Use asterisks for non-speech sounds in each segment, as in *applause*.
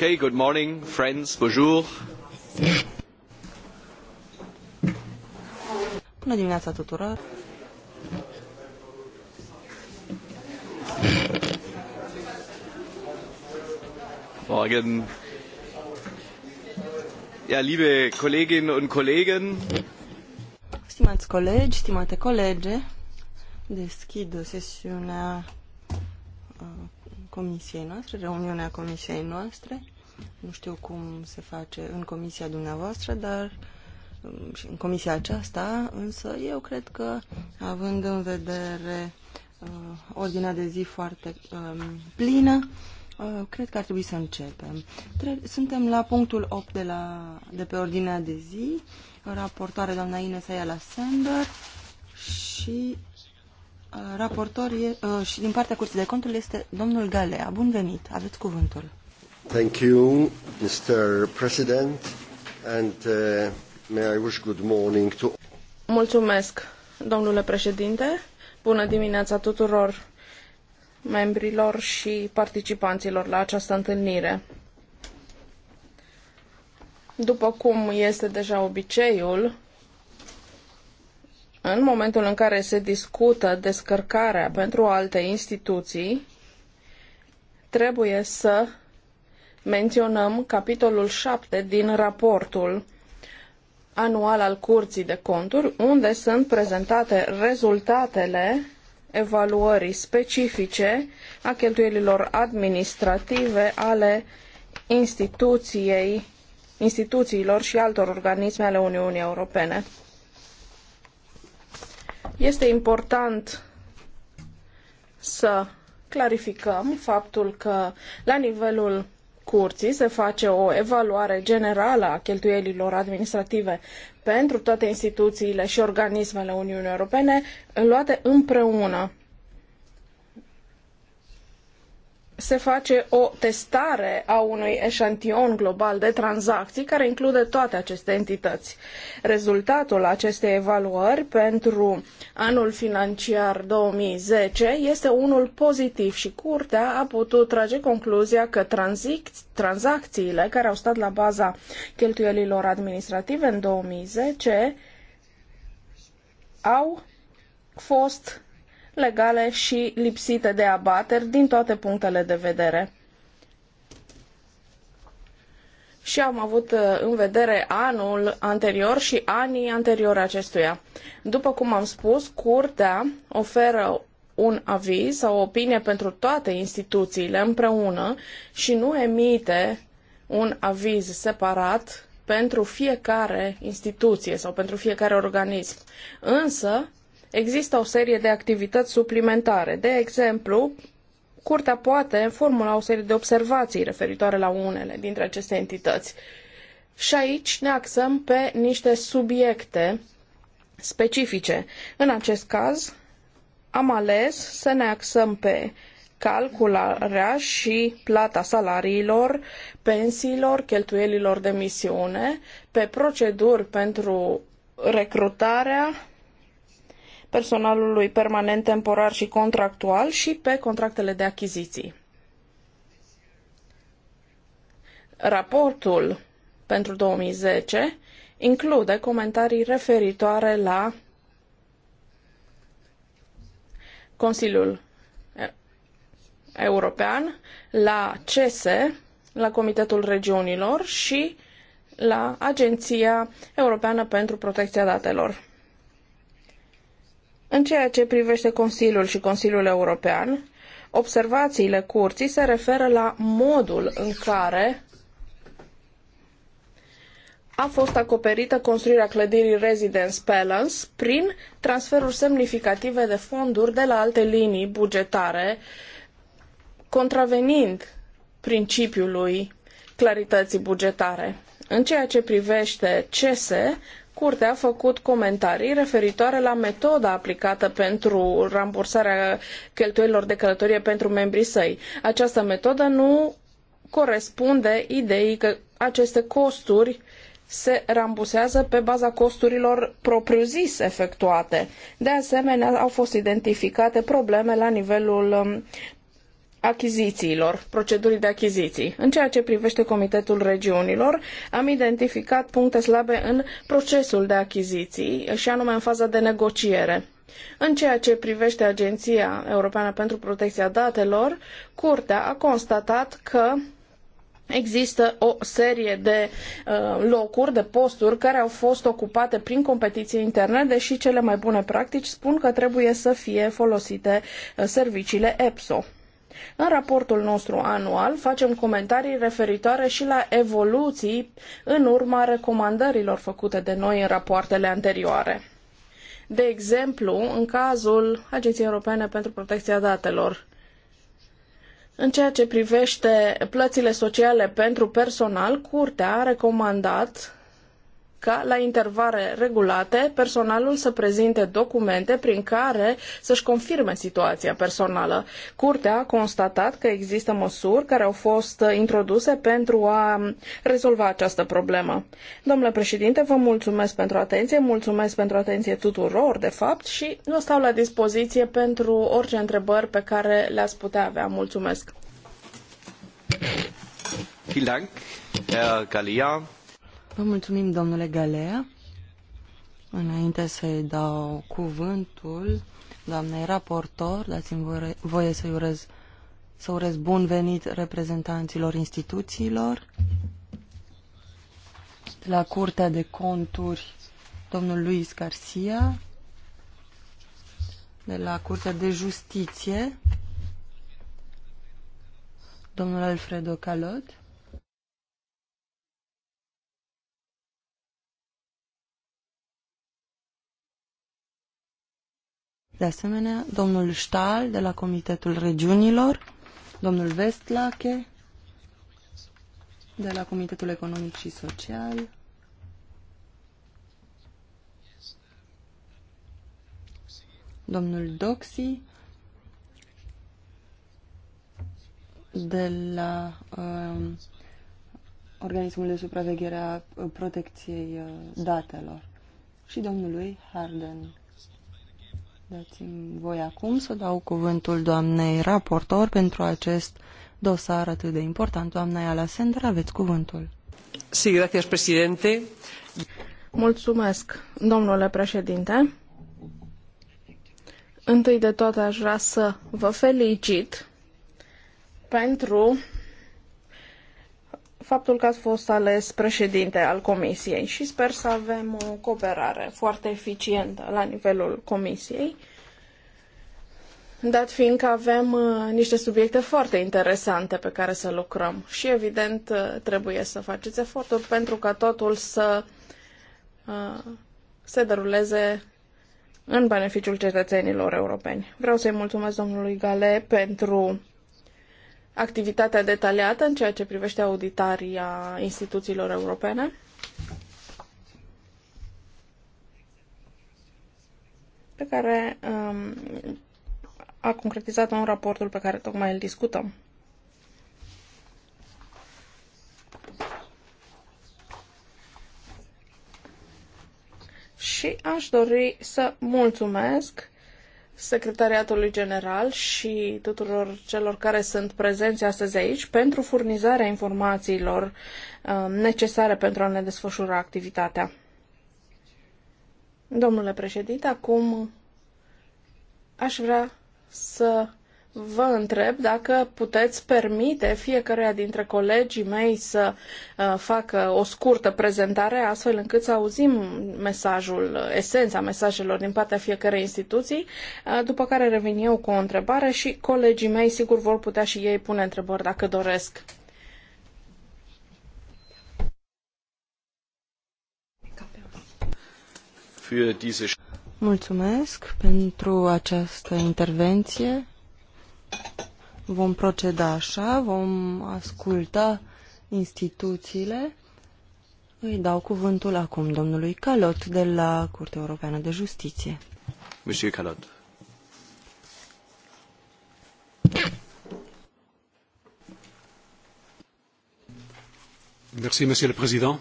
Okay, good morning, friends. Bonjour. Bună dimineața tuturor. Morgen. Ja, liebe Kolleginnen und Kollegen. Stimați colegi, stimate colege, deschid sesiunea uh, comisiei noastre, reuniunea comisiei noastre. Nu știu cum se face în comisia dumneavoastră, dar um, și în comisia aceasta, însă eu cred că, având în vedere uh, ordinea de zi foarte uh, plină, uh, cred că ar trebui să începem. Tre Suntem la punctul 8 de, la, de pe ordinea de zi, raportoare doamna Ines Ayala Sender și uh, raportor e, uh, și din partea Curții de Conturi este domnul Galea. Bun venit, aveți cuvântul. Thank you, Mr. President, and uh, may I wish good morning to... Mulțumesc, domnule președinte. Bună dimineața tuturor membrilor și participanților la această întâlnire. După cum este deja obiceiul, în momentul în care se discută descărcarea pentru alte instituții, trebuie să menționăm capitolul 7 din raportul anual al Curții de Conturi, unde sunt prezentate rezultatele evaluării specifice a cheltuielilor administrative ale instituției, instituțiilor și altor organisme ale Uniunii Europene. Este important să clarificăm faptul că la nivelul curții se face o evaluare generală a cheltuielilor administrative pentru toate instituțiile și organismele Uniunii Europene luate împreună se face o testare a unui eșantion global de tranzacții care include toate aceste entități. Rezultatul acestei evaluări pentru anul financiar 2010 este unul pozitiv și curtea a putut trage concluzia că tranzacțiile care au stat la baza cheltuielilor administrative în 2010 au fost legale și lipsite de abateri din toate punctele de vedere. Și am avut uh, în vedere anul anterior și anii anteriori acestuia. După cum am spus, curtea oferă un aviz sau o opinie pentru toate instituțiile împreună și nu emite un aviz separat pentru fiecare instituție sau pentru fiecare organism. Însă, Există o serie de activități suplimentare. De exemplu, Curtea poate formula o serie de observații referitoare la unele dintre aceste entități. Și aici ne axăm pe niște subiecte specifice. În acest caz, am ales să ne axăm pe calcularea și plata salariilor, pensiilor, cheltuielilor de misiune, pe proceduri pentru recrutarea personalului permanent, temporar și contractual și pe contractele de achiziții. Raportul pentru 2010 include comentarii referitoare la Consiliul European, la CESE, la Comitetul Regiunilor și la Agenția Europeană pentru Protecția Datelor. În ceea ce privește Consiliul și Consiliul European, observațiile curții se referă la modul în care a fost acoperită construirea clădirii Residence Palace prin transferuri semnificative de fonduri de la alte linii bugetare, contravenind principiului clarității bugetare. În ceea ce privește CESE, Curtea a făcut comentarii referitoare la metoda aplicată pentru rambursarea cheltuielilor de călătorie pentru membrii săi. Această metodă nu corespunde ideii că aceste costuri se rambusează pe baza costurilor propriu-zis efectuate. De asemenea, au fost identificate probleme la nivelul um, achizițiilor, procedurii de achiziții. În ceea ce privește Comitetul Regiunilor, am identificat puncte slabe în procesul de achiziții și anume în faza de negociere. În ceea ce privește Agenția Europeană pentru Protecția Datelor, Curtea a constatat că Există o serie de uh, locuri, de posturi care au fost ocupate prin competiție interne, deși cele mai bune practici spun că trebuie să fie folosite uh, serviciile EPSO. În raportul nostru anual facem comentarii referitoare și la evoluții în urma recomandărilor făcute de noi în rapoartele anterioare. De exemplu, în cazul Agenției Europene pentru Protecția Datelor, în ceea ce privește plățile sociale pentru personal, Curtea a recomandat ca la intervale regulate personalul să prezinte documente prin care să-și confirme situația personală. Curtea a constatat că există măsuri care au fost introduse pentru a rezolva această problemă. Domnule președinte, vă mulțumesc pentru atenție, mulțumesc pentru atenție tuturor, de fapt, și vă stau la dispoziție pentru orice întrebări pe care le-ați putea avea. Mulțumesc! Vielen Dank, Herr Galia. Vă mulțumim, domnule Galea. Înainte să-i dau cuvântul doamnei raportor, dați-mi voie să-i urez, să urez bun venit reprezentanților instituțiilor. De la Curtea de Conturi, domnul Luis Garcia. De la Curtea de Justiție, domnul Alfredo Calot De asemenea, domnul Stahl de la Comitetul Regiunilor, domnul Vestlache de la Comitetul Economic și Social, domnul Doxi de la uh, Organismul de Supraveghere a Protecției uh, Datelor și domnului Harden Dați-mi voi acum să dau cuvântul doamnei raportor pentru acest dosar atât de important. Doamna Iala aveți cuvântul. Sí, gracias, presidente. Mulțumesc, domnule președinte. Întâi de toate aș vrea să vă felicit pentru faptul că ați fost ales președinte al Comisiei și sper să avem o cooperare foarte eficientă la nivelul Comisiei, dat fiind că avem uh, niște subiecte foarte interesante pe care să lucrăm și, evident, uh, trebuie să faceți eforturi pentru ca totul să uh, se deruleze în beneficiul cetățenilor europeni. Vreau să-i mulțumesc domnului Gale pentru activitatea detaliată în ceea ce privește auditarea instituțiilor europene. pe care um, a concretizat un raportul pe care tocmai îl discutăm. Și aș dori să mulțumesc Secretariatului General și tuturor celor care sunt prezenți astăzi aici pentru furnizarea informațiilor um, necesare pentru a ne desfășura activitatea. Domnule președinte, acum aș vrea să vă întreb dacă puteți permite fiecăruia dintre colegii mei să uh, facă o scurtă prezentare, astfel încât să auzim mesajul, esența mesajelor din partea fiecărei instituții, uh, după care revin eu cu o întrebare și colegii mei sigur vor putea și ei pune întrebări dacă doresc. Mulțumesc pentru această intervenție Vom proceda așa, vom asculta instituțiile. Îi dau cuvântul acum domnului Calot de la Curtea Europeană de Justiție. Monsieur Calot. Merci, monsieur le président.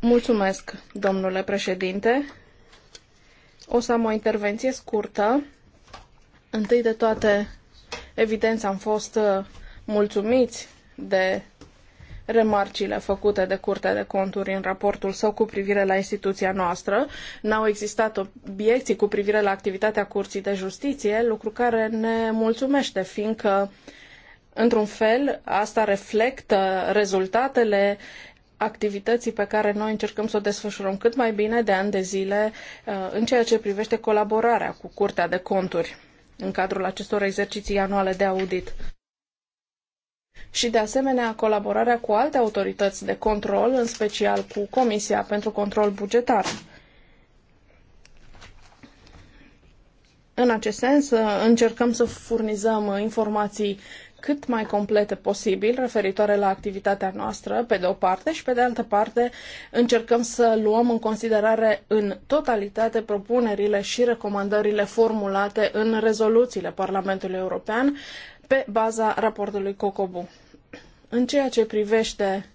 Mulțumesc, domnule președinte. O să am o intervenție scurtă. Întâi de toate, Evident, am fost uh, mulțumiți de remarcile făcute de Curtea de Conturi în raportul său cu privire la instituția noastră. N-au existat obiecții cu privire la activitatea Curții de Justiție, lucru care ne mulțumește, fiindcă, într-un fel, asta reflectă rezultatele activității pe care noi încercăm să o desfășurăm cât mai bine de ani de zile uh, în ceea ce privește colaborarea cu Curtea de Conturi în cadrul acestor exerciții anuale de audit. Și, de asemenea, colaborarea cu alte autorități de control, în special cu Comisia pentru Control Bugetar. În acest sens, încercăm să furnizăm informații cât mai complete posibil referitoare la activitatea noastră, pe de o parte, și pe de altă parte încercăm să luăm în considerare în totalitate propunerile și recomandările formulate în rezoluțiile Parlamentului European pe baza raportului COCOBU. În ceea ce privește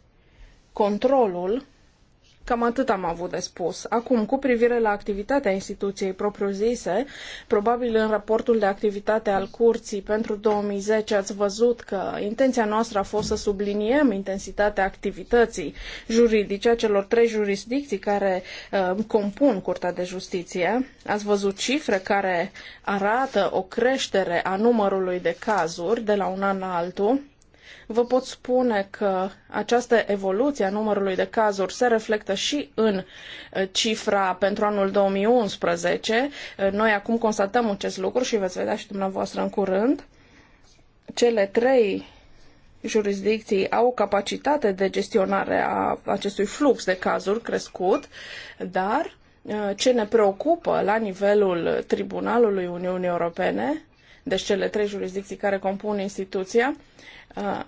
controlul, Cam atât am avut de spus. Acum, cu privire la activitatea instituției propriu-zise, probabil în raportul de activitate al Curții pentru 2010 ați văzut că intenția noastră a fost să subliniem intensitatea activității juridice a celor trei jurisdicții care uh, compun Curtea de Justiție. Ați văzut cifre care arată o creștere a numărului de cazuri de la un an la altul Vă pot spune că această evoluție a numărului de cazuri se reflectă și în uh, cifra pentru anul 2011. Uh, noi acum constatăm acest lucru și veți vedea și dumneavoastră în curând. Cele trei jurisdicții au capacitate de gestionare a acestui flux de cazuri crescut, dar uh, ce ne preocupă la nivelul Tribunalului Uniunii Europene, deci cele trei jurisdicții care compun instituția, Uh,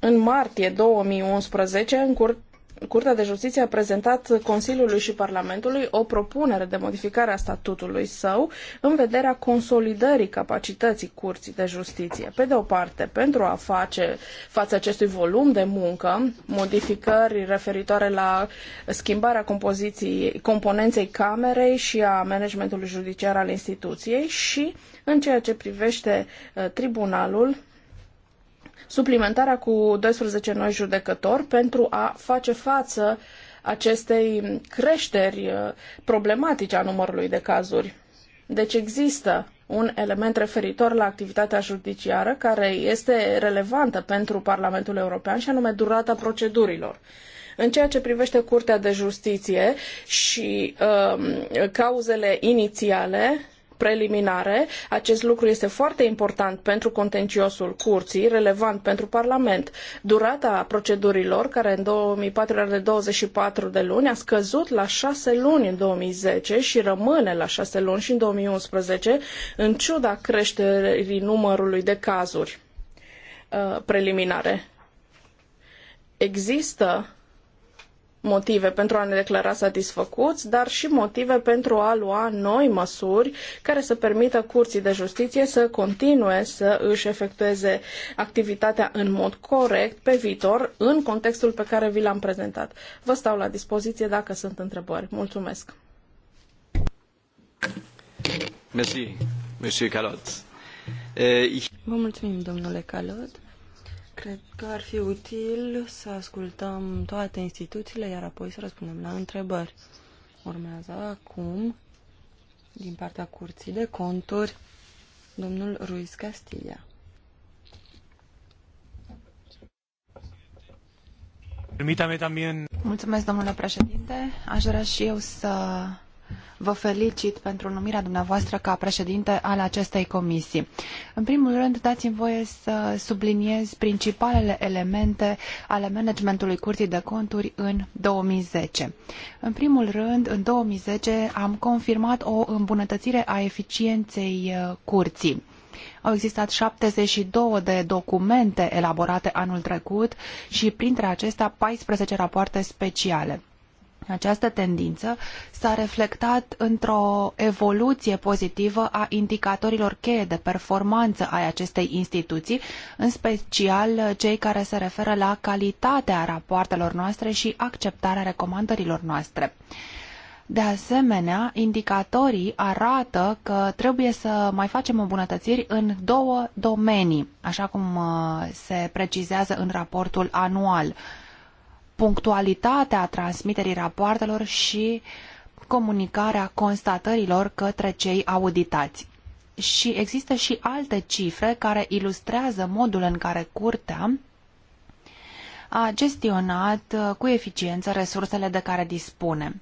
în martie 2011, în cur- Curtea de Justiție a prezentat Consiliului și Parlamentului o propunere de modificare a statutului său în vederea consolidării capacității Curții de Justiție. Pe de o parte, pentru a face față acestui volum de muncă, modificări referitoare la schimbarea compoziției, componenței Camerei și a managementului judiciar al instituției și în ceea ce privește uh, tribunalul, suplimentarea cu 12 noi judecători pentru a face față acestei creșteri uh, problematice a numărului de cazuri. Deci există un element referitor la activitatea judiciară care este relevantă pentru Parlamentul European și anume durata procedurilor. În ceea ce privește Curtea de Justiție și uh, cauzele inițiale, preliminare. Acest lucru este foarte important pentru contenciosul curții, relevant pentru Parlament. Durata procedurilor, care în 2004 era de 24 de luni, a scăzut la 6 luni în 2010 și rămâne la 6 luni și în 2011, în ciuda creșterii numărului de cazuri uh, preliminare. Există motive pentru a ne declara satisfăcuți, dar și motive pentru a lua noi măsuri care să permită curții de justiție să continue să își efectueze activitatea în mod corect pe viitor, în contextul pe care vi l-am prezentat. Vă stau la dispoziție dacă sunt întrebări. Mulțumesc! Vă mulțumim, domnule Calot. Cred că ar fi util să ascultăm toate instituțiile, iar apoi să răspundem la întrebări. Urmează acum, din partea Curții de Conturi, domnul Ruiz Castilla. Mulțumesc, domnule președinte. Aș vrea și eu să Vă felicit pentru numirea dumneavoastră ca președinte al acestei comisii. În primul rând, dați-mi voie să subliniez principalele elemente ale managementului Curții de Conturi în 2010. În primul rând, în 2010 am confirmat o îmbunătățire a eficienței uh, curții. Au existat 72 de documente elaborate anul trecut și printre acestea 14 rapoarte speciale. Această tendință s-a reflectat într-o evoluție pozitivă a indicatorilor cheie de performanță ai acestei instituții, în special cei care se referă la calitatea rapoartelor noastre și acceptarea recomandărilor noastre. De asemenea, indicatorii arată că trebuie să mai facem îmbunătățiri în două domenii, așa cum uh, se precizează în raportul anual – punctualitatea transmiterii rapoartelor și comunicarea constatărilor către cei auditați. Și există și alte cifre care ilustrează modul în care curtea a gestionat uh, cu eficiență resursele de care dispune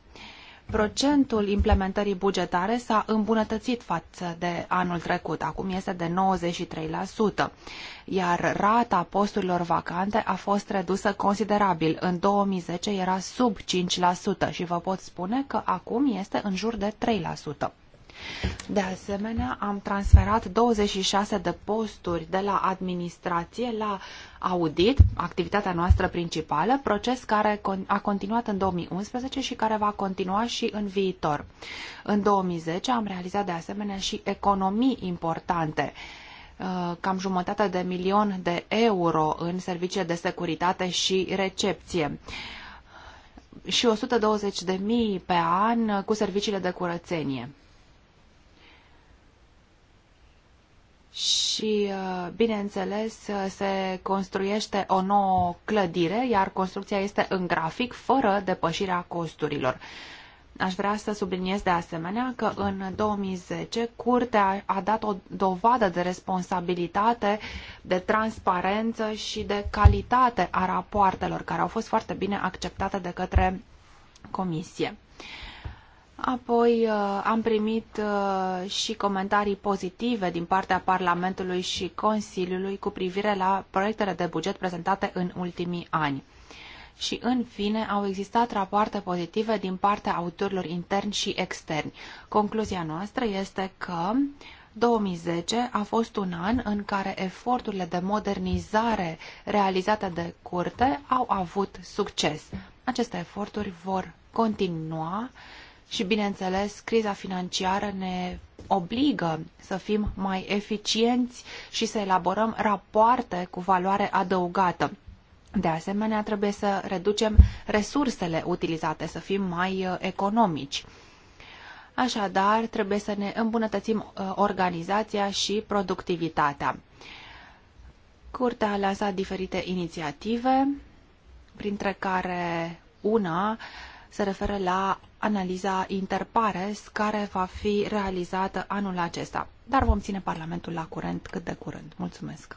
procentul implementării bugetare s-a îmbunătățit față de anul trecut. Acum este de 93%, iar rata posturilor vacante a fost redusă considerabil. În 2010 era sub 5% și vă pot spune că acum este în jur de 3%. De asemenea, am transferat 26 de posturi de la administrație la audit, activitatea noastră principală, proces care a continuat în 2011 și care va continua și în viitor. În 2010 am realizat de asemenea și economii importante uh, cam jumătate de milion de euro în servicii de securitate și recepție și mii pe an cu serviciile de curățenie. și, uh, bineînțeles, uh, se construiește o nouă clădire, iar construcția este în grafic, fără depășirea costurilor. Aș vrea să subliniez de asemenea că în 2010 Curtea a dat o dovadă de responsabilitate, de transparență și de calitate a rapoartelor, care au fost foarte bine acceptate de către Comisie. Uh, Apoi uh, am primit uh, și comentarii pozitive din partea Parlamentului și Consiliului cu privire la proiectele de buget prezentate în ultimii ani. Și, în fine, au existat rapoarte pozitive din partea autorilor interni și externi. Concluzia noastră este că 2010 a fost un an în care eforturile de modernizare realizate de curte au avut succes. Aceste eforturi vor continua și, bineînțeles, criza financiară ne obligă să fim mai eficienți și să elaborăm rapoarte cu valoare adăugată. De asemenea, trebuie să reducem resursele utilizate, să fim mai uh, economici. Așadar, trebuie să ne îmbunătățim uh, organizația și productivitatea. Curtea a lansat diferite inițiative, printre care una se referă la analiza interpares care va fi realizată anul acesta. Dar vom ține Parlamentul la curent cât de curând. Mulțumesc!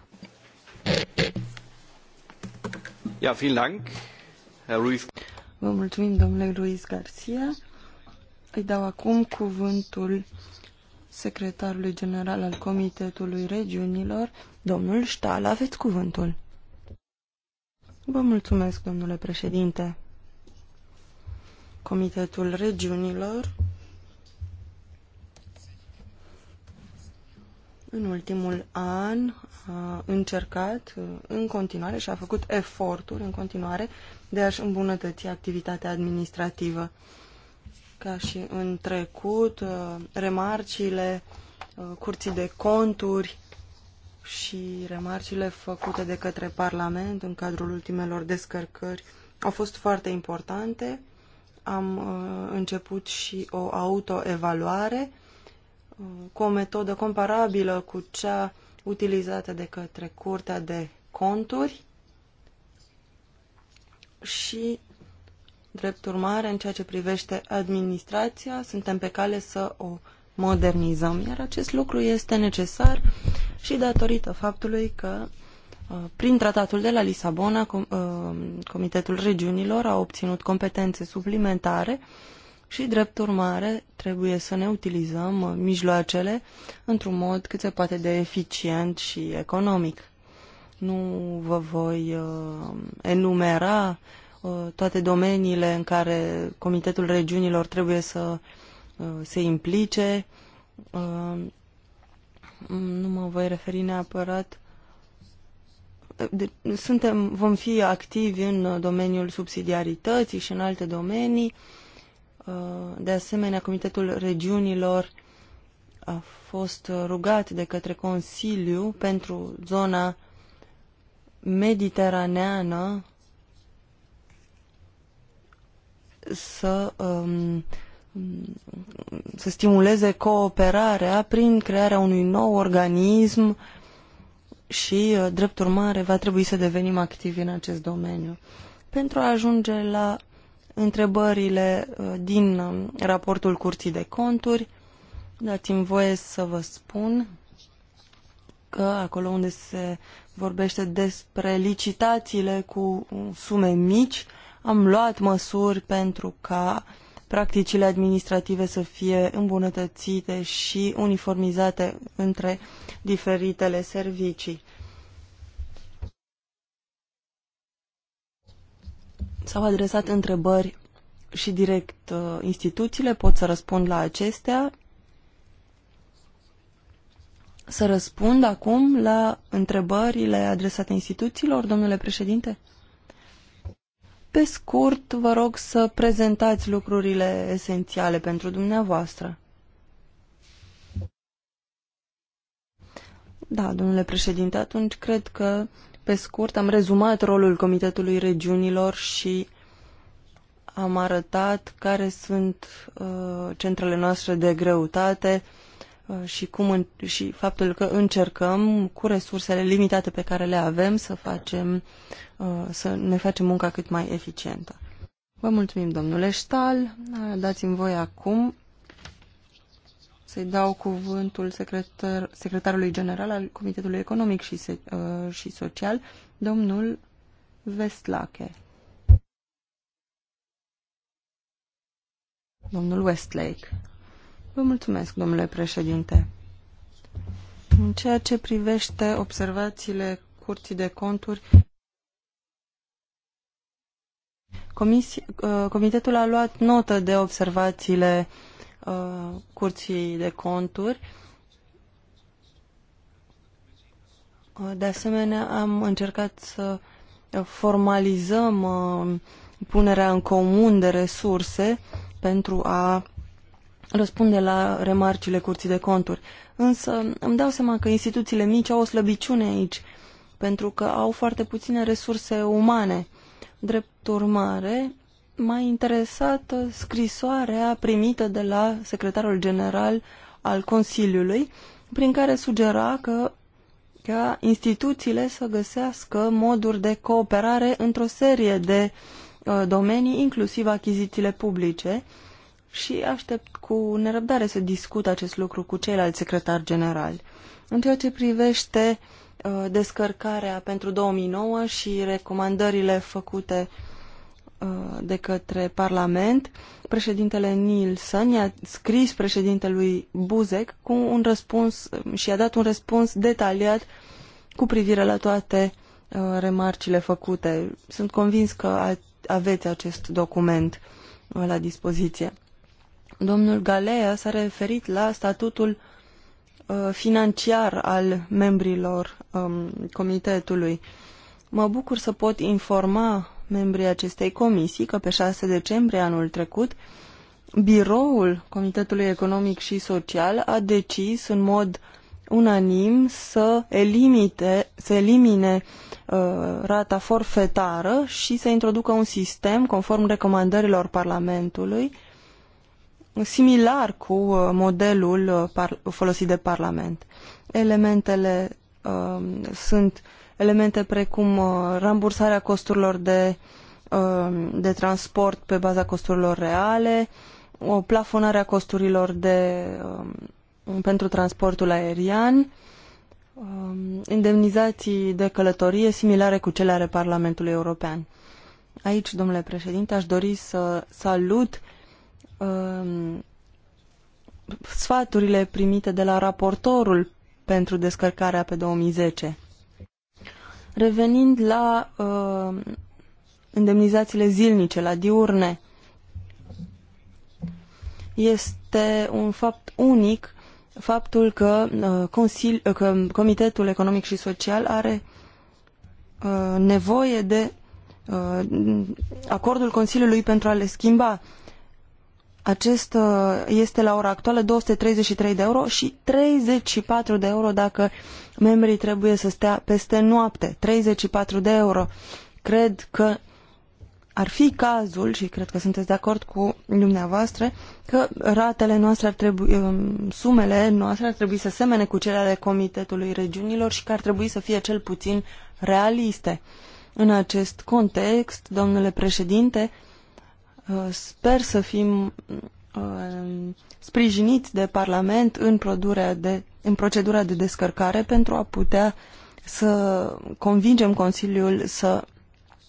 Ja, vielen Dank, Herr Ruiz. Vă mulțumim, domnule Ruiz Garcia. Îi dau acum cuvântul secretarului general al Comitetului Regiunilor, domnul Ștal. Aveți cuvântul. Vă mulțumesc, domnule președinte. Comitetul Regiunilor în ultimul an a încercat uh, în continuare și a făcut eforturi în continuare de a-și îmbunătăți activitatea administrativă. Ca și în trecut, uh, remarcile uh, curții de conturi și remarcile făcute de către Parlament în cadrul ultimelor descărcări au fost foarte importante am uh, început și o autoevaluare uh, cu o metodă comparabilă cu cea utilizată de către Curtea de Conturi și, drept urmare, în ceea ce privește administrația, suntem pe cale să o modernizăm, iar acest lucru este necesar și datorită faptului că Uh, prin tratatul de la Lisabona, uh, Comitetul Regiunilor a obținut competențe suplimentare și, drept urmare, trebuie să ne utilizăm uh, mijloacele într-un mod cât se poate de eficient și economic. Nu vă voi enumera toate domeniile în care Comitetul Regiunilor trebuie să se implice. Nu mă voi referi neapărat de, suntem, vom fi activi în domeniul subsidiarității și în alte domenii. De asemenea, Comitetul Regiunilor a fost rugat de către Consiliu pentru zona mediteraneană să, um, să stimuleze cooperarea prin crearea unui nou organism uh, și, uh, drept urmare, va trebui să devenim activi în acest domeniu. Pentru a ajunge la întrebările uh, din um, raportul Curții de Conturi, dați-mi voie să vă spun că acolo unde se vorbește despre licitațiile cu uh, sume mici, am luat măsuri pentru ca uh, practicile administrative să fie îmbunătățite și uniformizate între diferitele servicii. S-au adresat întrebări și direct uh, instituțiile, pot să răspund la acestea. Să răspund acum la întrebările adresate instituțiilor, domnule președinte? Pe scurt, vă rog să prezentați lucrurile esențiale pentru dumneavoastră. Da, domnule președinte, atunci cred că, pe scurt, am rezumat rolul Comitetului Regiunilor și am arătat care sunt uh, centrele noastre de greutate uh, și, cum în, și faptul că încercăm, cu resursele limitate pe care le avem, să facem Uh, să ne facem munca cât mai eficientă. Vă mulțumim, domnule Ștal. Uh, dați-mi voi acum să-i dau cuvântul secretar, secretarului general al Comitetului Economic și, se, uh, și Social, domnul Westlake. Domnul Westlake. Vă mulțumesc, domnule președinte. În ceea ce privește observațiile Curții de Conturi, Uh, comitetul a luat notă de observațiile uh, Curții de Conturi. Uh, de asemenea, am încercat să formalizăm uh, punerea în comun de resurse pentru a răspunde la remarcile Curții de Conturi. Însă îmi dau seama că instituțiile mici au o slăbiciune aici, pentru că au foarte puține resurse umane. Uh, Drept urmare, m-a interesat scrisoarea primită de la secretarul general al Consiliului, prin care sugera că ca instituțiile să găsească moduri de cooperare într-o serie de uh, domenii, inclusiv achizițiile publice, și aștept cu nerăbdare să discut acest lucru cu ceilalți secretari generali. În ceea ce privește uh, Uh, descărcarea pentru 2009 și recomandările făcute uh, de către Parlament, președintele Nielsen i-a scris președintelui Buzek cu un răspuns uh, și a dat un răspuns detaliat cu privire la toate remarcile făcute. Sunt convins că aveți acest document la dispoziție. Domnul Galea s-a referit la statutul Uh, financiar al membrilor um, comitetului. Mă bucur să pot informa membrii acestei comisii că pe 6 decembrie anul trecut biroul Comitetului Economic și Social a decis în mod unanim să, elimite, să elimine uh, rata forfetară și să introducă un sistem conform recomandărilor Parlamentului uh, similar cu uh, modelul uh, folosit de Parlament. Elementele um, sunt elemente precum uh, rambursarea costurilor de, um, de transport pe baza costurilor reale, o plafonare a costurilor de, um, pentru transportul aerian, indemnizații de călătorie similare cu cele ale Parlamentului European. Aici, domnule președinte, aș dori să salut Um, sfaturile primite de la raportorul pentru descărcarea pe 2010. Revenind la uh, indemnizațiile zilnice, la diurne, este un fapt unic faptul că, uh, Consil, uh, că Comitetul Economic și Social are uh, nevoie de uh, acordul Consiliului pentru a le schimba acest uh, este la ora actuală 233 de euro și 34 de euro dacă membrii trebuie să stea peste noapte. 34 de euro. Cred că ar fi cazul, și cred că sunteți de acord cu dumneavoastră, că ratele noastre ar trebui, um, sumele noastre ar trebui să semene cu cele ale Comitetului Regiunilor și că ar trebui să fie cel puțin realiste. În acest context, domnule președinte, Uh, sper să fim uh, sprijiniți de Parlament în, de, în procedura de descărcare pentru a putea să convingem Consiliul să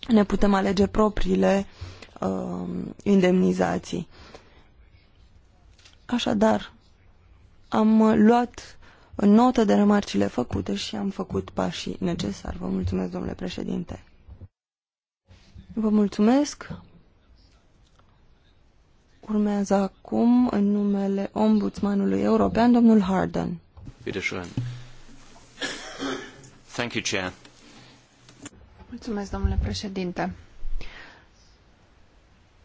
ne putem alege propriile uh, indemnizații. Așadar, am luat notă de remarcile făcute și am făcut pașii necesari. Vă mulțumesc, domnule președinte. Vă mulțumesc. Urmează acum, în numele ombudsmanului european, domnul Harden. Thank you, Chair. Mulțumesc, domnule președinte.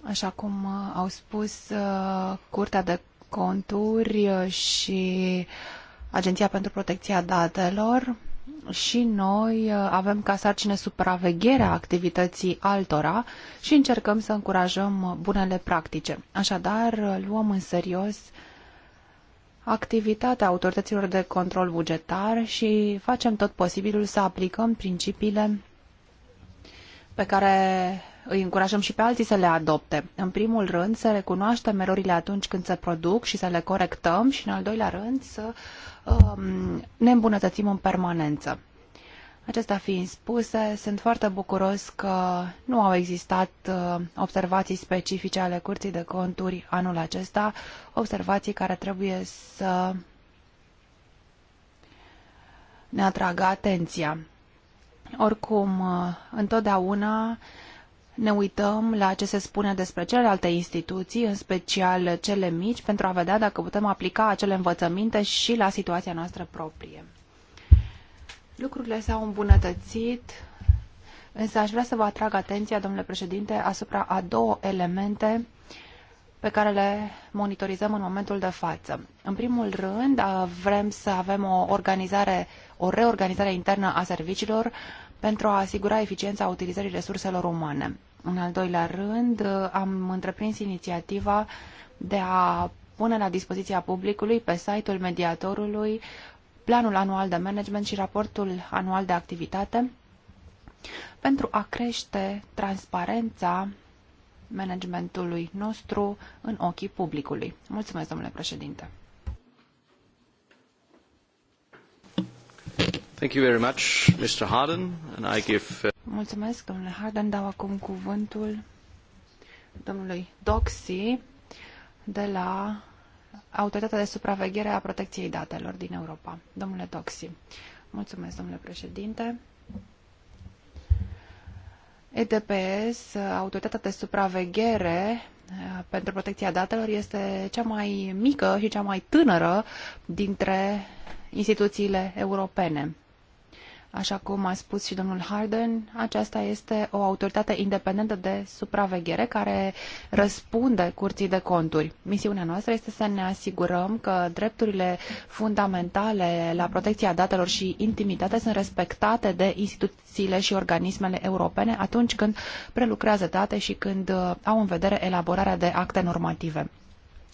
Așa cum uh, au spus uh, Curtea de Conturi uh, și Agenția pentru Protecția Datelor, și noi uh, avem ca sarcină supravegherea activității altora și încercăm să încurajăm bunele practice. Așadar, luăm în serios activitatea autorităților de control bugetar și facem tot posibilul să aplicăm principiile pe care îi încurajăm și pe alții să le adopte. În primul rând, să recunoaștem erorile atunci când se produc și să le corectăm și, în al doilea rând, să Um, ne îmbunătățim în permanență. Acestea fiind spuse, sunt foarte bucuros că nu au existat uh, observații specifice ale Curții de Conturi anul acesta, observații care trebuie să ne atragă atenția. Oricum, uh, întotdeauna ne uităm la ce se spune despre celelalte instituții, în special cele mici, pentru a vedea dacă putem aplica acele învățăminte și la situația noastră proprie. Lucrurile s-au îmbunătățit, însă aș vrea să vă atrag atenția, domnule președinte, asupra a două elemente pe care le monitorizăm în momentul de față. În primul rând, vrem să avem o organizare, o reorganizare internă a serviciilor pentru a asigura eficiența utilizării resurselor umane. În al doilea rând, am întreprins inițiativa de a pune la dispoziția publicului pe site-ul mediatorului planul anual de management și raportul anual de activitate pentru a crește transparența managementului nostru în ochii publicului. Mulțumesc, domnule președinte. Thank you very much, Mr. Harden, and I give... Uh, Mulțumesc, domnule Harden. Dau acum cuvântul domnului Doxy de la Autoritatea de Supraveghere a Protecției Datelor din Europa. Domnule Doxy. Mulțumesc, domnule președinte. EDPS, Autoritatea de Supraveghere uh, pentru Protecția Datelor, este cea mai mică și cea mai tânără dintre instituțiile europene. Așa cum a spus și domnul Harden, aceasta este o autoritate independentă de supraveghere care răspunde curții de conturi. Misiunea noastră este să ne asigurăm că drepturile fundamentale la protecția datelor și intimitate sunt respectate de instituțiile și organismele europene atunci când prelucrează date și când uh, au în vedere elaborarea de acte normative.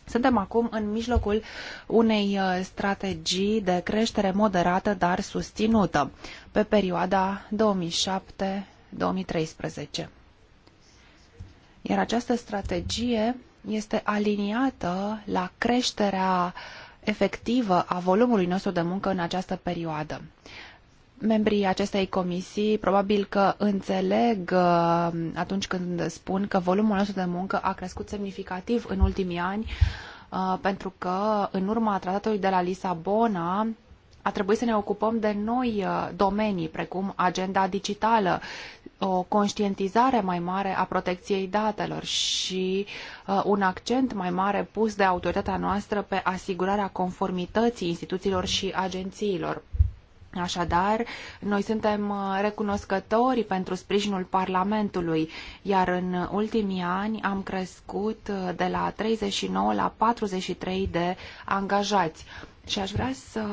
Suntem acum în mijlocul unei uh, strategii de creștere moderată, dar susținută, pe perioada 2007-2013. Iar această strategie este aliniată la creșterea efectivă a volumului nostru de muncă în această perioadă membrii acestei comisii probabil că înțeleg uh, atunci când spun că volumul nostru de muncă a crescut semnificativ în ultimii ani, uh, pentru că în urma tratatului de la Lisabona a trebuit să ne ocupăm de noi uh, domenii, precum agenda digitală, o conștientizare mai mare a protecției datelor și un accent mai mare pus de autoritatea noastră pe asigurarea conformității instituțiilor și agențiilor Așadar, noi suntem uh, recunoscători pentru sprijinul Parlamentului, iar în ultimii ani am crescut uh, de la 39 la 43 de angajați. Și aș vrea să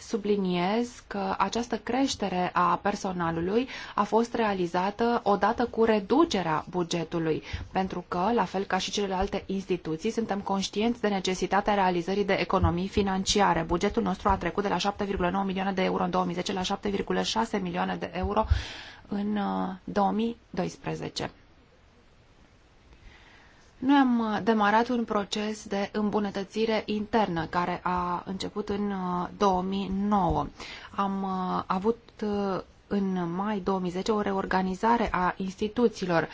subliniez că această creștere a personalului a fost realizată odată cu reducerea bugetului, pentru că, la fel ca și celelalte instituții, suntem conștienți de necesitatea realizării de economii financiare. Bugetul nostru a trecut de la 7,9 milioane de euro în 2010 la 7,6 milioane de euro în 2012. Uh, noi am uh, demarat un proces de îmbunătățire internă care a început în 2009. Uh, am uh, avut în mai 2010 o reorganizare a instituțiilor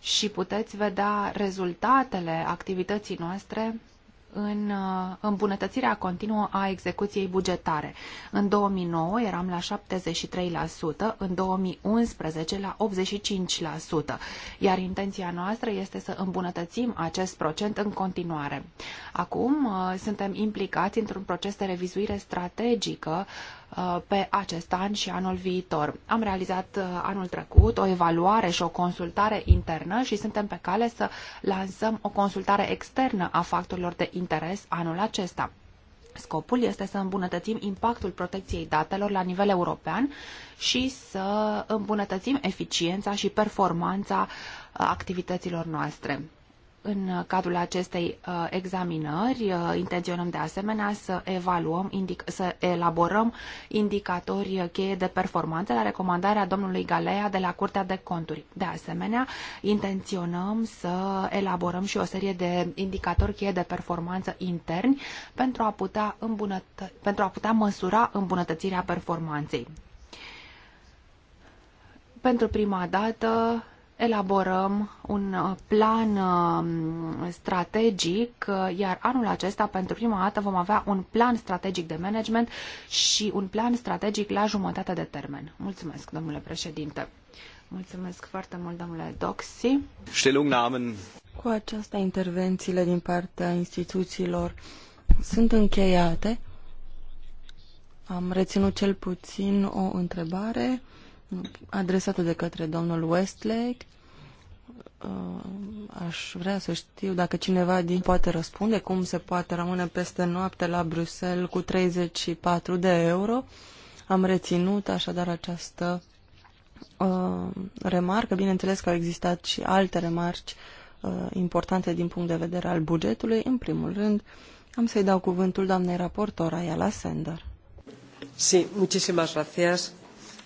și puteți vedea rezultatele activității noastre în uh, îmbunătățirea continuă a execuției bugetare. În 2009 eram la 73%, în 2011 la 85%, iar intenția noastră este să îmbunătățim acest procent în continuare. Acum uh, suntem implicați într-un proces de revizuire strategică Uh, pe acest an și anul viitor. Am realizat uh, anul trecut o evaluare și o consultare internă și suntem pe cale să lansăm o consultare externă a factorilor de interes anul acesta. Scopul este să îmbunătățim impactul protecției datelor la nivel european și să îmbunătățim eficiența și performanța uh, activităților noastre. În cadrul acestei uh, examinări uh, intenționăm de asemenea să evaluăm, să elaborăm indicatori cheie de performanță la recomandarea domnului Galea de la Curtea de Conturi. De asemenea, intenționăm să elaborăm și o serie de indicatori cheie de performanță interni pentru a putea, îmbunătă- pentru a putea măsura îmbunătățirea performanței. Pentru prima dată elaborăm un uh, plan um, strategic, uh, iar anul acesta, pentru prima dată, vom avea un plan strategic de management și un plan strategic la jumătate de termen. Mulțumesc, domnule președinte. Mulțumesc foarte mult, domnule Doxi. Cu aceasta, intervențiile din partea instituțiilor sunt încheiate. Am reținut cel puțin o întrebare adresată de către domnul Westlake. Uh, aș vrea să știu dacă cineva din poate răspunde cum se poate rămâne peste noapte la Bruxelles cu 34 de euro. Am reținut așadar această uh, remarcă. Bineînțeles că au existat și alte remarci uh, importante din punct de vedere al bugetului. În primul rând, am să-i dau cuvântul doamnei raportor Ayala Sender. Sí, muchísimas gracias.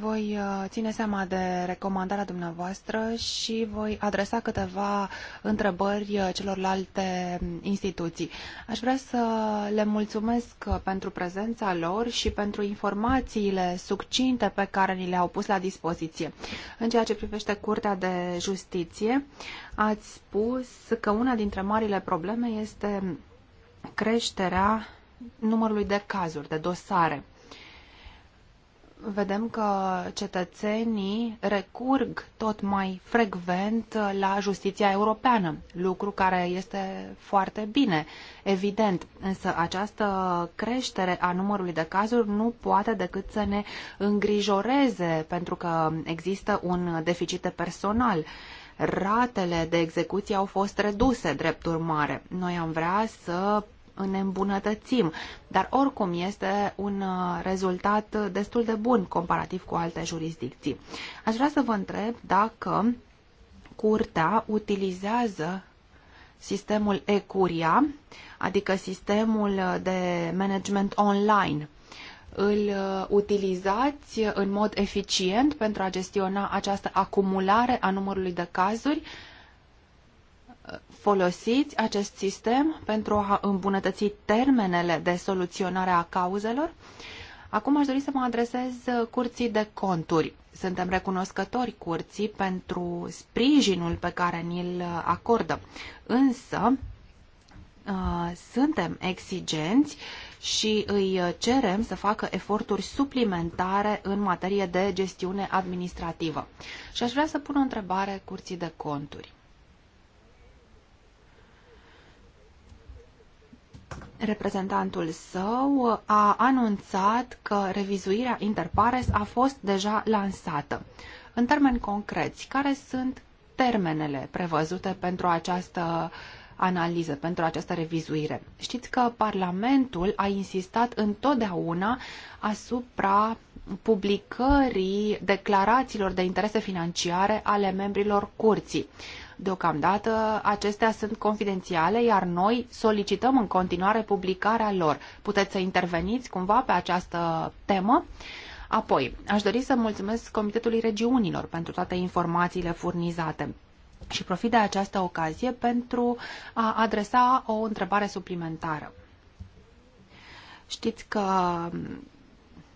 Voi uh, ține seama de recomandarea dumneavoastră și voi adresa câteva întrebări uh, celorlalte um, instituții. Aș vrea să le mulțumesc uh, pentru prezența lor și pentru informațiile succinte pe care ni le-au pus la dispoziție. În ceea ce privește Curtea de Justiție, ați spus că una dintre marile probleme este creșterea numărului de cazuri, de dosare vedem că cetățenii recurg tot mai frecvent la justiția europeană, lucru care este foarte bine, evident. Însă această creștere a numărului de cazuri nu poate decât să ne îngrijoreze, pentru că există un deficit de personal. Ratele de execuție au fost reduse, drept urmare. Noi am vrea să ne îmbunătățim, dar oricum este un uh, rezultat destul de bun comparativ cu alte jurisdicții. Aș vrea să vă întreb dacă curtea utilizează sistemul Ecuria, adică sistemul de management online. Îl uh, utilizați în mod eficient pentru a gestiona această acumulare a numărului de cazuri folosiți acest sistem pentru a îmbunătăți termenele de soluționare a cauzelor. Acum aș dori să mă adresez curții de conturi. Suntem recunoscători curții pentru sprijinul pe care ni-l acordă. Însă, uh, suntem exigenți și îi cerem să facă eforturi suplimentare în materie de gestiune administrativă. Și aș vrea să pun o întrebare curții de conturi. reprezentantul său a anunțat că revizuirea interpares a fost deja lansată. În termeni concreți, care sunt termenele prevăzute pentru această analiză, pentru această revizuire? Știți că Parlamentul a insistat întotdeauna asupra publicării declarațiilor de interese financiare ale membrilor curții. Deocamdată acestea sunt confidențiale, iar noi solicităm în continuare publicarea lor. Puteți să interveniți cumva pe această temă? Apoi, aș dori să mulțumesc Comitetului Regiunilor pentru toate informațiile furnizate și profit de această ocazie pentru a adresa o întrebare suplimentară. Știți că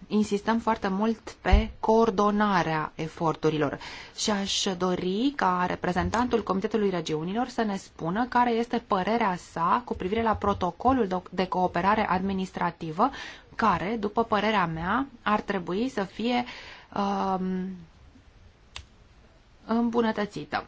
insistăm foarte mult pe coordonarea eforturilor și aș dori ca reprezentantul Comitetului Regiunilor să ne spună care este părerea sa cu privire la protocolul de cooperare administrativă care, după părerea mea, ar trebui să fie um, îmbunătățită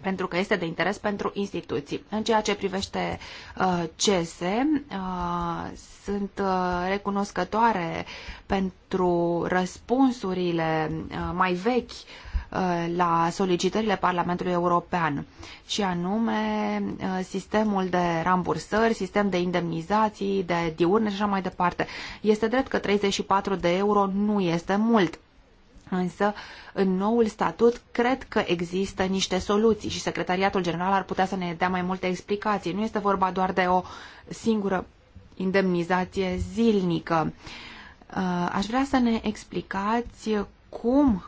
pentru că este de interes pentru instituții. În ceea ce privește uh, CESE, uh, sunt uh, recunoscătoare pentru răspunsurile uh, mai vechi uh, la solicitările Parlamentului European și anume uh, sistemul de rambursări, sistem de indemnizații, de diurne și așa mai departe. Este drept că 34 de euro nu este mult Însă, în noul statut, cred că există niște soluții și Secretariatul General ar putea să ne dea mai multe explicații. Nu este vorba doar de o singură indemnizație zilnică. Uh, aș vrea să ne explicați cum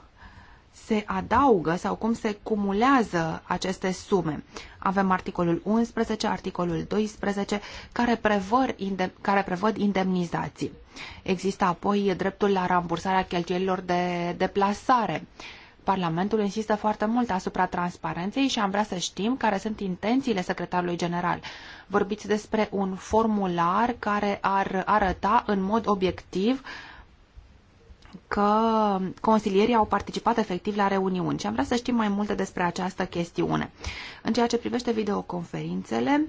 se adaugă sau cum se cumulează aceste sume. Avem articolul 11, articolul 12, care, prevăr, care prevăd indemnizații. Există apoi dreptul la rambursarea cheltuielilor de deplasare. Parlamentul insistă foarte mult asupra transparenței și am vrea să știm care sunt intențiile secretarului general. Vorbiți despre un formular care ar arăta în mod obiectiv uh, că consilierii au participat efectiv la reuniuni și am vrea să știm mai multe despre această chestiune. În ceea ce privește videoconferințele,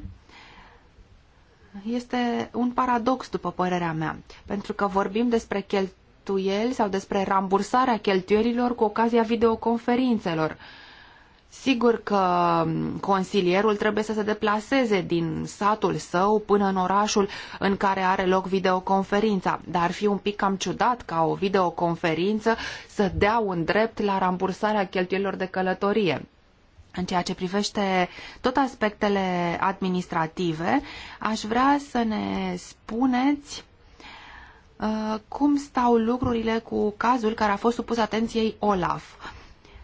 este un paradox, după părerea mea, pentru că vorbim despre cheltuieli sau despre rambursarea cheltuielilor cu ocazia videoconferințelor. Uh, Sigur că consilierul trebuie să se deplaseze din satul său până în orașul în care are loc videoconferința, dar ar fi un pic cam ciudat ca o videoconferință să dea un drept la rambursarea cheltuielor de călătorie. În ceea ce privește tot aspectele administrative, aș vrea să ne spuneți uh, cum stau lucrurile cu cazul care a fost supus atenției Olaf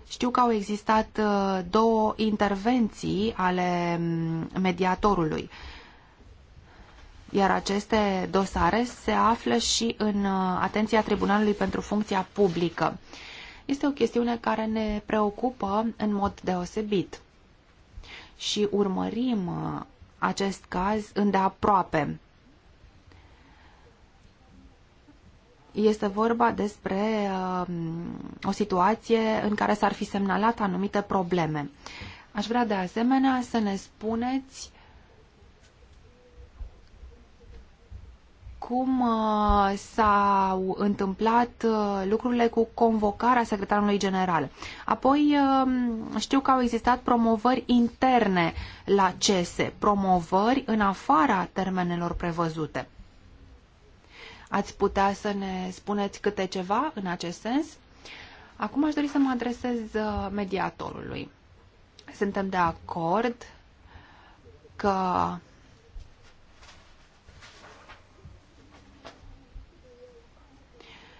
știu că au existat uh, două intervenții ale mm, mediatorului, iar aceste dosare se află și în uh, atenția Tribunalului pentru Funcția Publică. Este o chestiune care ne preocupă în mod deosebit și urmărim uh, acest caz îndeaproape. Este vorba despre um, o situație în care s-ar fi semnalat anumite probleme. Aș vrea de asemenea să ne spuneți cum uh, s-au întâmplat uh, lucrurile cu convocarea secretarului general. Apoi um, știu că au existat promovări interne la CESE, promovări în afara termenelor prevăzute. Ați putea să ne spuneți câte ceva în acest sens? Acum aș dori să mă adresez uh, mediatorului. Suntem de acord că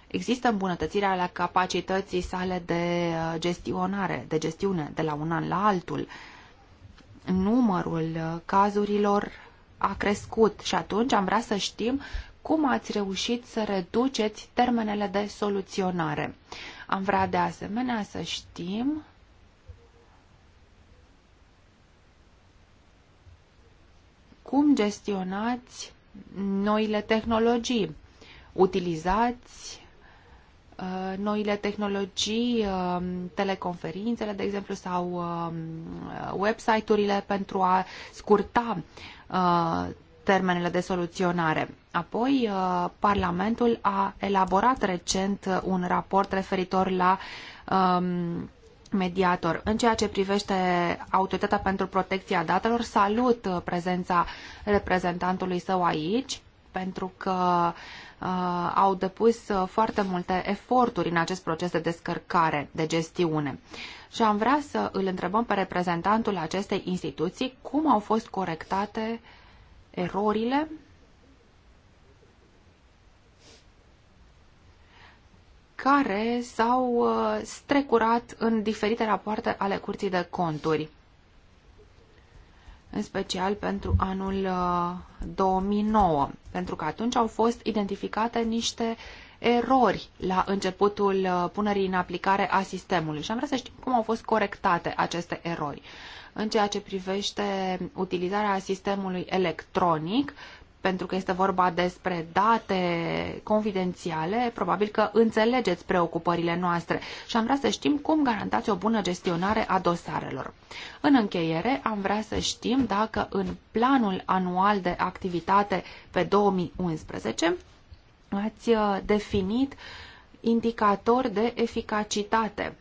Există îmbunătățirea la capacității sale de uh, gestionare, de gestiune, de la un an la altul. Numărul uh, cazurilor a crescut și atunci am vrea să știm cum ați reușit să reduceți termenele de soluționare. Am vrea de asemenea să știm cum gestionați noile tehnologii. Utilizați uh, noile tehnologii, uh, teleconferințele, de exemplu, sau uh, website-urile pentru a scurta termenele de soluționare. Apoi, uh, Parlamentul a elaborat recent un raport referitor la um, mediator. În ceea ce privește Autoritatea pentru Protecția Datelor, salut uh, prezența reprezentantului său aici, pentru că uh, au depus uh, foarte multe eforturi în acest proces de descărcare, de gestiune. Și am vrea să îl întrebăm pe reprezentantul acestei instituții cum au fost corectate uh, erorile. care s-au uh, strecurat în diferite rapoarte ale Curții de Conturi, în special pentru anul 2009, uh, pentru că atunci au fost identificate niște erori la începutul uh, punerii în aplicare a sistemului și am vrea să știm cum au fost corectate aceste erori în ceea ce privește utilizarea sistemului electronic, pentru că este vorba despre date confidențiale, probabil că înțelegeți preocupările noastre și am vrea să știm cum garantați o bună gestionare a dosarelor. În încheiere, am vrea să știm dacă în planul anual de activitate pe 2011 ați uh, definit indicatori de eficacitate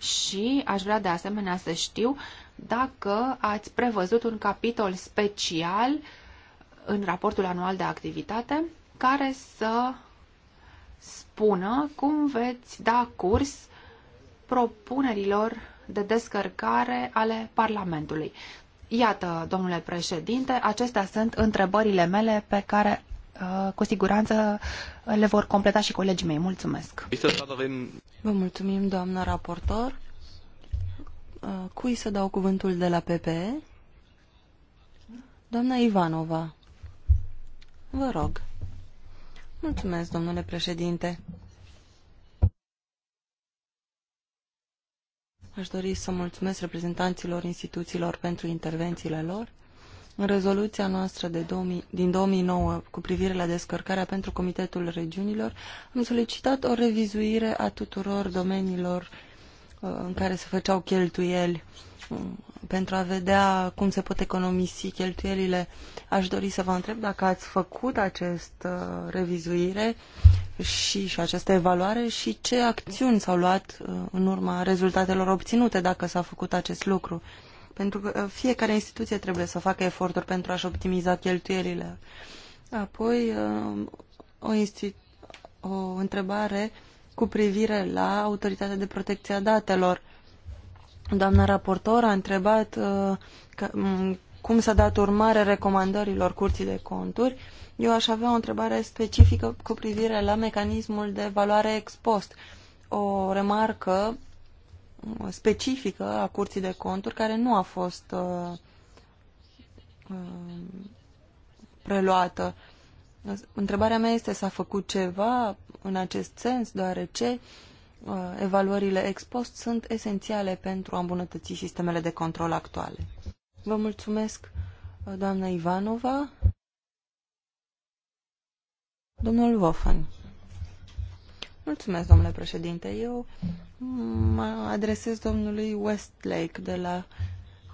și aș vrea de asemenea să știu dacă ați prevăzut un capitol special în raportul anual de activitate care să spună cum veți da curs propunerilor de descărcare ale Parlamentului. Iată, domnule președinte, acestea sunt întrebările mele pe care uh, cu siguranță le vor completa și colegii mei. Mulțumesc! Vă mulțumim, doamnă raportor. Uh, cui să dau cuvântul de la PPE? Doamna Ivanova. Vă rog. Mulțumesc, domnule președinte. Aș dori să mulțumesc reprezentanților instituțiilor pentru intervențiile lor. În rezoluția noastră de 2000, din 2009 cu privire la descărcarea pentru Comitetul Regiunilor, am solicitat o revizuire a tuturor domeniilor Uh, în care se făceau cheltuieli um, pentru a vedea cum se pot economisi cheltuielile. Aș dori să vă întreb dacă ați făcut această revizuire și, și această evaluare și ce acțiuni s-au luat uh, în urma rezultatelor obținute dacă s-a făcut acest lucru. Pentru că uh, fiecare instituție trebuie să facă eforturi pentru a-și optimiza cheltuielile. Apoi, o, o întrebare cu privire la Autoritatea de Protecție a Datelor. Doamna raportor a întrebat uh, că, um, cum s-a dat urmare recomandărilor Curții de Conturi. Eu aș avea o întrebare specifică cu privire la mecanismul de valoare expost. O remarcă specifică a Curții de Conturi care nu a fost uh, uh, preluată. Întrebarea mea este, s-a făcut ceva în acest sens, deoarece uh, evaluările ex post sunt esențiale pentru a îmbunătăți sistemele de control actuale. Vă mulțumesc, uh, doamna Ivanova. Domnul Vofan. Mulțumesc, domnule președinte. Eu mă adresez domnului Westlake de la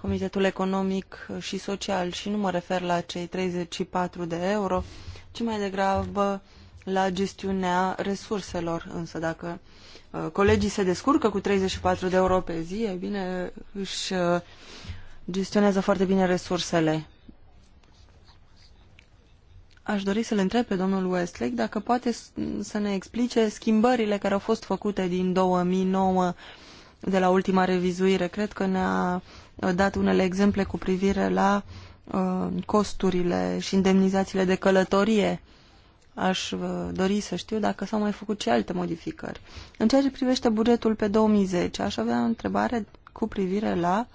Comitetul Economic și Social și nu mă refer la cei 34 de euro, ci mai degrabă la gestiunea resurselor. Însă dacă uh, colegii se descurcă cu 34 de euro pe zi, e bine, își uh, gestionează foarte bine resursele. Aș dori să-l întreb pe domnul Westlake dacă poate să ne explice schimbările care au fost făcute din 2009 de la ultima revizuire. Cred că ne-a uh, dat unele exemple cu privire la costurile și indemnizațiile de călătorie Aș dori să știu dacă s-au mai făcut și alte modificări. În ceea ce privește bugetul pe 2010, aș avea o întrebare cu privire la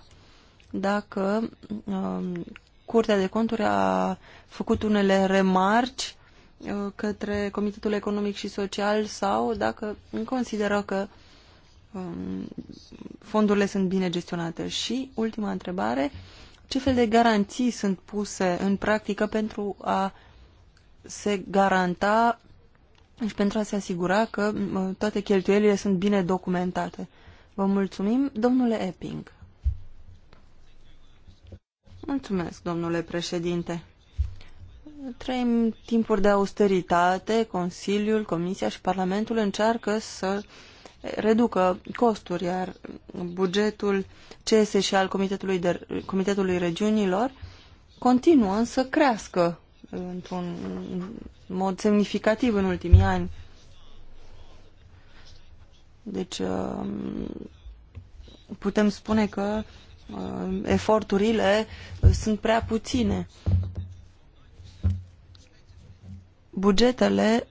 dacă um, Curtea de Conturi a făcut unele remarci uh, către Comitetul Economic și Social sau dacă consideră că um, fondurile sunt bine gestionate. Și ultima întrebare, ce fel de garanții sunt puse în practică pentru a uh, se garanta și pentru a se asigura că toate cheltuielile sunt bine documentate. Vă mulțumim, domnule Epping. Mulțumesc, domnule președinte. Trăim timpuri de austeritate, Consiliul, Comisia și Parlamentul încearcă să reducă costuri, iar bugetul CS și al Comitetului, de, Comitetului Regiunilor continuă să crească într-un mod semnificativ în ultimii ani. Deci um, putem spune că um, eforturile sunt prea puține. Bugetele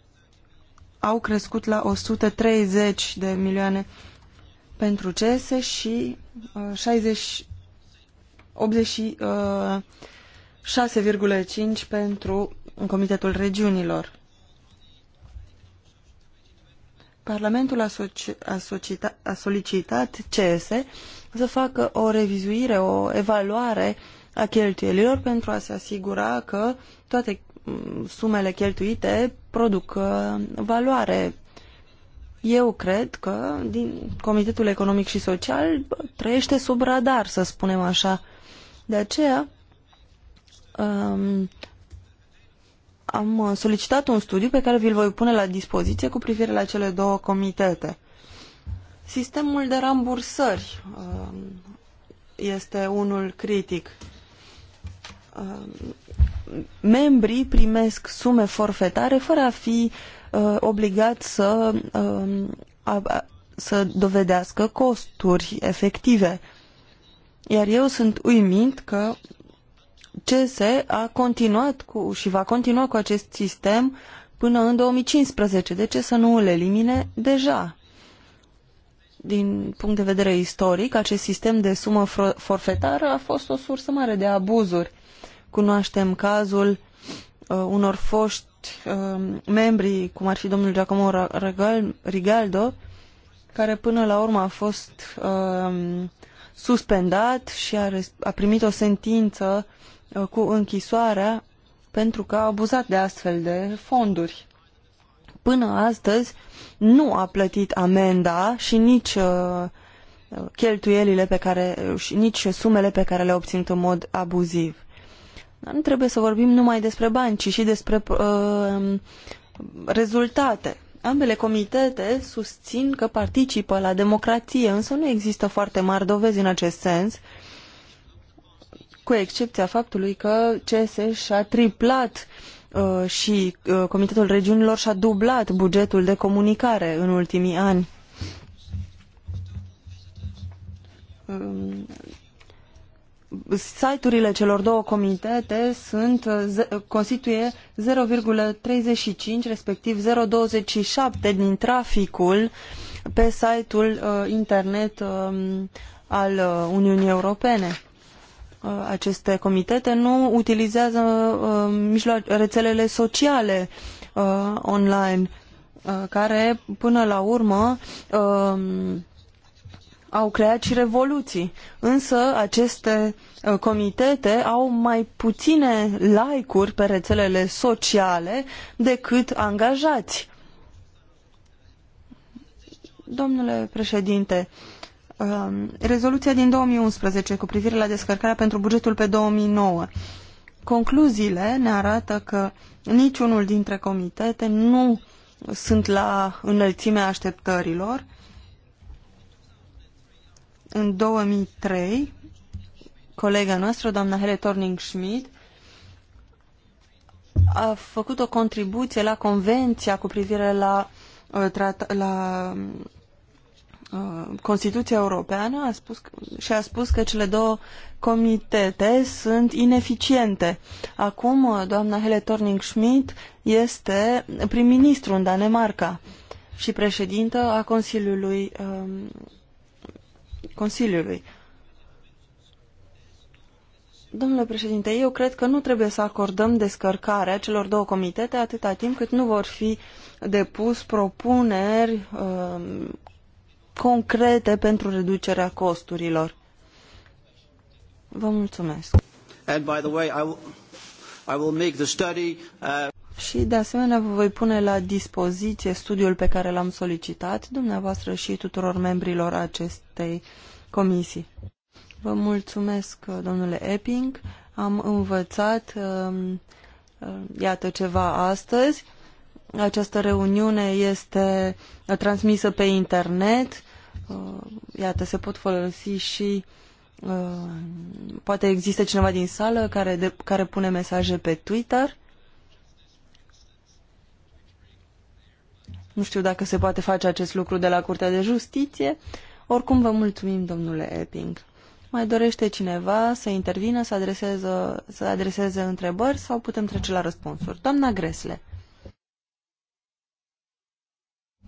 au crescut la 130 de milioane pentru CESE și 60, uh, 80, 6,5 pentru Comitetul Regiunilor. Parlamentul a, a solicitat CESE să facă o revizuire, o evaluare a cheltuielilor pentru a se asigura că toate mm, sumele cheltuite produc uh, valoare. Eu cred că din Comitetul Economic și Social trăiește sub radar, să spunem așa. De aceea, um, am solicitat un studiu pe care vi-l voi pune la dispoziție cu privire la cele două comitete. Sistemul de rambursări um, este unul critic. Um, membrii primesc sume forfetare fără a fi uh, obligați să, uh, a, să dovedească costuri efective. Iar eu sunt uimit că CESE a continuat cu, și va continua cu acest sistem până în 2015. De ce să nu îl elimine deja? Din punct de vedere istoric, acest sistem de sumă forfetară a fost o sursă mare de abuzuri. Cunoaștem cazul uh, unor foști uh, membri, cum ar fi domnul Giacomo Rigaldo, care până la urmă a fost uh, suspendat și a, a primit o sentință Uh, cu închisoarea pentru că a abuzat de astfel de fonduri. Până astăzi nu a plătit amenda și nici uh, cheltuielile pe care, uh, și nici sumele pe care le-a obținut în mod abuziv. Dar nu trebuie să vorbim numai despre bani, ci și despre uh, rezultate. Ambele comitete susțin că participă la democrație, însă nu există foarte mari dovezi în acest sens uh, cu excepția faptului că CS și-a triplat uh, și uh, Comitetul Regiunilor și-a dublat bugetul de comunicare în ultimii ani. Um, site-urile celor două comitete sunt, uh, constituie 0,35 respectiv 0,27 din traficul pe site-ul internet um, al Uniunii Europene. Uh, aceste comitete nu utilizează uh, rețelele sociale uh, online, care până la urmă au creat și revoluții. Însă aceste comitete au mai puține like-uri pe rețelele sociale decât angajați. Domnule președinte, uh, Um, rezoluția din 2011 cu privire la descărcarea pentru bugetul pe 2009. Concluziile ne arată că niciunul dintre comitete nu sunt la înălțimea așteptărilor. În 2003, colega noastră, doamna Hele Torning-Schmidt, a făcut o contribuție la convenția cu privire la, uh, la um, Uh, Constituția Europeană a spus, și a spus că cele două comitete sunt ineficiente. Acum, uh, doamna Hele Torning schmidt este prim-ministru în Danemarca și președintă a Consiliului. Um, Consiliului. Domnule președinte, eu cred că nu trebuie să acordăm descărcarea celor două comitete atâta timp cât nu vor fi depus propuneri um, concrete pentru reducerea costurilor. Vă mulțumesc. And by the way, I will, I will make the study, uh... Și de asemenea vă voi pune la dispoziție studiul pe care l-am solicitat dumneavoastră și tuturor membrilor acestei comisii. Vă mulțumesc, uh, domnule Epping. Am învățat, um, uh, iată ceva astăzi. Această reuniune este transmisă pe internet Uh, iată, se pot folosi și uh, poate există cineva din sală care, de, care pune mesaje pe Twitter. Nu știu dacă se poate face acest lucru de la Curtea de Justiție. Oricum vă mulțumim, domnule Epping. Mai dorește cineva să intervină, să adreseze, să adreseze întrebări sau putem trece la răspunsuri? Doamna Gresle.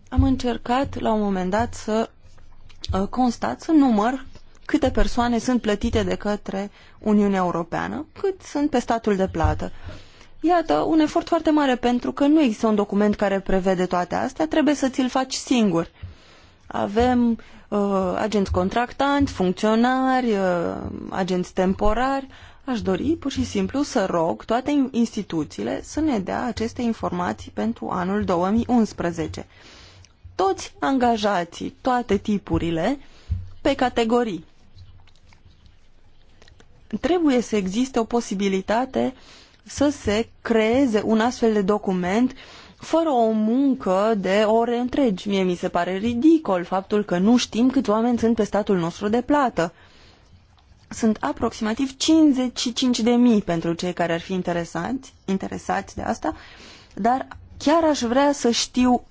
Am încercat la un moment dat să Uh, constat, să număr câte persoane sunt plătite de către Uniunea Europeană, cât sunt pe statul de plată. Iată, un efort foarte mare, pentru că nu există un document care prevede toate astea, trebuie să ți-l faci singur. Avem uh, agenți contractanți, funcționari, uh, agenți temporari. Aș dori pur și simplu să rog toate instituțiile să ne dea aceste informații pentru anul 2011 toți angajații, toate tipurile, pe categorii. Trebuie să existe o posibilitate să se creeze un astfel de document fără o muncă de ore întregi. Mie mi se pare ridicol faptul că nu știm câți oameni sunt pe statul nostru de plată. Sunt aproximativ 55 de mii pentru cei care ar fi interesați, interesați de asta, dar chiar aș vrea să știu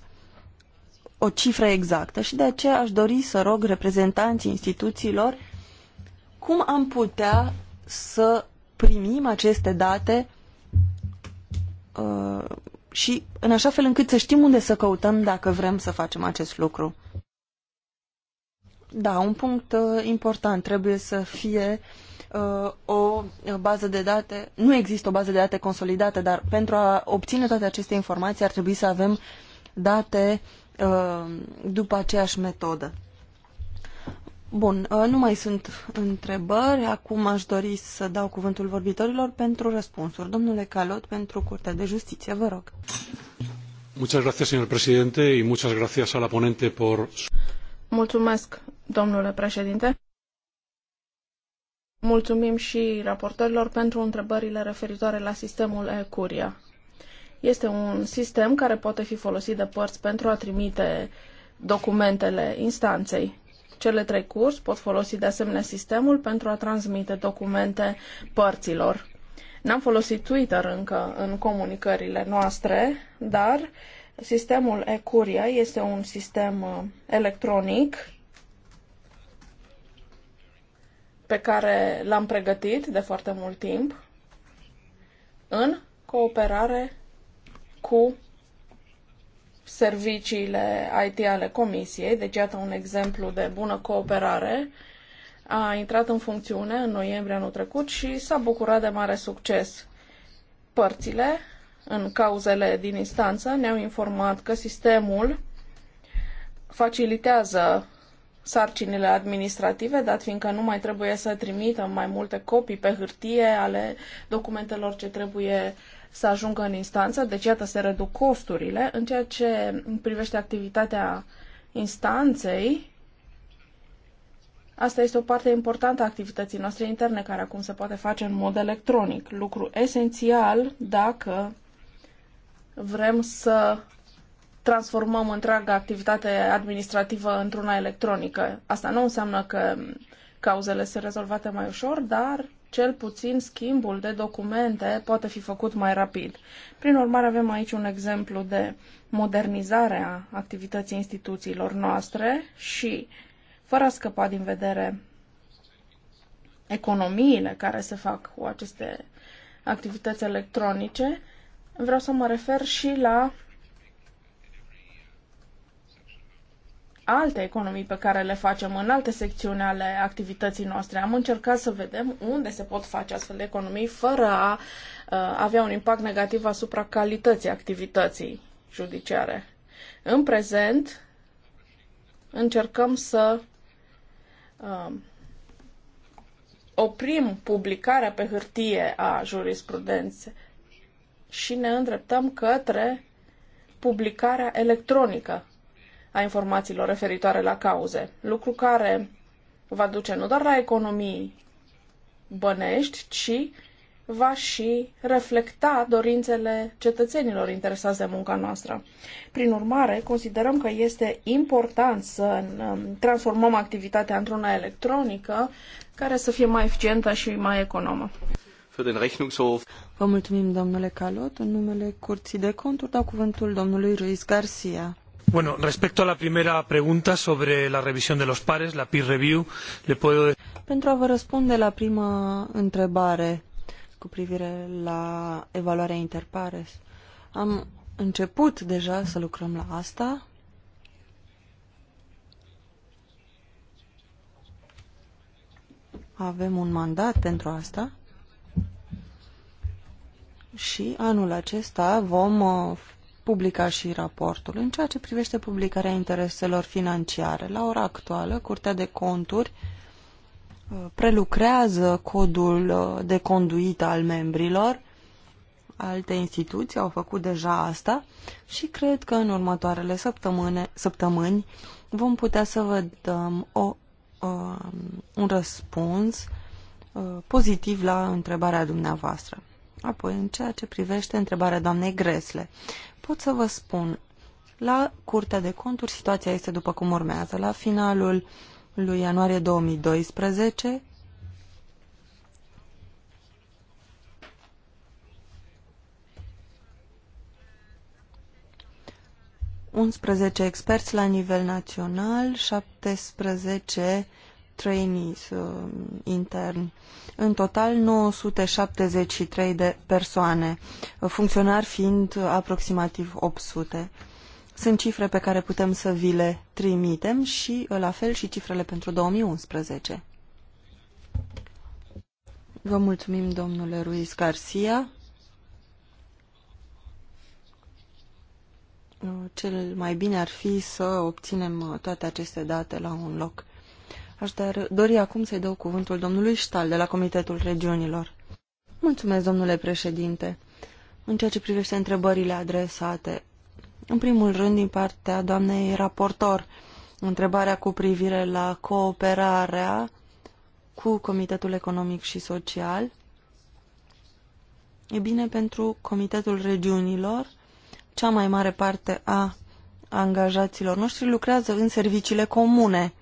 o cifră exactă și de aceea aș dori să rog reprezentanții instituțiilor cum am putea să primim aceste date uh, și în așa fel încât să știm unde să căutăm dacă vrem să facem acest lucru. Da, un punct uh, important trebuie să fie uh, o bază de date. Nu există o bază de date consolidată, dar pentru a obține toate aceste informații ar trebui să avem date Uh, după aceeași metodă. Bun, uh, nu mai sunt întrebări. Acum aș dori să dau cuvântul vorbitorilor pentru răspunsuri. Domnule Calot, pentru Curtea de Justiție, vă rog. Muchas gracias, señor presidente, y muchas gracias a la ponente por... Mulțumesc, domnule președinte. Mulțumim și raportorilor pentru întrebările referitoare la sistemul e-Curia. Este un sistem care poate fi folosit de părți pentru a trimite documentele instanței. Cele trei curs pot folosi de asemenea sistemul pentru a transmite documente părților. N-am folosit Twitter încă în comunicările noastre, dar sistemul Ecuria este un sistem uh, electronic pe care l-am pregătit de foarte mult timp în cooperare cu serviciile IT ale Comisiei, deci iată un exemplu de bună cooperare. A intrat în funcțiune în noiembrie anul trecut și s-a bucurat de mare succes. Părțile, în cauzele din instanță, ne-au informat că sistemul facilitează sarcinile administrative, dat fiindcă nu mai trebuie să trimită mai multe copii pe hârtie ale documentelor ce trebuie uh, să ajungă în instanță, deci iată se reduc costurile. În ceea ce privește activitatea instanței, asta este o parte importantă a activității noastre interne, care acum se poate face în mod electronic. Lucru esențial dacă vrem să transformăm întreaga activitate administrativă într-una electronică. Asta nu înseamnă că cauzele sunt rezolvate mai ușor, dar cel puțin schimbul de documente poate fi făcut mai rapid. Prin urmare, avem aici un exemplu de modernizare a activității instituțiilor noastre și, fără a scăpa din vedere economiile care se fac cu aceste activități electronice, vreau să mă refer și la alte economii pe care le facem în alte secțiuni ale activității noastre. Am încercat să vedem unde se pot face astfel de economii fără a uh, avea un impact negativ asupra calității activității judiciare. În prezent, încercăm să uh, oprim publicarea pe hârtie a jurisprudenței și ne îndreptăm către publicarea electronică a informațiilor referitoare la cauze, lucru care va duce nu doar la economii bănești, ci va și reflecta dorințele cetățenilor interesați de munca noastră. Prin urmare, considerăm că este important să um, transformăm activitatea într-una electronică care să fie mai eficientă și mai economă. Vă mulțumim, domnule Calot. În numele Curții de Conturi dau cuvântul domnului Ruiz Garcia respecto a la primera pregunta sobre la revisión de los pares, la peer review, le puedo... decir. Pentru a vă răspunde la prima întrebare cu privire la evaluarea interpares, am început deja să lucrăm la asta. Avem un mandat pentru asta și anul acesta vom uh, publica și raportul. În ceea ce privește publicarea intereselor financiare, la ora actuală, Curtea de Conturi uh, prelucrează codul uh, de conduită al membrilor, alte instituții au făcut deja asta și cred că în următoarele săptămâne, săptămâni vom putea să vă dăm o, uh, un răspuns pozitiv la întrebarea dumneavoastră. Apoi, în ceea ce privește întrebarea doamnei Gresle, pot să vă spun, la Curtea de Conturi situația este după cum urmează. La finalul lui ianuarie 2012, unsprezece experți la nivel național, 17 trainees uh, interni. În total 973 de persoane, funcționari fiind aproximativ 800. Sunt cifre pe care putem să vi le trimitem și la fel și cifrele pentru 2011. Vă mulțumim, domnule Ruiz Garcia. Cel mai bine ar fi să obținem toate aceste date la un loc. Aș dori acum să-i dau cuvântul domnului Ștal de la Comitetul Regiunilor. Mulțumesc, domnule președinte. În ceea ce privește întrebările adresate, în primul rând, din partea doamnei raportor, întrebarea cu privire la cooperarea cu Comitetul Economic și Social. E bine, pentru Comitetul Regiunilor, cea mai mare parte a angajaților noștri lucrează în serviciile comune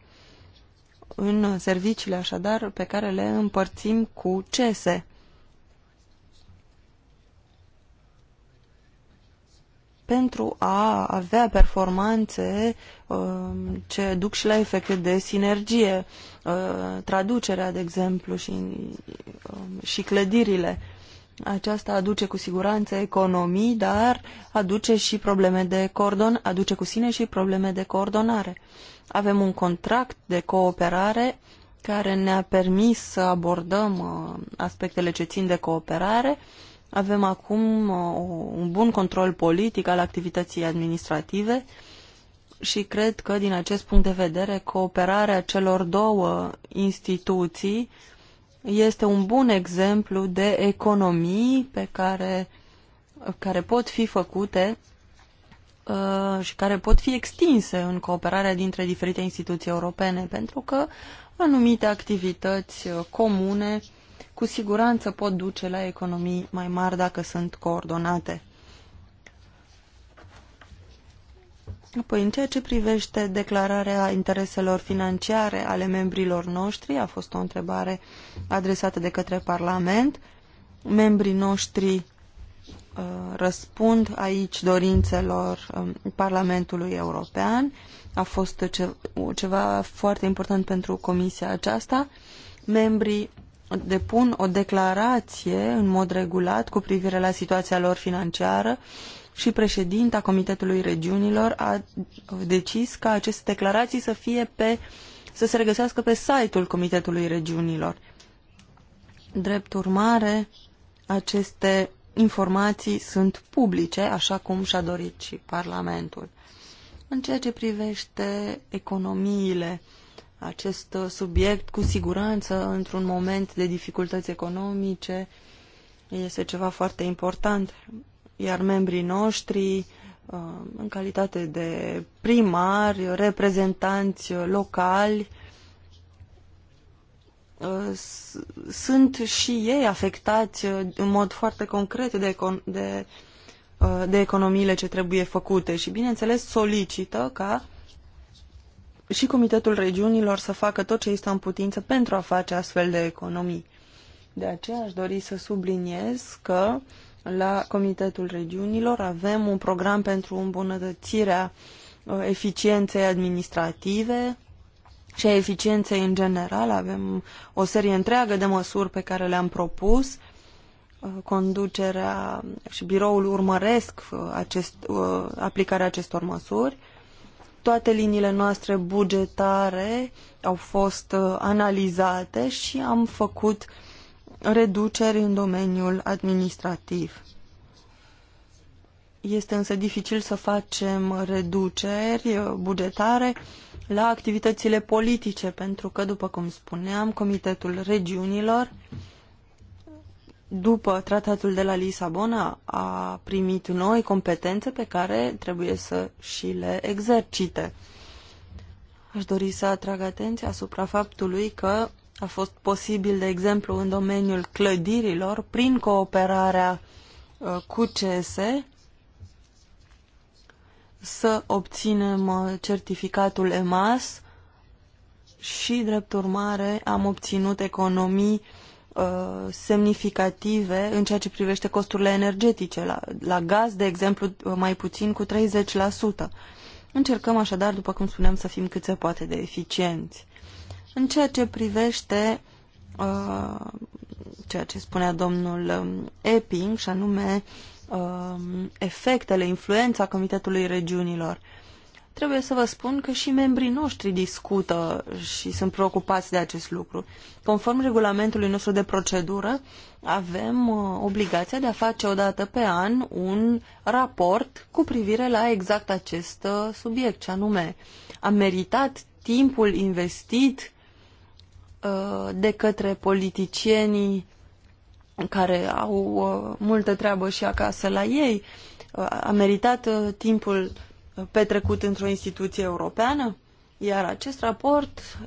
în serviciile așadar pe care le împărțim cu CESE. pentru a avea performanțe um, ce duc și la efecte de sinergie, uh, traducerea, de exemplu, și, um, și clădirile. Aceasta aduce cu siguranță economii, dar aduce și probleme de cordon aduce cu sine și probleme de coordonare. Avem un contract de cooperare care ne-a permis să abordăm uh, aspectele ce țin de cooperare. Avem acum uh, un bun control politic al activității administrative și cred că, din acest punct de vedere, cooperarea celor două instituții este un bun exemplu de economii pe care, care pot fi făcute Uh, și care pot fi extinse în cooperarea dintre diferite instituții europene, pentru că anumite activități uh, comune cu siguranță pot duce la economii mai mari dacă sunt coordonate. Apoi, în ceea ce privește declararea intereselor financiare ale membrilor noștri, a fost o întrebare adresată de către Parlament. Membrii noștri Uh, răspund aici dorințelor um, Parlamentului European. A fost ceva foarte important pentru comisia aceasta. Membrii depun o declarație în mod regulat cu privire la situația lor financiară și președinta Comitetului Regiunilor a decis ca aceste declarații să fie pe să se regăsească pe site-ul Comitetului Regiunilor. Drept urmare, aceste informații sunt publice, așa cum și-a dorit și Parlamentul. În ceea ce privește economiile, acest subiect, cu siguranță, într-un moment de dificultăți economice, este ceva foarte important. Iar membrii noștri, uh, în calitate de primari, reprezentanți locali, sunt și ei afectați uh, în mod foarte concret de, econ de, uh, de economiile ce trebuie făcute și, bineînțeles, solicită ca și Comitetul Regiunilor să facă tot ce este în putință pentru a face astfel de economii. De aceea aș dori să subliniez că la Comitetul Regiunilor avem un program pentru îmbunătățirea uh, eficienței administrative, și a eficienței în general. Avem o serie întreagă de măsuri pe care le-am propus. Uh, conducerea și biroul urmăresc uh, acest, uh, aplicarea acestor măsuri. Toate liniile noastre bugetare au fost analizate și am făcut reduceri în domeniul administrativ. Este însă dificil să facem reduceri bugetare uh, la activitățile politice, pentru că, după cum spuneam, Comitetul Regiunilor, după tratatul de la Lisabona, a primit noi competențe pe care trebuie să și le exercite. Aș dori să atrag atenția asupra faptului că a fost posibil, de exemplu, în domeniul clădirilor, prin cooperarea uh, cu CSE, să obținem uh, certificatul EMAS și, drept urmare, am obținut economii uh, semnificative în ceea ce privește costurile energetice. La, la gaz, de exemplu, uh, mai puțin cu 30%. Încercăm așadar, după cum spuneam, să fim cât se poate de eficienți. În ceea ce privește uh, ceea ce spunea domnul um, Epping, și anume Um, efectele, influența Comitetului Regiunilor. Trebuie să vă spun că și membrii noștri discută și sunt preocupați de acest lucru. Conform regulamentului nostru de procedură, avem uh, obligația de a face odată pe an un raport cu privire la exact acest uh, subiect, ce anume a meritat timpul investit uh, de către politicienii care au uh, multă treabă și acasă la ei, uh, a meritat uh, timpul petrecut într-o instituție europeană? Iar acest raport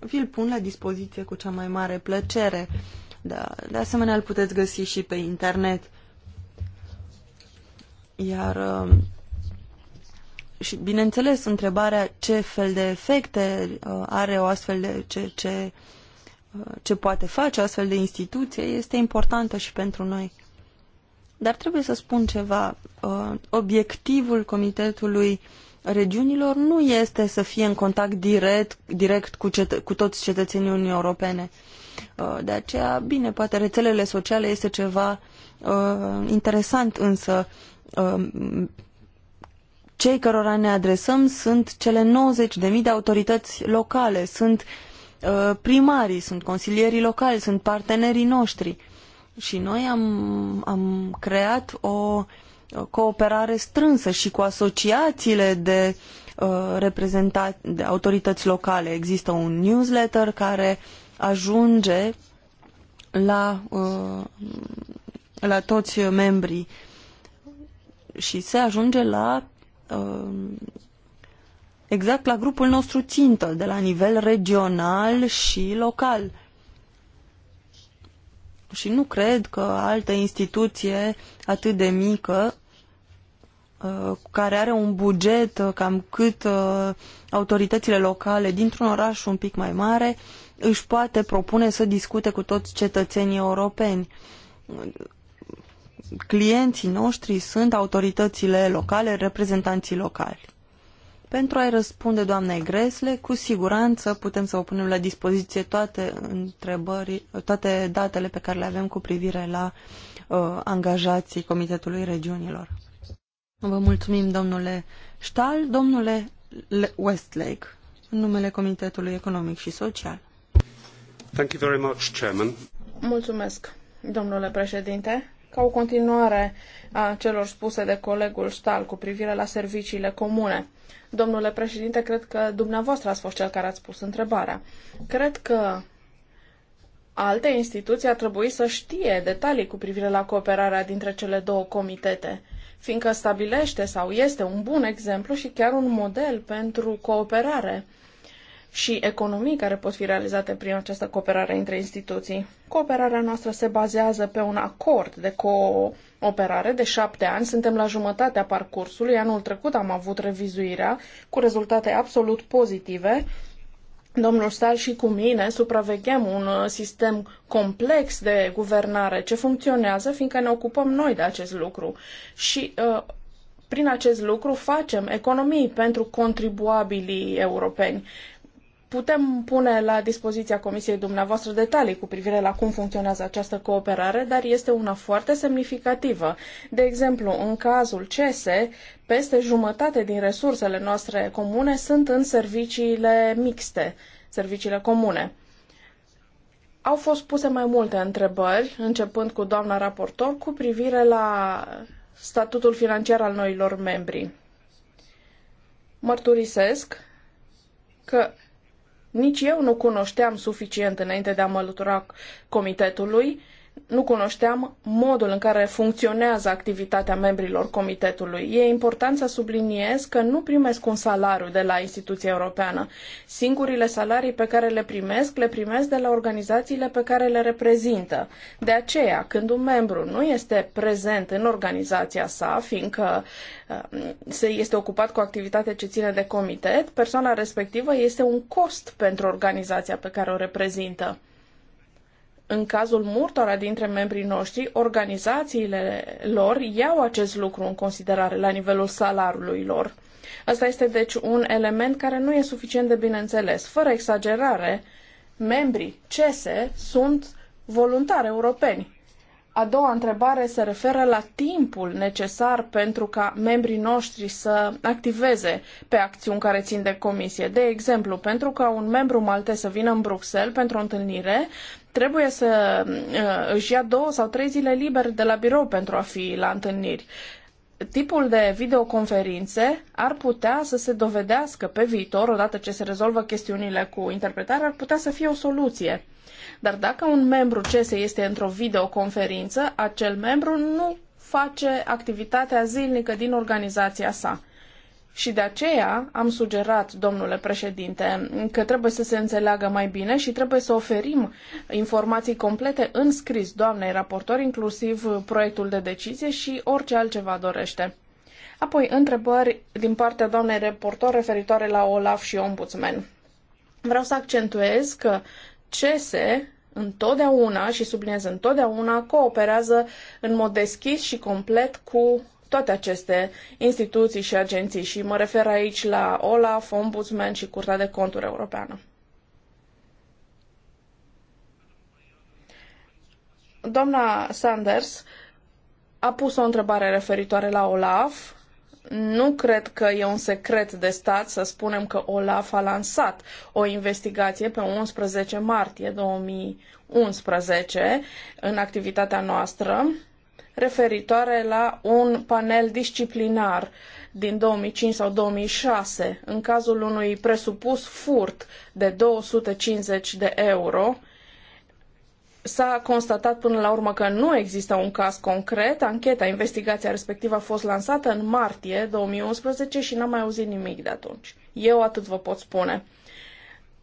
vi-l pun la dispoziție cu cea mai mare plăcere. Da, de asemenea, îl puteți găsi și pe internet. Iar și bineînțeles, întrebarea ce fel de efecte are o astfel de ce, ce ce poate face astfel de instituție este importantă și pentru noi. Dar trebuie să spun ceva. Uh, obiectivul Comitetului Regiunilor nu este să fie în contact direct, direct cu, cet- cu toți cetățenii Uniunii Europene. Uh, de aceea, bine, poate rețelele sociale este ceva uh, interesant, însă cei cărora ne adresăm sunt cele 90.000 de autorități locale, sunt uh, Uh, primarii, sunt consilierii locali, sunt partenerii noștri. Și noi am, am creat o cooperare strânsă și cu asociațiile de uh, reprezentat de autorități locale. Există un newsletter care ajunge la, uh, la toți membrii și se ajunge la exact la grupul nostru țintă, de la nivel regional și local. Și nu cred că altă instituție atât de mică uh, care are un buget uh, cam cât uh, autoritățile locale dintr-un oraș un pic mai mare își poate propune să discute cu toți cetățenii europeni. Clienții noștri sunt autoritățile locale, reprezentanții locali. Pentru a-i răspunde doamnei Gresle, cu siguranță putem să vă punem la dispoziție toate, întrebări, toate datele pe care le avem cu privire la uh, angajații Comitetului Regiunilor. Vă mulțumim, domnule Stahl, domnule Westlake, în numele Comitetului Economic și Social. Thank you very much, Chairman. Mulțumesc, domnule președinte. Ca o continuare a celor spuse de colegul Stal cu privire la serviciile comune. Domnule președinte, cred că dumneavoastră ați fost cel care ați pus întrebarea. Cred că alte instituții ar trebui să știe detalii cu privire la cooperarea dintre cele două comitete, fiindcă stabilește sau este un bun exemplu și chiar un model pentru cooperare și economii care pot fi realizate prin această cooperare între instituții. Cooperarea noastră se bazează pe un acord de cooperare de șapte ani. Suntem la jumătatea parcursului. Anul trecut am avut revizuirea cu rezultate absolut pozitive. Domnul Stal și cu mine supraveghem un sistem complex de guvernare ce funcționează, fiindcă ne ocupăm noi de acest lucru. Și uh, prin acest lucru facem economii pentru contribuabilii europeni putem pune la dispoziția Comisiei dumneavoastră detalii cu privire la cum funcționează această cooperare, dar este una foarte semnificativă. De exemplu, în cazul CESE, peste jumătate din resursele noastre comune sunt în serviciile mixte, serviciile comune. Au fost puse mai multe întrebări, începând cu doamna raportor, cu privire la statutul financiar al noilor membri. Mărturisesc că nici eu nu cunoșteam suficient înainte de a mă alătura comitetului nu cunoșteam modul în care funcționează activitatea membrilor comitetului. E important să subliniez că nu primesc un salariu de la instituția europeană. Singurile salarii pe care le primesc, le primesc de la organizațiile pe care le reprezintă. De aceea, când un membru nu este prezent în organizația sa, fiindcă uh, se este ocupat cu o activitate ce ține de comitet, persoana respectivă este un cost pentru organizația pe care o reprezintă în cazul multora dintre membrii noștri, organizațiile lor iau acest lucru în considerare la nivelul salarului lor. Asta este deci un element care nu e suficient de bine înțeles. Fără exagerare, membrii CESE sunt voluntari europeni. A doua întrebare se referă la timpul necesar pentru ca membrii noștri să activeze pe acțiuni care țin de comisie. De exemplu, pentru ca un membru maltez să vină în Bruxelles pentru o întâlnire, trebuie să uh, își ia două sau trei zile liber de la birou pentru a fi la întâlniri. Tipul de videoconferințe ar putea să se dovedească pe viitor, odată ce se rezolvă chestiunile cu interpretare, ar putea să fie o soluție. Dar dacă un membru CESE este într-o videoconferință, acel membru nu face activitatea zilnică din organizația sa. Și de aceea am sugerat, domnule președinte, că trebuie să se înțeleagă mai bine și trebuie să oferim informații complete în scris doamnei raportor, inclusiv proiectul de decizie și orice altceva dorește. Apoi, întrebări din partea doamnei reportor referitoare la OLAF și Ombudsman. Vreau să accentuez că CESE întotdeauna și subliniez întotdeauna cooperează în mod deschis și complet cu toate aceste instituții și agenții și mă refer aici la OLAF, Ombudsman și Curtea de Conturi Europeană. Doamna Sanders a pus o întrebare referitoare la OLAF. Nu cred că e un secret de stat să spunem că OLAF a lansat o investigație pe 11 martie 2011 în activitatea noastră referitoare la un panel disciplinar din 2005 sau 2006 în cazul unui presupus furt de 250 de euro. S-a constatat până la urmă că nu există un caz concret. Ancheta, investigația respectivă a fost lansată în martie 2011 și n-am mai auzit nimic de atunci. Eu atât vă pot spune.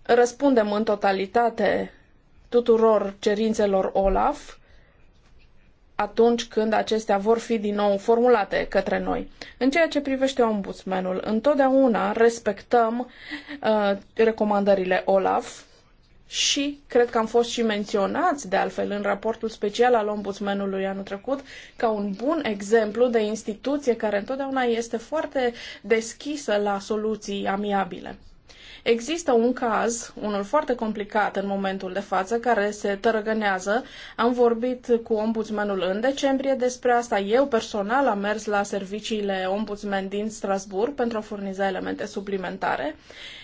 Răspundem în totalitate tuturor cerințelor OLAF atunci când acestea vor fi din nou formulate către noi. În ceea ce privește ombudsmanul, întotdeauna respectăm uh, recomandările OLAF și cred că am fost și menționați de altfel în raportul special al ombudsmanului anul trecut ca un bun exemplu de instituție care întotdeauna este foarte deschisă la soluții amiabile. Există un caz, unul foarte complicat în momentul de față, care se tărăgânează. Am vorbit cu ombudsmanul în decembrie despre asta. Eu personal am mers la serviciile ombudsman din Strasbourg pentru a furniza elemente suplimentare.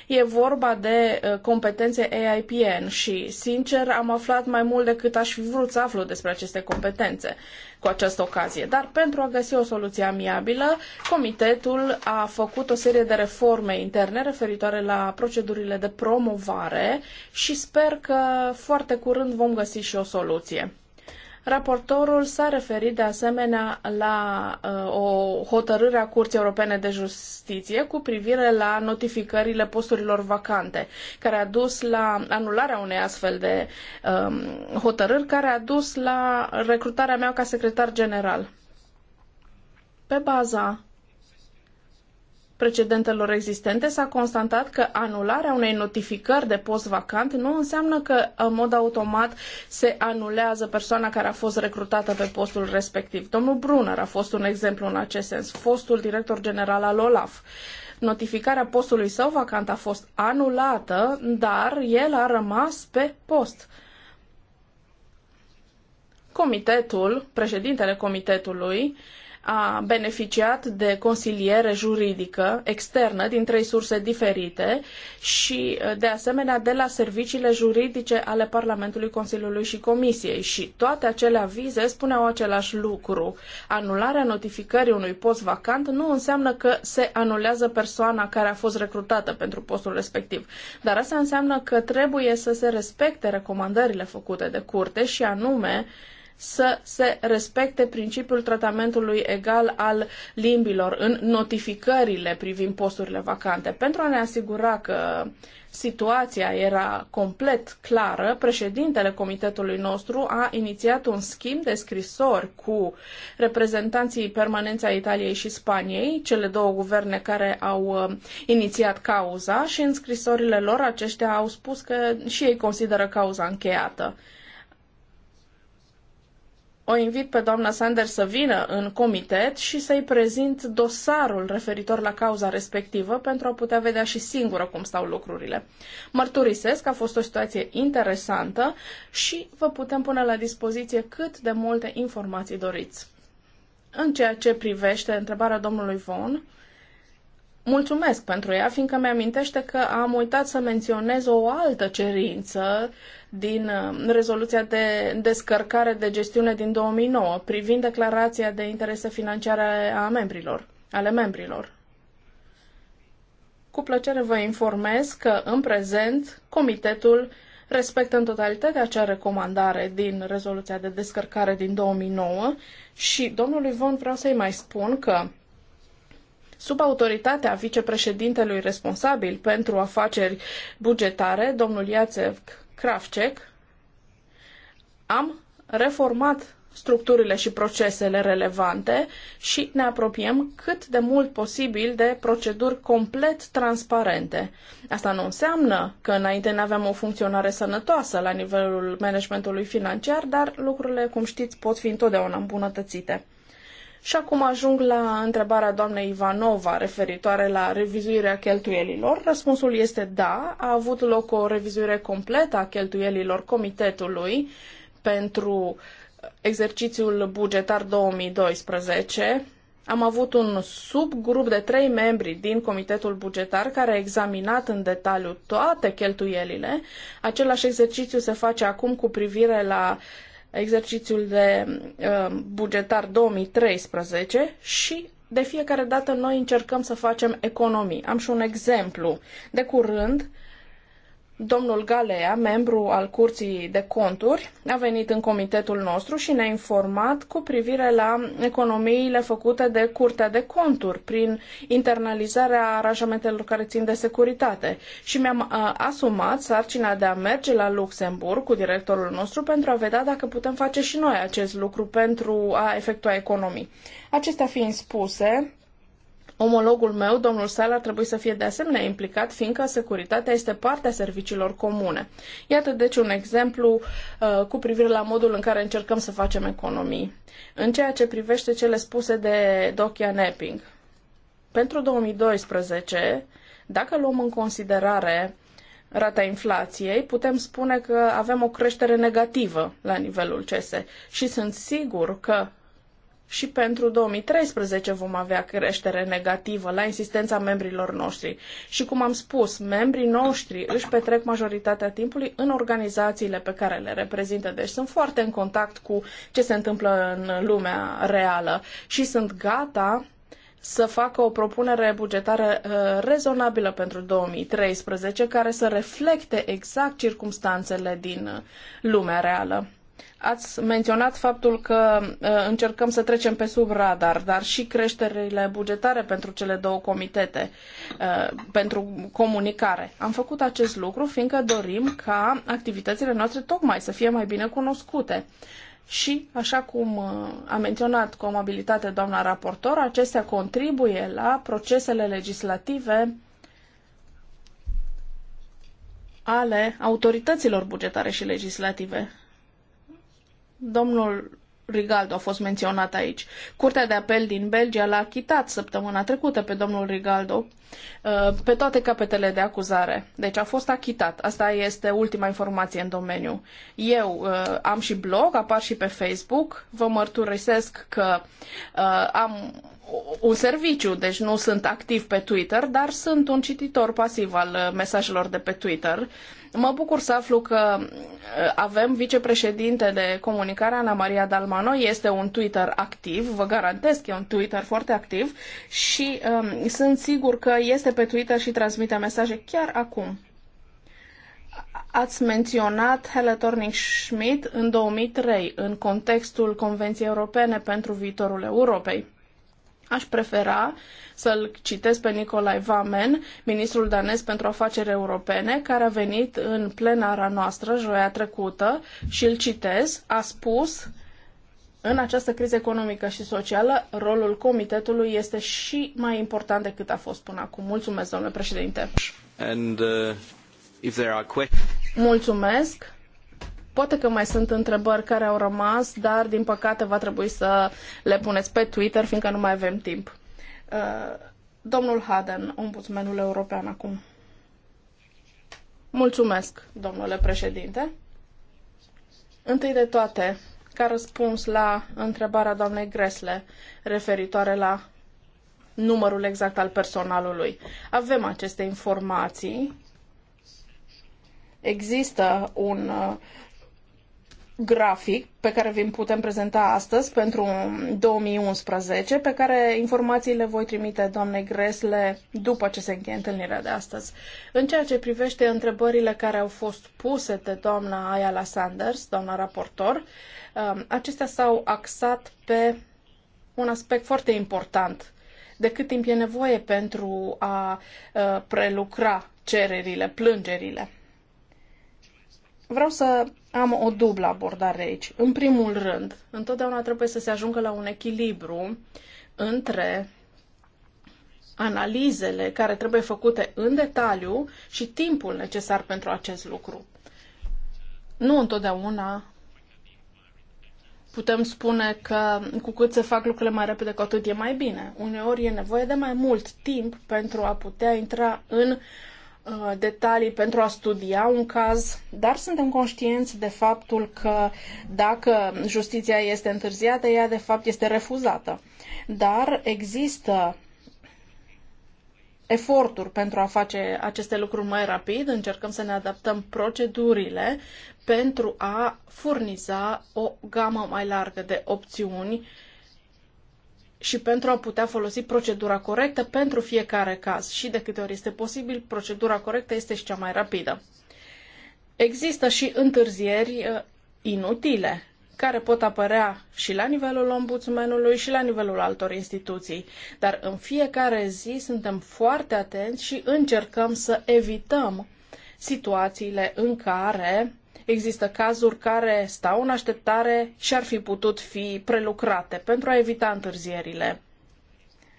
E vorba de uh, competențe AIPN și, sincer, am aflat mai mult decât aș fi vrut să aflu despre aceste competențe cu această ocazie. Dar pentru a găsi o soluție amiabilă, comitetul a făcut o serie de reforme interne referitoare la procedurile de promovare și sper că foarte curând vom găsi și o soluție. Raportorul s-a referit de asemenea la uh, o hotărâre a Curții Europene de Justiție cu privire la notificările posturilor vacante, care a dus la anularea unei astfel de um, hotărâri, care a dus la recrutarea mea ca secretar general. Pe baza precedentelor existente, s-a constatat că anularea unei notificări de post vacant nu înseamnă că în mod automat se anulează persoana care a fost recrutată pe postul respectiv. Domnul Brunner a fost un exemplu în acest sens, fostul director general al OLAF. Notificarea postului său vacant a fost anulată, dar el a rămas pe post. Comitetul, președintele comitetului, uh, a beneficiat de consiliere juridică externă din trei surse diferite și, uh, de asemenea, de la serviciile juridice ale Parlamentului, Consiliului și Comisiei. Și toate acele avize spuneau același lucru. Anularea notificării unui post vacant nu înseamnă că se anulează persoana care a fost recrutată pentru postul respectiv, dar asta înseamnă că trebuie să se respecte recomandările făcute de curte și anume să se respecte principiul tratamentului egal al limbilor în notificările privind posturile vacante. Pentru a ne asigura că situația era complet clară, președintele comitetului nostru a inițiat un schimb de scrisori cu reprezentanții permanenți a Italiei și Spaniei, cele două guverne care au uh, inițiat cauza și în scrisorile lor aceștia au spus că și ei consideră cauza încheiată o invit pe doamna Sanders să vină în comitet și să-i prezint dosarul referitor la cauza respectivă pentru a putea vedea și singură cum stau lucrurile. Mărturisesc, a fost o situație interesantă și vă putem pune la dispoziție cât de multe informații doriți. În ceea ce privește întrebarea domnului Von, mulțumesc pentru ea, fiindcă mi-amintește că am uitat să menționez o altă cerință uh, din um, rezoluția de descărcare de gestiune din 2009 privind declarația de interese financiare a membrilor, ale membrilor. Cu plăcere vă informez că în prezent comitetul respectă în totalitate acea recomandare din rezoluția de descărcare din 2009 și domnului Von vreau să-i mai spun că sub autoritatea vicepreședintelui responsabil pentru afaceri bugetare, domnul Iațev Kravcek, am reformat structurile și procesele relevante și ne apropiem cât de mult posibil de proceduri complet transparente. Asta nu înseamnă că înainte nu aveam o funcționare sănătoasă la nivelul managementului financiar, dar lucrurile, cum știți, pot fi întotdeauna îmbunătățite. Și acum ajung la întrebarea doamnei Ivanova referitoare la revizuirea cheltuielilor. Răspunsul este da, a avut loc o revizuire completă a cheltuielilor comitetului pentru exercițiul bugetar 2012. Am avut un subgrup de trei membri din Comitetul Bugetar care a examinat în detaliu toate cheltuielile. Același exercițiu se face acum cu privire la uh, exercițiul de um, bugetar 2013 și de fiecare dată noi încercăm să facem economii. Am și un exemplu. De curând Domnul Galea, membru al Curții de Conturi, a venit în comitetul nostru și ne-a informat cu privire la economiile făcute de Curtea de Conturi prin internalizarea aranjamentelor care țin de securitate. Și mi-am uh, asumat sarcina de a merge la Luxemburg cu directorul nostru pentru a vedea dacă putem face și noi acest lucru pentru a efectua economii. Acestea fiind spuse, Omologul meu, domnul Sala, trebuie să fie de asemenea implicat, fiindcă securitatea este parte a serviciilor comune. Iată deci un exemplu uh, cu privire la modul în care încercăm să facem economii. În ceea ce privește cele spuse de Dokia Nepping, pentru 2012, dacă luăm în considerare rata inflației, putem spune că avem o creștere negativă la nivelul CESE și sunt sigur că și pentru 2013 vom avea creștere negativă la insistența membrilor noștri. Și cum am spus, membrii noștri își petrec majoritatea timpului în organizațiile pe care le reprezintă, deci sunt foarte în contact cu ce se întâmplă în lumea reală și sunt gata să facă o propunere bugetară uh, rezonabilă pentru 2013 care să reflecte exact circumstanțele din uh, lumea reală. Ați menționat faptul că uh, încercăm să trecem pe sub radar, dar și creșterile bugetare pentru cele două comitete uh, pentru comunicare. Am făcut acest lucru fiindcă dorim ca activitățile noastre tocmai să fie mai bine cunoscute. Și, așa cum uh, a menționat cu amabilitate doamna raportor, acestea contribuie la procesele legislative ale autorităților bugetare și legislative. Domnul Rigaldo a fost menționat aici. Curtea de apel din Belgia l-a achitat săptămâna trecută pe domnul Rigaldo uh, pe toate capetele de acuzare. Deci a fost achitat. Asta este ultima informație în domeniu. Eu uh, am și blog, apar și pe Facebook. Vă mărturisesc că uh, am un serviciu, deci nu sunt activ pe Twitter, dar sunt un cititor pasiv al uh, mesajelor de pe Twitter. Mă bucur să aflu că uh, avem vicepreședinte de comunicare, Ana Maria Dalmano, este un Twitter activ, vă garantez că e un Twitter foarte activ și um, sunt sigur că este pe Twitter și transmite mesaje chiar acum. Ați menționat Helle Thorning-Schmidt în 2003, în contextul Convenției Europene pentru viitorul Europei Aș prefera să-l citesc pe Nicolai Vamen, ministrul danez pentru afaceri europene, care a venit în plenara noastră joia trecută și îl citez, a spus în această criză economică și socială, rolul comitetului este și mai important decât a fost până acum. Mulțumesc, domnule președinte. And, uh, if there are Mulțumesc. Poate că mai sunt întrebări care au rămas, dar din păcate va trebui să le puneți pe Twitter, fiindcă nu mai avem timp. Uh, domnul Haden, ombudsmenul european acum. Mulțumesc, domnule președinte. Întâi de toate, ca răspuns la întrebarea doamnei Gresle referitoare la numărul exact al personalului. Avem aceste informații. Există un uh, grafic pe care vi-l putem prezenta astăzi pentru 2011, pe care informațiile voi trimite doamnei Gresle după ce se încheie întâlnirea de astăzi. În ceea ce privește întrebările care au fost puse de doamna Ayala Sanders, doamna raportor, um, acestea s-au axat pe un aspect foarte important de cât timp e nevoie pentru a uh, prelucra cererile, plângerile. Vreau să am o dublă abordare aici. În primul rând, întotdeauna trebuie să se ajungă la un echilibru între analizele care trebuie făcute în detaliu și timpul necesar pentru acest lucru. Nu întotdeauna putem spune că cu cât se fac lucrurile mai repede, cu atât e mai bine. Uneori e nevoie de mai mult timp pentru a putea intra în uh, Uh, detalii pentru a studia un caz, dar suntem conștienți de faptul că dacă justiția este întârziată, ea de fapt este refuzată. Dar există eforturi pentru a face aceste lucruri mai rapid, încercăm să ne adaptăm procedurile pentru a furniza o gamă mai largă de opțiuni uh, și pentru a putea folosi procedura corectă pentru fiecare caz. Și de câte ori este posibil, procedura corectă este și cea mai rapidă. Există și întârzieri uh, inutile care pot apărea și la nivelul ombudsmenului și la nivelul altor instituții. Dar în fiecare zi suntem foarte atenți și încercăm să evităm situațiile în care Există cazuri care stau în așteptare și ar fi putut fi prelucrate pentru a evita întârzierile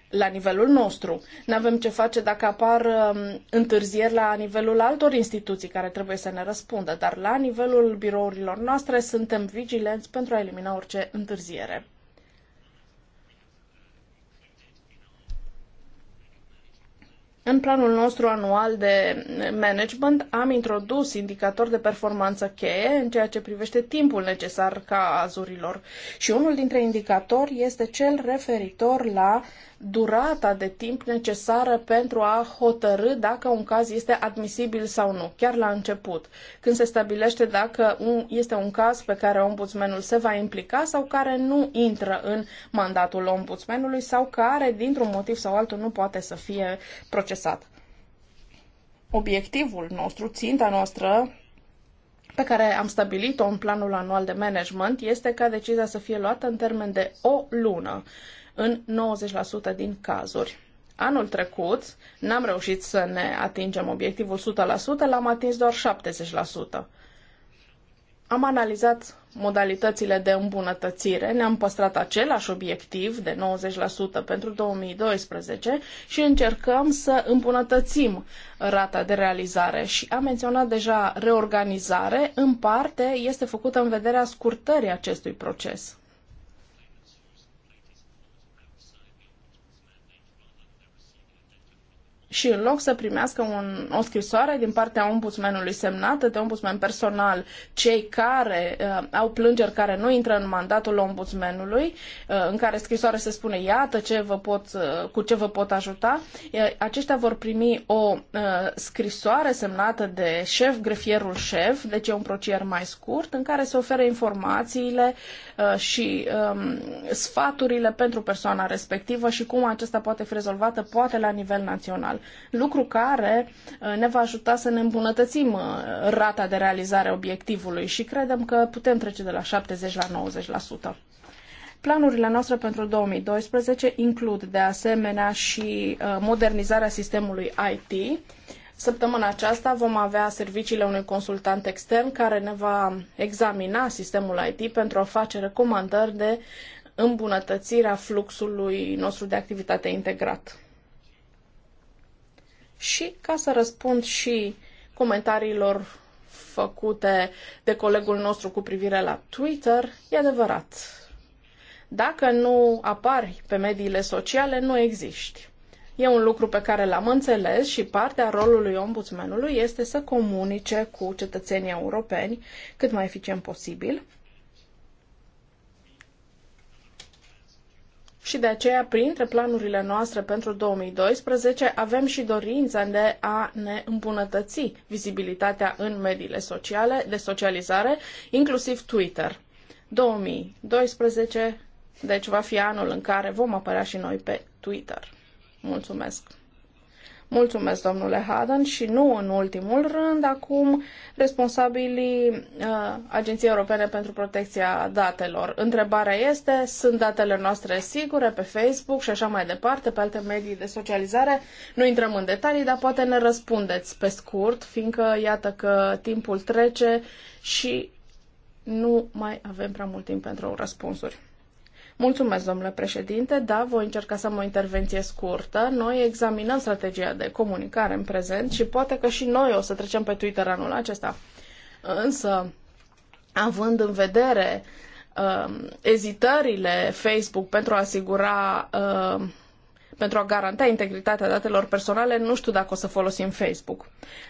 la nivelul nostru. Nu avem ce face dacă apar um, întârzieri la nivelul altor instituții care trebuie să ne răspundă, dar la nivelul birourilor noastre suntem vigilenți pentru a elimina orice întârziere. În planul nostru anual de management am introdus indicatori de performanță cheie în ceea ce privește timpul necesar ca azurilor și unul dintre indicatori este cel referitor la durata de timp necesară pentru a hotărâ dacă un caz este admisibil sau nu, chiar la început, când se stabilește dacă un, este un caz pe care ombudsmanul se va implica sau care nu intră în mandatul ombudsmanului sau care, dintr-un motiv sau altul, nu poate să fie procesat. Obiectivul nostru, ținta noastră pe care am stabilit-o în planul anual de management este ca decizia să fie luată în termen de o lună în 90% din cazuri. Anul trecut n-am reușit să ne atingem obiectivul 100%, l-am atins doar 70%. Am analizat modalitățile de îmbunătățire, ne-am păstrat același obiectiv de 90% pentru 2012 și încercăm să îmbunătățim rata de realizare. Și am menționat deja reorganizare, în parte este făcută în vederea scurtării acestui proces. și în loc să primească un, o scrisoare din partea ombudsmanului semnată de ombudsman personal, cei care uh, au plângeri care nu intră în mandatul ombudsmanului, uh, în care scrisoare se spune iată ce vă pot, uh, cu ce vă pot ajuta, uh, aceștia vor primi o uh, scrisoare semnată de șef, grefierul șef, deci e un procier mai scurt, în care se oferă informațiile uh, și um, sfaturile pentru persoana respectivă și cum acesta poate fi rezolvată, poate la nivel național lucru care uh, ne va ajuta să ne îmbunătățim uh, rata de realizare a obiectivului și credem că putem trece de la 70 la 90%. Planurile noastre pentru 2012 includ de asemenea și uh, modernizarea sistemului IT. Săptămâna aceasta vom avea serviciile unui consultant extern care ne va examina sistemul IT pentru a face recomandări de îmbunătățirea fluxului nostru de activitate integrat. Și ca să răspund și comentariilor făcute de colegul nostru cu privire la Twitter, e adevărat. Dacă nu apari pe mediile sociale, nu existi. E un lucru pe care l-am înțeles și partea rolului ombudsmanului este să comunice cu cetățenii europeni cât mai eficient posibil și de aceea, printre planurile noastre pentru 2012, avem și dorința de a ne îmbunătăți vizibilitatea în mediile sociale de socializare, inclusiv Twitter. 2012, deci va fi anul în care vom apărea și noi pe Twitter. Mulțumesc! Mulțumesc, domnule Hadan, și nu în ultimul rând, acum responsabilii uh, Agenției Europene pentru Protecția Datelor. Întrebarea este, sunt datele noastre sigure pe Facebook și așa mai departe, pe alte medii de socializare? Nu intrăm în detalii, dar poate ne răspundeți pe scurt, fiindcă iată că timpul trece și nu mai avem prea mult timp pentru răspunsuri. Mulțumesc, domnule președinte. Da, voi încerca să am o intervenție scurtă. Noi examinăm strategia de comunicare în prezent și poate că și noi o să trecem pe Twitter anul acesta. Însă, având în vedere uh, ezitările Facebook pentru a asigura uh, pentru a garanta integritatea datelor personale, nu știu dacă o să folosim Facebook.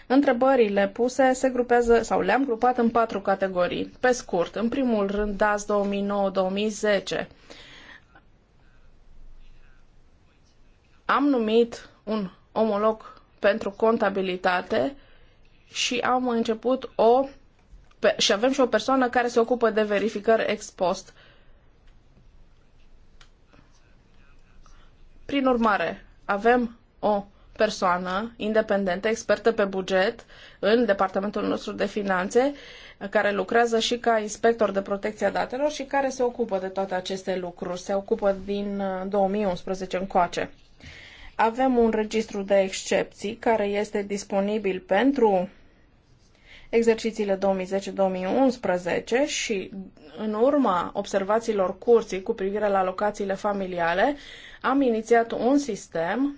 Întrebările puse se grupează sau le-am grupat în patru categorii. Pe scurt, în primul rând DAS 2009-2010. Am numit un omolog pentru contabilitate și am început o și avem și o persoană care se ocupă de verificări ex post. Prin urmare, avem o persoană independentă, expertă pe buget în departamentul nostru de finanțe, care lucrează și ca inspector de protecție a datelor și care se ocupă de toate aceste lucruri. Se ocupă din 2011 uh, încoace. Avem un registru de excepții care este disponibil pentru exercițiile 2010-2011 și în urma observațiilor curții cu privire la locațiile familiale, am inițiat un sistem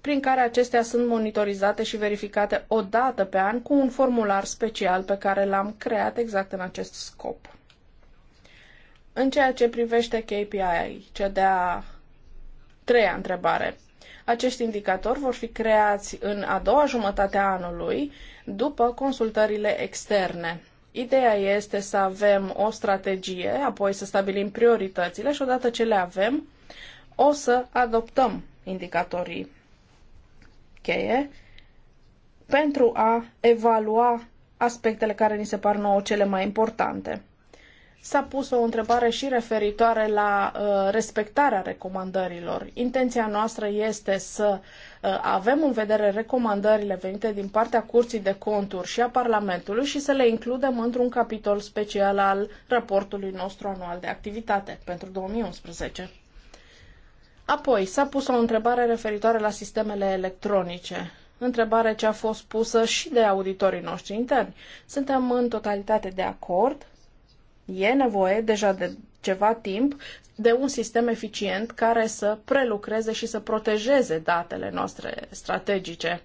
prin care acestea sunt monitorizate și verificate o dată pe an cu un formular special pe care l-am creat exact în acest scop. În ceea ce privește KPI, cea de-a treia întrebare, acești indicatori vor fi creați în a doua jumătate a anului, după consultările externe. Ideea este să avem o strategie, apoi să stabilim prioritățile și odată ce le avem, o să adoptăm indicatorii cheie pentru a evalua aspectele care ni se par nouă cele mai importante. S-a pus o întrebare și referitoare la uh, respectarea recomandărilor. Intenția noastră este să uh, avem în vedere recomandările venite din partea Curții de Conturi și a Parlamentului și să le includem într-un capitol special al raportului nostru anual de activitate pentru 2011. Apoi, s-a pus o întrebare referitoare la sistemele electronice. Întrebare ce a fost pusă și de auditorii noștri interni. Suntem în totalitate de acord. E nevoie deja de ceva timp de un sistem eficient care să prelucreze și să protejeze datele noastre strategice.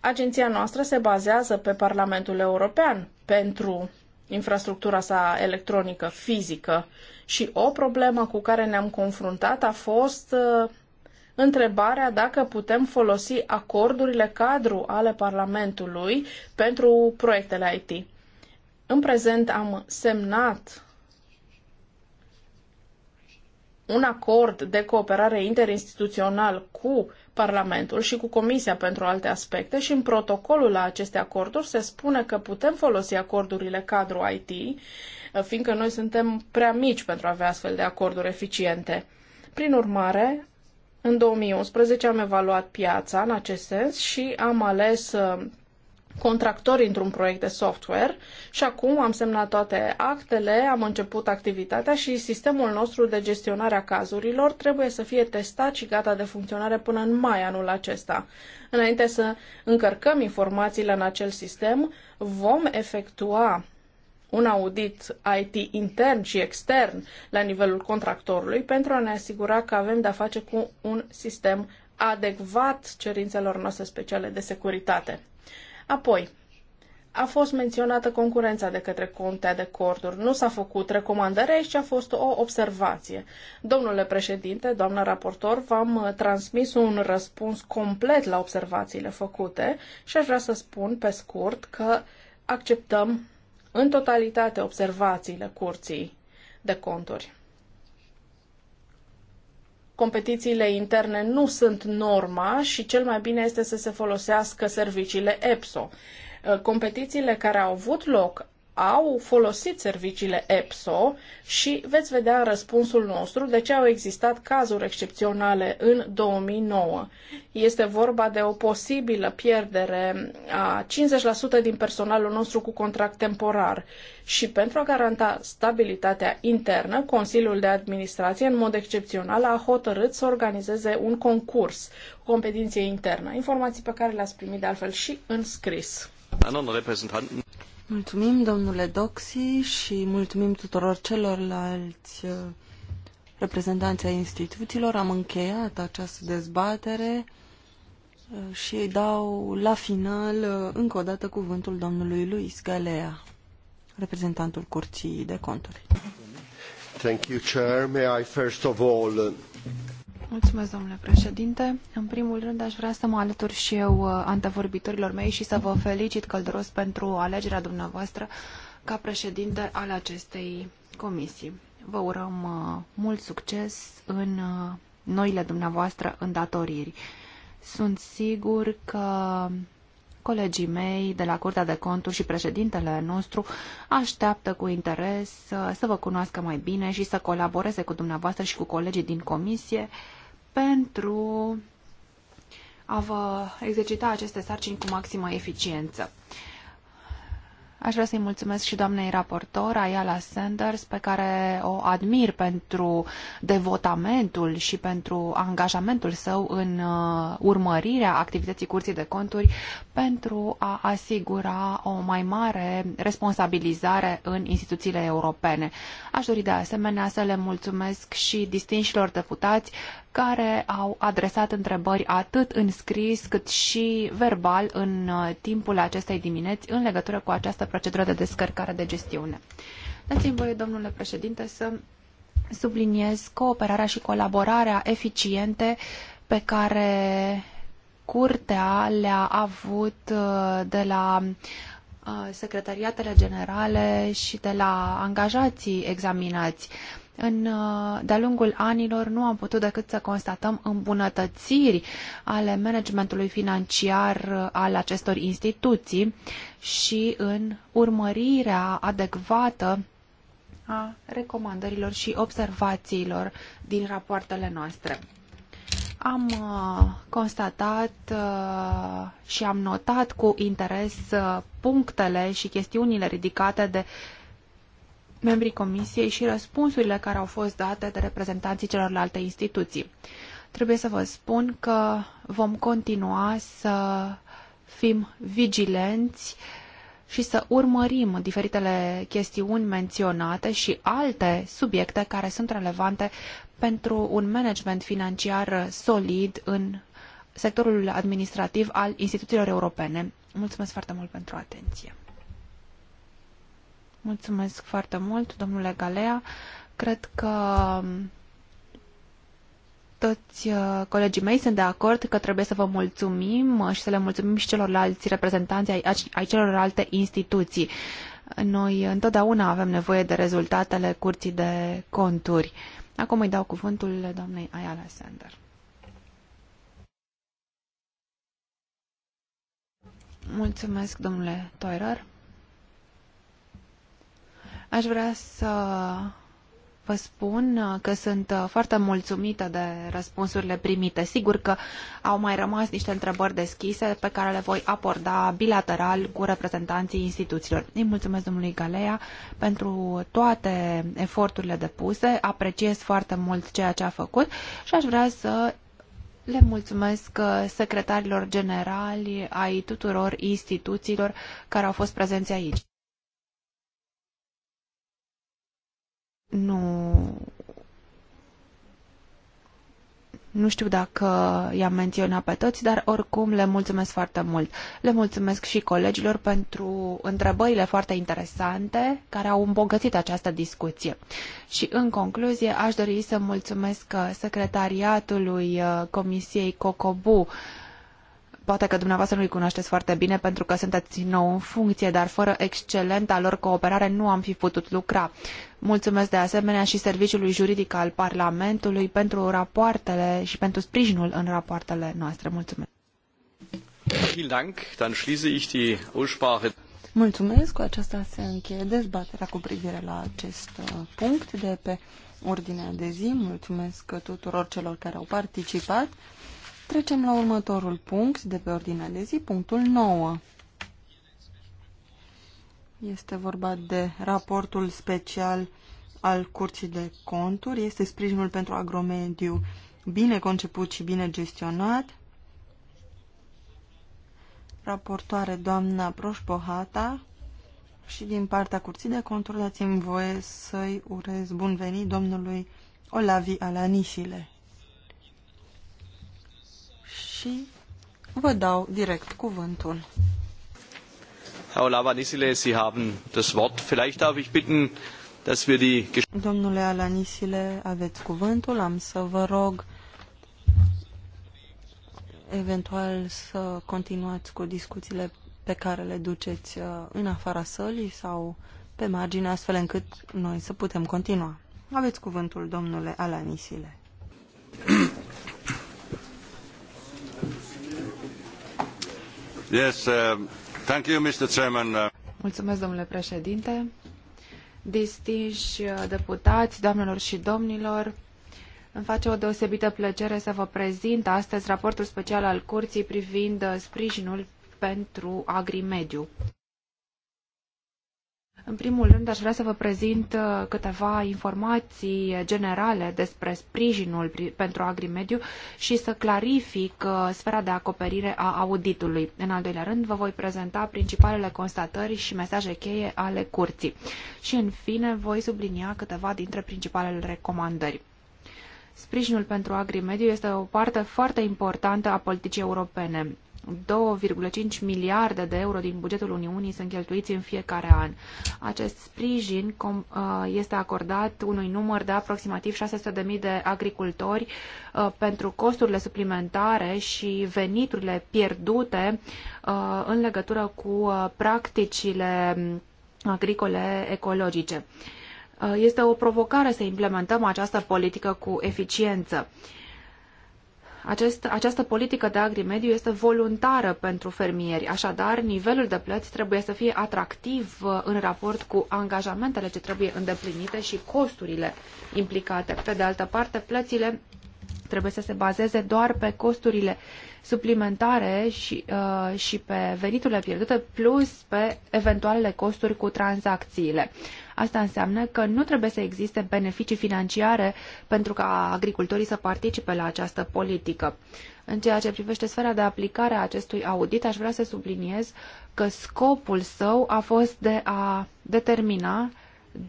Agenția noastră se bazează pe Parlamentul European pentru infrastructura sa electronică fizică și o problemă cu care ne-am confruntat a fost uh, întrebarea dacă putem folosi acordurile cadru ale Parlamentului pentru proiectele IT. În prezent am semnat un acord de cooperare interinstituțional cu Parlamentul și cu Comisia pentru alte aspecte și în protocolul la aceste acorduri se spune că putem folosi acordurile cadru IT fiindcă noi suntem prea mici pentru a avea astfel de acorduri eficiente. Prin urmare, în 2011 am evaluat piața în acest sens și am ales uh, contractori într-un proiect de software și acum am semnat toate actele, am început activitatea și sistemul nostru de gestionare a cazurilor trebuie să fie testat și gata de funcționare până în mai anul acesta. Înainte să încărcăm informațiile în acel sistem, vom efectua un audit IT intern și extern la nivelul contractorului pentru a ne asigura că avem de-a face cu un sistem adecvat cerințelor noastre speciale de securitate. Apoi, a fost menționată concurența de către Contea de Corturi. Nu s-a făcut recomandare, ci a fost o observație. Domnule președinte, doamnă raportor, v-am uh, transmis un răspuns complet la observațiile făcute și aș vrea să spun pe scurt că acceptăm în totalitate observațiile curții de conturi. Competițiile interne nu sunt norma și cel mai bine este să se folosească serviciile EPSO. Competițiile care au avut loc au folosit serviciile EPSO și veți vedea în răspunsul nostru de ce au existat cazuri excepționale în 2009. Este vorba de o posibilă pierdere a 50% din personalul nostru cu contract temporar și pentru a garanta stabilitatea internă, Consiliul de Administrație în mod excepțional a hotărât să organizeze un concurs, o competiție internă, informații pe care le-ați primit de altfel și în scris. Mulțumim, domnule Doxy, și mulțumim tuturor celorlalți uh, ai instituțiilor. Am încheiat această dezbatere uh, și îi dau la final uh, încă o dată cuvântul domnului Luis Galea, reprezentantul Curții de Conturi. Thank you, Chair. May I first of all Mulțumesc, domnule președinte. În primul rând, aș vrea să mă alătur și eu uh, antevorbitorilor mei și să vă felicit călduros pentru alegerea dumneavoastră ca președinte al acestei comisii. Vă urăm uh, mult succes în uh, noile dumneavoastră îndatoriri. Sunt sigur că colegii mei de la Curtea de Conturi și președintele nostru așteaptă cu interes să vă cunoască mai bine și să colaboreze cu dumneavoastră și cu colegii din comisie uh, pentru a vă exercita aceste sarcini cu maximă eficiență. Aș vrea să-i mulțumesc și doamnei raportor, Ayala Sanders, pe care o admir pentru devotamentul și pentru angajamentul său în uh, urmărirea activității Curții de Conturi pentru a asigura o mai mare responsabilizare în instituțiile europene. Aș dori de asemenea să le mulțumesc și distinșilor deputați care au adresat întrebări atât în scris cât și verbal în uh, timpul acestei dimineți în legătură cu această procedură de descărcare de gestiune. Dați-mi voie, domnule președinte, să subliniez cooperarea și colaborarea eficiente pe care curtea le-a avut uh, de la uh, secretariatele generale și de la angajații examinați. În, uh, de-a lungul anilor nu am putut decât să constatăm îmbunătățiri ale managementului financiar uh, al acestor instituții și în urmărirea adecvată a recomandărilor și observațiilor din rapoartele noastre. Am uh, constatat și am notat cu interes punctele și chestiunile ridicate de membrii comisiei și răspunsurile care au fost date de reprezentanții celorlalte instituții. Trebuie să vă spun că vom continua să fim vigilenți și să urmărim diferitele chestiuni menționate și alte subiecte care sunt relevante pentru un management financiar solid în sectorul administrativ al instituțiilor europene. Mulțumesc foarte mult pentru atenție. Mulțumesc foarte mult, domnule Galea. Cred că um, toți uh, colegii mei sunt de acord că trebuie să vă mulțumim uh, și să le mulțumim și celorlalți reprezentanți ai, celorlalte instituții. Noi întotdeauna avem nevoie de rezultatele curții de conturi. Acum îi dau cuvântul doamnei Ayala Sender. Mulțumesc, domnule Toirer. Aș vrea să vă spun uh, că sunt uh, foarte mulțumită de răspunsurile primite. Sigur că au mai rămas niște întrebări deschise pe care le voi aborda bilateral cu reprezentanții instituțiilor. Îi mulțumesc domnului Galea pentru toate eforturile depuse, apreciez foarte mult ceea ce a făcut și aș vrea să le mulțumesc uh, secretarilor generali ai tuturor instituțiilor care au fost prezenți aici. Nu... Nu știu dacă i-am menționat pe toți, dar oricum le mulțumesc foarte mult. Le mulțumesc și colegilor pentru întrebările foarte interesante care au îmbogățit această discuție. Și în concluzie aș dori să mulțumesc uh, secretariatului uh, Comisiei COCOBU poate că dumneavoastră nu îi cunoașteți foarte bine pentru că sunteți nou în funcție, dar fără excelenta lor cooperare nu am fi putut lucra. Mulțumesc de asemenea și Serviciului Juridic al Parlamentului pentru rapoartele și pentru sprijinul în rapoartele noastre. Mulțumesc! Mulțumesc, cu aceasta se încheie dezbaterea cu privire la acest uh, punct de pe ordinea de zi. Mulțumesc tuturor celor care au participat. Trecem la următorul punct de pe ordinea de zi, punctul 9. Este vorba de raportul special al Curții de Conturi. Este sprijinul pentru agromediu bine conceput și bine gestionat. Raportoare doamna Proșpohata și din partea Curții de Conturi dați-mi voie să-i urez bun venit domnului Olavi Alanisile și vă dau direct cuvântul. Herr Olavanisile, Sie haben das Wort. Vielleicht darf ich bitten, dass wir die... Domnule Alanisile, aveți cuvântul. Am să vă rog eventual să continuați cu discuțiile pe care le duceți uh, în afara sălii sau pe margine, astfel încât noi să putem continua. Aveți cuvântul, domnule Alanisile. *coughs* Uh, uh, Mulțumesc, domnule președinte. Distinși uh, deputați, doamnelor și domnilor, îmi face o deosebită plăcere să vă prezint astăzi raportul special al Curții privind sprijinul pentru agrimediu. În primul rând, aș vrea să vă prezint uh, câteva informații generale despre sprijinul pentru agrimediu și să clarific uh, sfera de acoperire a auditului. În al doilea rând, vă voi prezenta principalele constatări și mesaje cheie ale curții. Și, în fine, voi sublinia câteva dintre principalele recomandări. Sprijinul pentru agrimediu este o parte foarte importantă a politicii europene. 2,5 miliarde de euro din bugetul Uniunii sunt cheltuiți în fiecare an. Acest sprijin uh, este acordat unui număr de aproximativ 600.000 de agricultori uh, pentru costurile suplimentare și veniturile pierdute uh, în legătură cu practicile um, agricole ecologice. Este o provocare să implementăm această politică cu eficiență. Acest, această politică de agrimediu este voluntară pentru fermieri, așadar nivelul de plăți trebuie să fie atractiv uh, în raport cu angajamentele ce trebuie îndeplinite și costurile implicate. Pe de altă parte, plățile trebuie să se bazeze doar pe costurile suplimentare și, uh, și pe veniturile pierdute, plus pe eventualele costuri cu tranzacțiile. Asta înseamnă că nu trebuie să existe beneficii financiare pentru ca agricultorii să participe la această politică. În ceea ce privește sfera de aplicare a acestui audit, aș vrea să subliniez că scopul său a fost de a determina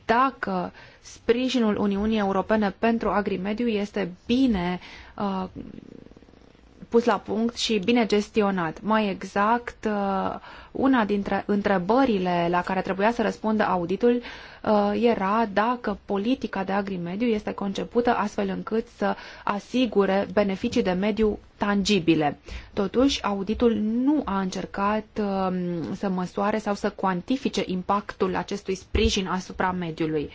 dacă sprijinul Uniunii Europene pentru agrimediu este bine uh, pus la punct și bine gestionat. Mai exact, uh, una dintre întrebările la care trebuia să răspundă auditul uh, era dacă politica de agrimediu este concepută astfel încât să asigure beneficii de mediu tangibile. Totuși, auditul nu a încercat um, să măsoare sau să cuantifice impactul acestui sprijin asupra mediului.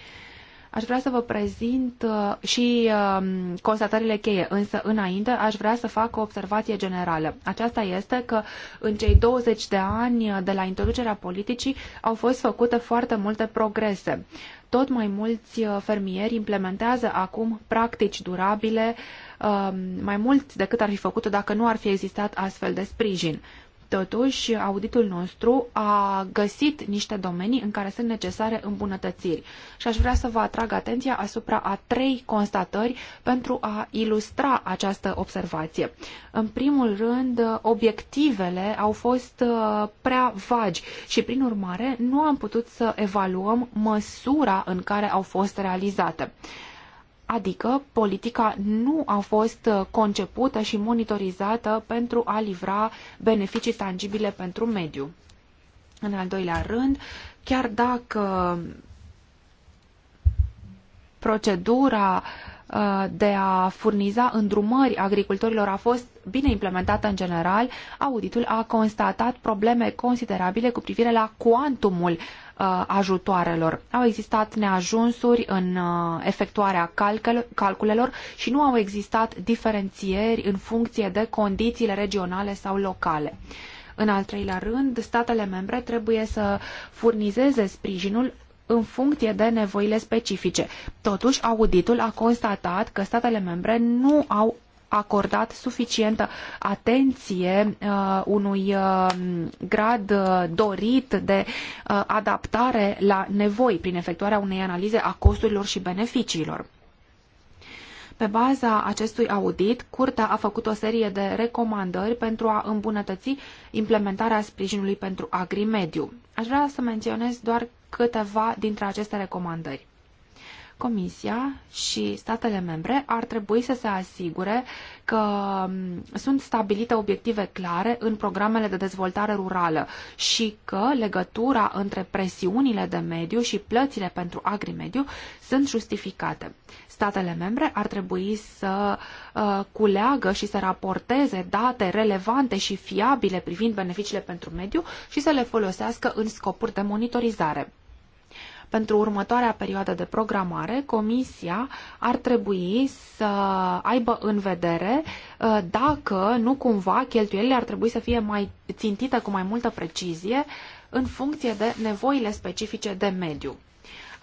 Aș vrea să vă prezint uh, și um, constatările cheie, însă înainte aș vrea să fac o observație generală. Aceasta este că în cei 20 de ani de la introducerea politicii au fost făcute foarte multe progrese. Tot mai mulți uh, fermieri implementează acum practici durabile, um, mai mult decât ar fi făcut dacă nu ar fi existat astfel de sprijin. Totuși, auditul nostru a găsit niște domenii în care sunt necesare îmbunătățiri și aș vrea să vă atrag atenția asupra a trei constatări pentru a ilustra această observație. În primul rând, obiectivele au fost uh, prea vagi și, prin urmare, nu am putut să evaluăm măsura în care au fost realizate. Adică politica nu a fost uh, concepută și monitorizată pentru a livra beneficii tangibile pentru mediu. În al doilea rând, chiar dacă procedura uh, de a furniza îndrumări agricultorilor a fost bine implementată în general, auditul a constatat probleme considerabile cu privire la cuantumul Uh, ajutoarelor. Au existat neajunsuri în uh, efectuarea calcul calculelor și nu au existat diferențieri în funcție de condițiile regionale sau locale. În al treilea rând, statele membre trebuie să furnizeze sprijinul în funcție de nevoile specifice. Totuși, auditul a constatat că statele membre nu au acordat suficientă atenție uh, unui uh, grad uh, dorit de adaptare la nevoi prin efectuarea unei analize a costurilor și beneficiilor. Pe baza acestui audit, Curtea a făcut o serie de recomandări pentru a îmbunătăți implementarea sprijinului pentru agrimediu. Aș vrea să menționez doar câteva dintre aceste recomandări. Comisia și statele membre ar trebui să se asigure că mm, sunt stabilite obiective clare în programele de dezvoltare rurală și că legătura între presiunile de mediu și plățile pentru agrimediu sunt justificate. Statele membre ar trebui să uh, culeagă și să raporteze date relevante și fiabile privind beneficiile pentru mediu și să le folosească în scopuri de monitorizare. Pentru următoarea perioadă de programare, Comisia ar trebui să aibă în vedere uh, dacă nu cumva cheltuielile ar trebui să fie mai țintite cu mai multă precizie în funcție de nevoile specifice de mediu.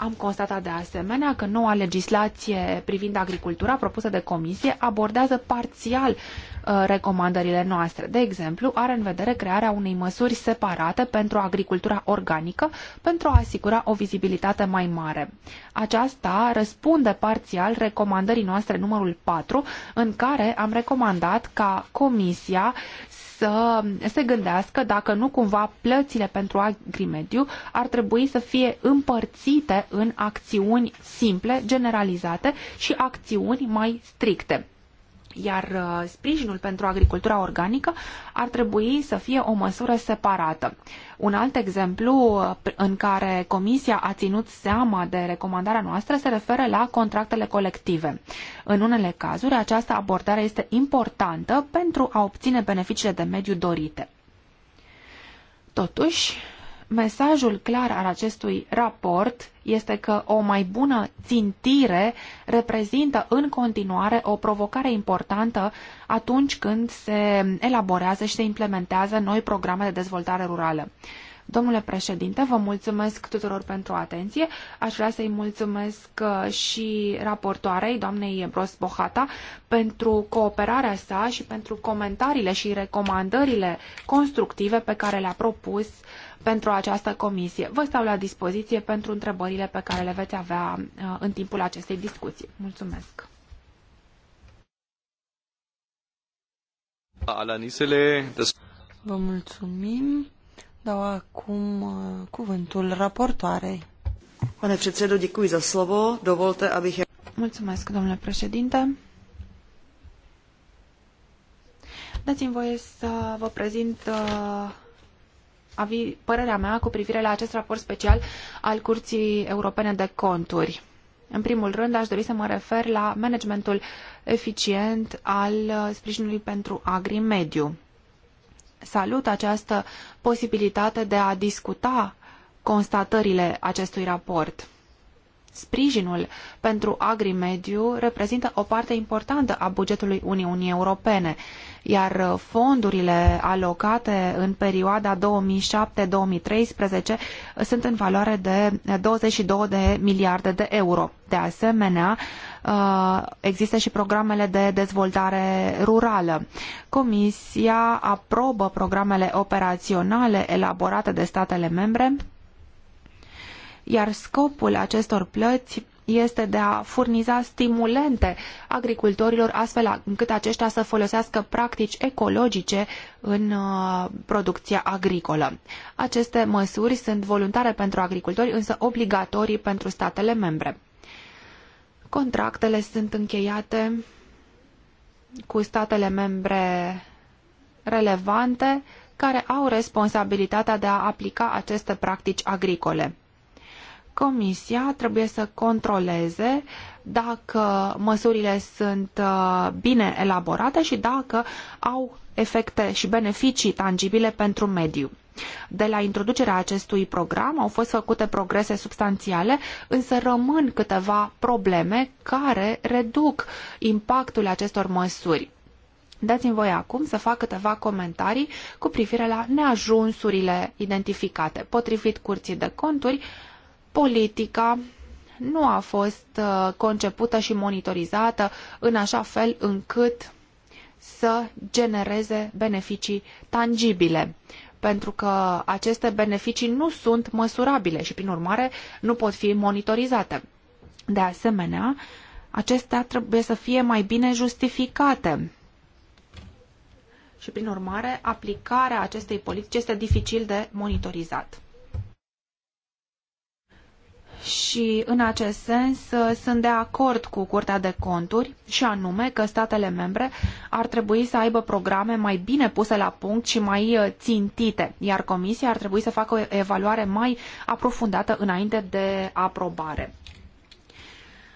Am constatat de asemenea că noua legislație privind agricultura propusă de comisie abordează parțial uh, recomandările noastre. De exemplu, are în vedere crearea unei măsuri separate pentru agricultura organică pentru a asigura o vizibilitate mai mare. Aceasta răspunde parțial recomandării noastre numărul 4, în care am recomandat ca comisia să se gândească dacă nu cumva plățile pentru agrimediu ar trebui să fie împărțite în acțiuni simple, generalizate și acțiuni mai stricte iar uh, sprijinul pentru agricultura organică ar trebui să fie o măsură separată. Un alt exemplu uh, în care Comisia a ținut seama de recomandarea noastră se referă la contractele colective. În unele cazuri, această abordare este importantă pentru a obține beneficiile de mediu dorite. Totuși, mesajul clar al acestui raport este că o mai bună țintire reprezintă în continuare o provocare importantă atunci când se elaborează și se implementează noi programe de dezvoltare rurală. Domnule președinte, vă mulțumesc tuturor pentru atenție. Aș vrea să-i mulțumesc uh, și raportoarei, doamnei Ebros Bohata, pentru cooperarea sa și pentru comentariile și recomandările constructive pe care le-a propus pentru această comisie. Vă stau la dispoziție pentru întrebările pe care le veți avea uh, în timpul acestei discuții. Mulțumesc! Vă mulțumim! Dau acum uh, cuvântul raportoarei. Pane předsedo, děkuji za slovo. Dovolte, abych... Mulțumesc, domnule președinte. Dați-mi voie să vă prezint uh, avi, părerea mea cu privire la acest raport special al Curții Europene de Conturi. În primul rând, aș dori să mă refer la managementul eficient al uh, sprijinului pentru agrimediu salut această posibilitate de a discuta constatările acestui raport. Sprijinul pentru agrimediu reprezintă o parte importantă a bugetului Uniunii Europene iar uh, fondurile alocate în perioada 2007-2013 uh, sunt în valoare de 22 uh, de miliarde de euro. De asemenea, există și programele de dezvoltare rurală. Comisia aprobă programele operaționale elaborate de statele membre iar scopul acestor plăți este de a furniza stimulente agricultorilor astfel încât aceștia să folosească practici ecologice în uh, producția agricolă. Aceste măsuri sunt voluntare pentru agricultori, însă obligatorii pentru statele membre. Contractele sunt încheiate cu statele membre relevante care au responsabilitatea de a aplica aceste practici agricole. Comisia trebuie să controleze dacă măsurile sunt uh, bine elaborate și dacă au efecte și beneficii tangibile pentru mediu. De la introducerea acestui program au fost făcute progrese substanțiale, însă rămân câteva probleme care reduc impactul acestor măsuri. Dați-mi voi acum să fac câteva comentarii cu privire la neajunsurile identificate. Potrivit curții de conturi, politica nu a fost uh, concepută și monitorizată în așa fel încât să genereze beneficii tangibile, pentru că aceste beneficii nu sunt măsurabile și, prin urmare, nu pot fi monitorizate. De asemenea, acestea trebuie să fie mai bine justificate. Și, prin urmare, aplicarea acestei politici este dificil de monitorizat și în acest sens sunt de acord cu Curtea de Conturi și anume că statele membre ar trebui să aibă programe mai bine puse la punct și mai uh, țintite, iar Comisia ar trebui să facă o evaluare mai aprofundată înainte de aprobare.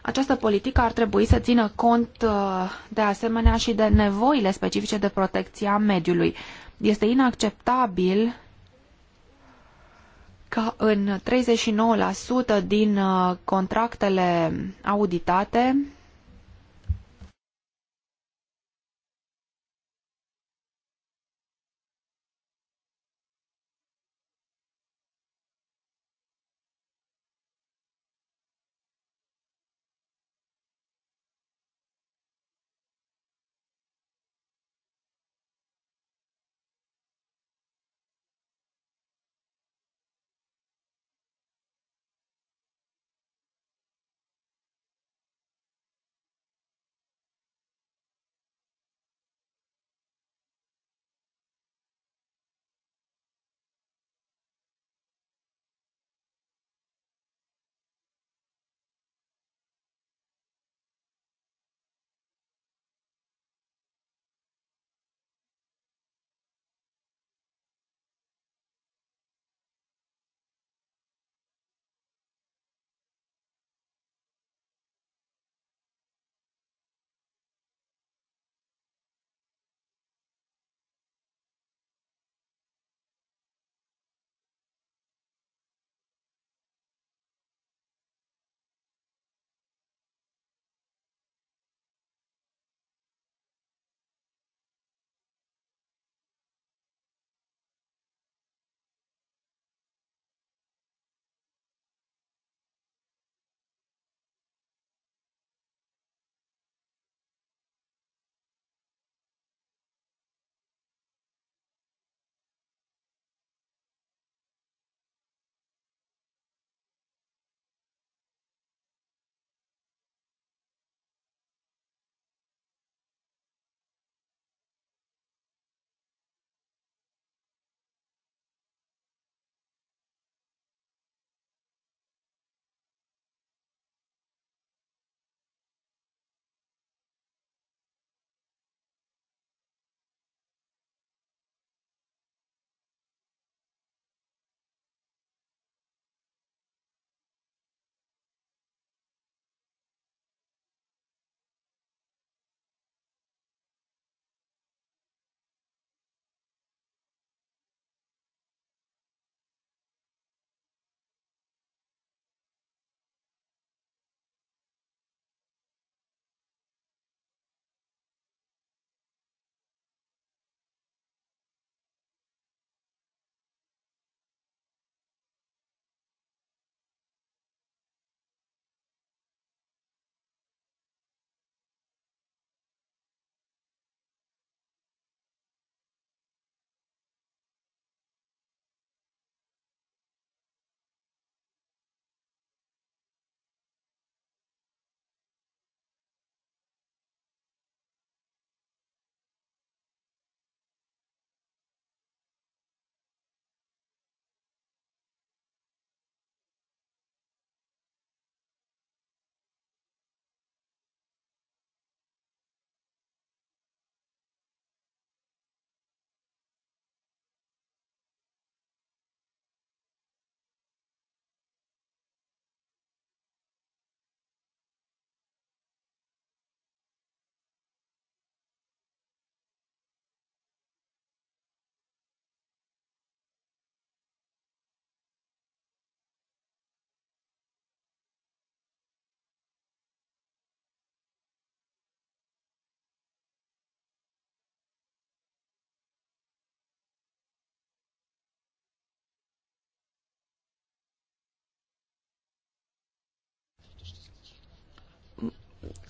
Această politică ar trebui să țină cont uh, de asemenea și de nevoile specifice de protecție a mediului. Este inacceptabil că în 39% din uh, contractele auditate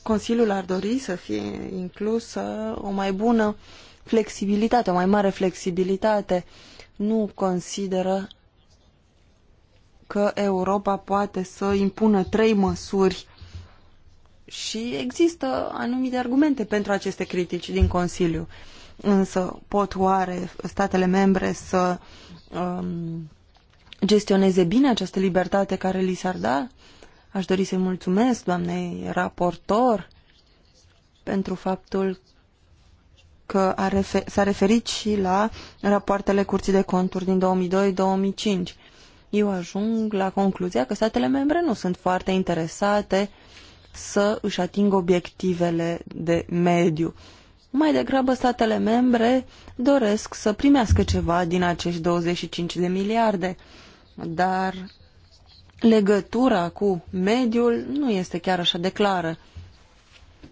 Consiliul ar dori să fie inclusă o mai bună flexibilitate, o mai mare flexibilitate. Nu consideră că Europa poate să impună trei măsuri și există anumite argumente pentru aceste critici din Consiliu. Însă pot oare statele membre să um, gestioneze bine această libertate care li s-ar da? Aș dori să-i mulțumesc doamnei raportor pentru faptul că s-a referit și la rapoartele Curții de Conturi din 2002-2005. Eu ajung la concluzia că statele membre nu sunt foarte interesate să își atingă obiectivele de mediu. Mai degrabă statele membre doresc să primească ceva din acești 25 de miliarde, dar legătura cu mediul nu este chiar așa de clară.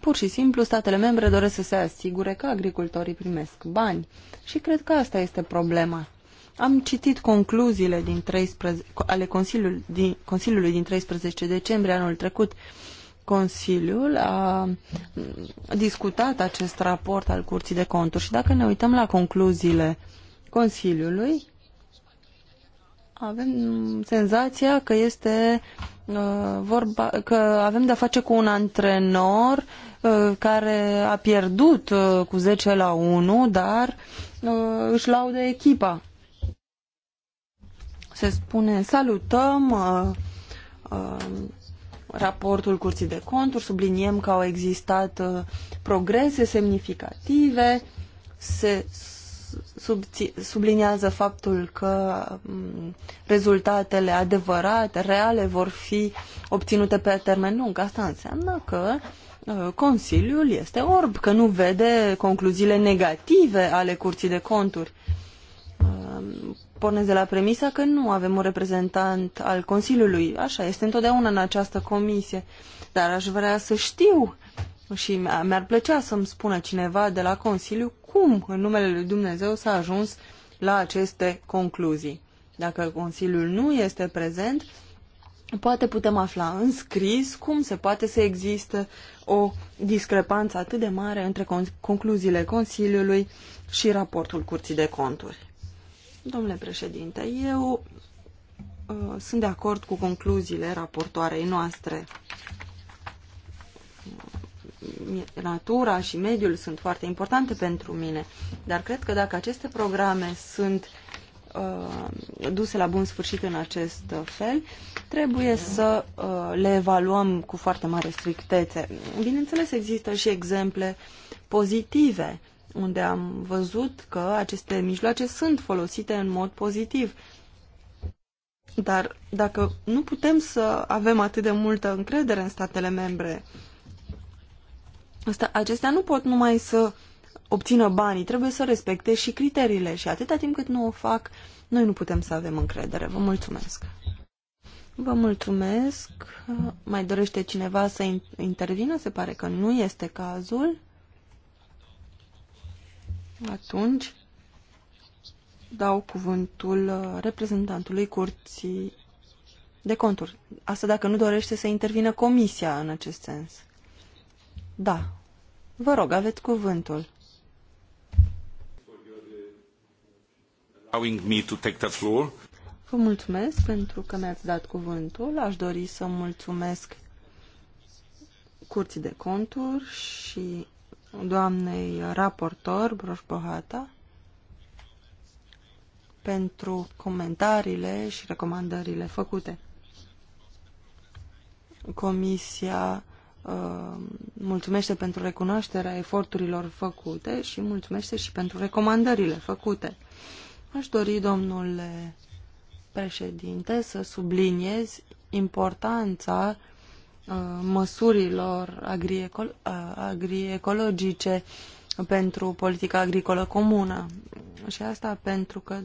Pur și simplu, statele membre doresc să se asigure că agricultorii primesc bani și cred că asta este problema. Am citit concluziile din 13, ale Consiliului din, Consiliului din 13 decembrie anul trecut. Consiliul a discutat acest raport al Curții de Conturi și dacă ne uităm la concluziile Consiliului, avem senzația că este uh, vorba că avem de-a face cu un antrenor uh, care a pierdut uh, cu 10 la 1, dar uh, își laudă echipa. Se spune salutăm uh, uh, raportul Curții de Conturi, subliniem că au existat uh, progrese semnificative, se subliniază faptul că mm, rezultatele adevărate, reale, vor fi obținute pe termen lung. Asta înseamnă că uh, Consiliul este orb, că nu vede concluziile negative ale Curții de Conturi. Um, pornesc de la premisa că nu avem un reprezentant al Consiliului. Așa este întotdeauna în această comisie. Dar aș vrea să știu și mi-ar plăcea să-mi spună cineva de la Consiliu cum, în numele lui Dumnezeu, s-a ajuns la aceste concluzii. Dacă Consiliul nu este prezent, poate putem afla în scris cum se poate să existe o discrepanță atât de mare între concluziile Consiliului și raportul Curții de Conturi. Domnule președinte, eu uh, sunt de acord cu concluziile raportoarei noastre natura și mediul sunt foarte importante pentru mine, dar cred că dacă aceste programe sunt uh, duse la bun sfârșit în acest fel, trebuie să uh, le evaluăm cu foarte mare strictețe. Bineînțeles, există și exemple pozitive, unde am văzut că aceste mijloace sunt folosite în mod pozitiv. Dar dacă nu putem să avem atât de multă încredere în statele membre Asta, acestea nu pot numai să obțină banii, trebuie să respecte și criteriile și atâta timp cât nu o fac, noi nu putem să avem încredere. Vă mulțumesc! Vă mulțumesc! Mai dorește cineva să intervină? Se pare că nu este cazul. Atunci dau cuvântul uh, reprezentantului Curții de Conturi. Asta dacă nu dorește să intervină Comisia în acest sens. Da. Vă rog, aveți cuvântul. Vă mulțumesc pentru că mi-ați dat cuvântul. Aș dori să mulțumesc Curții de Conturi și doamnei raportor Broșbohata pentru comentariile și recomandările făcute. Comisia uh, mulțumește pentru recunoașterea eforturilor făcute și mulțumește și pentru recomandările făcute. Aș dori, domnule președinte, să subliniez importanța uh, măsurilor uh, agriecologice pentru politica agricolă comună. Și asta pentru că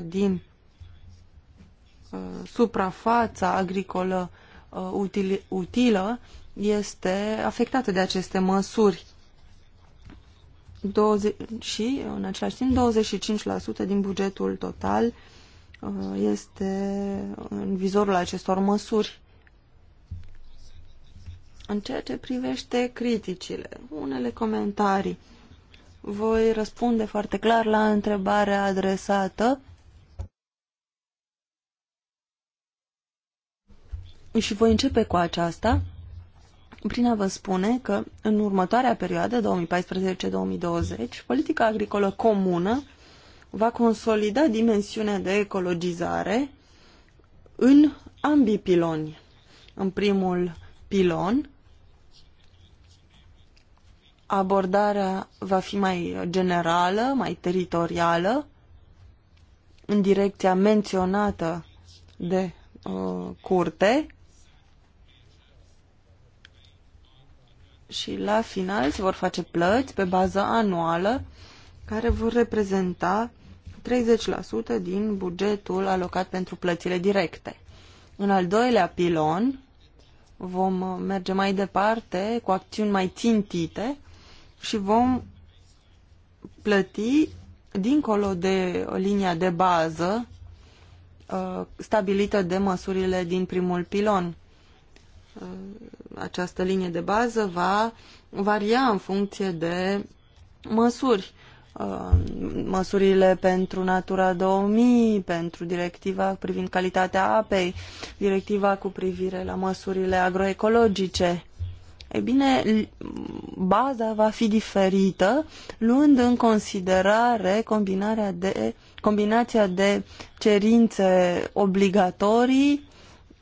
25% din uh, suprafața agricolă Uh, util, utilă este afectată de aceste măsuri. 20, și, în același timp, 25% din bugetul total uh, este în vizorul acestor măsuri. În ceea ce privește criticile, unele comentarii, voi răspunde foarte clar la întrebarea adresată și voi începe cu aceasta prin a vă spune că în următoarea perioadă, 2014-2020, politica agricolă comună va consolida dimensiunea de ecologizare în ambii piloni. În primul pilon, abordarea va fi mai generală, mai teritorială, în direcția menționată de uh, curte, și la final se vor face plăți pe bază anuală care vor reprezenta 30% din bugetul alocat pentru plățile directe. În al doilea pilon vom merge mai departe cu acțiuni mai țintite și vom plăti dincolo de linia de bază uh, stabilită de măsurile din primul pilon această linie de bază va varia în funcție de măsuri. Uh, măsurile pentru Natura 2000, pentru directiva privind calitatea apei, directiva cu privire la măsurile agroecologice. E bine, baza va fi diferită, luând în considerare combinarea de, combinația de cerințe obligatorii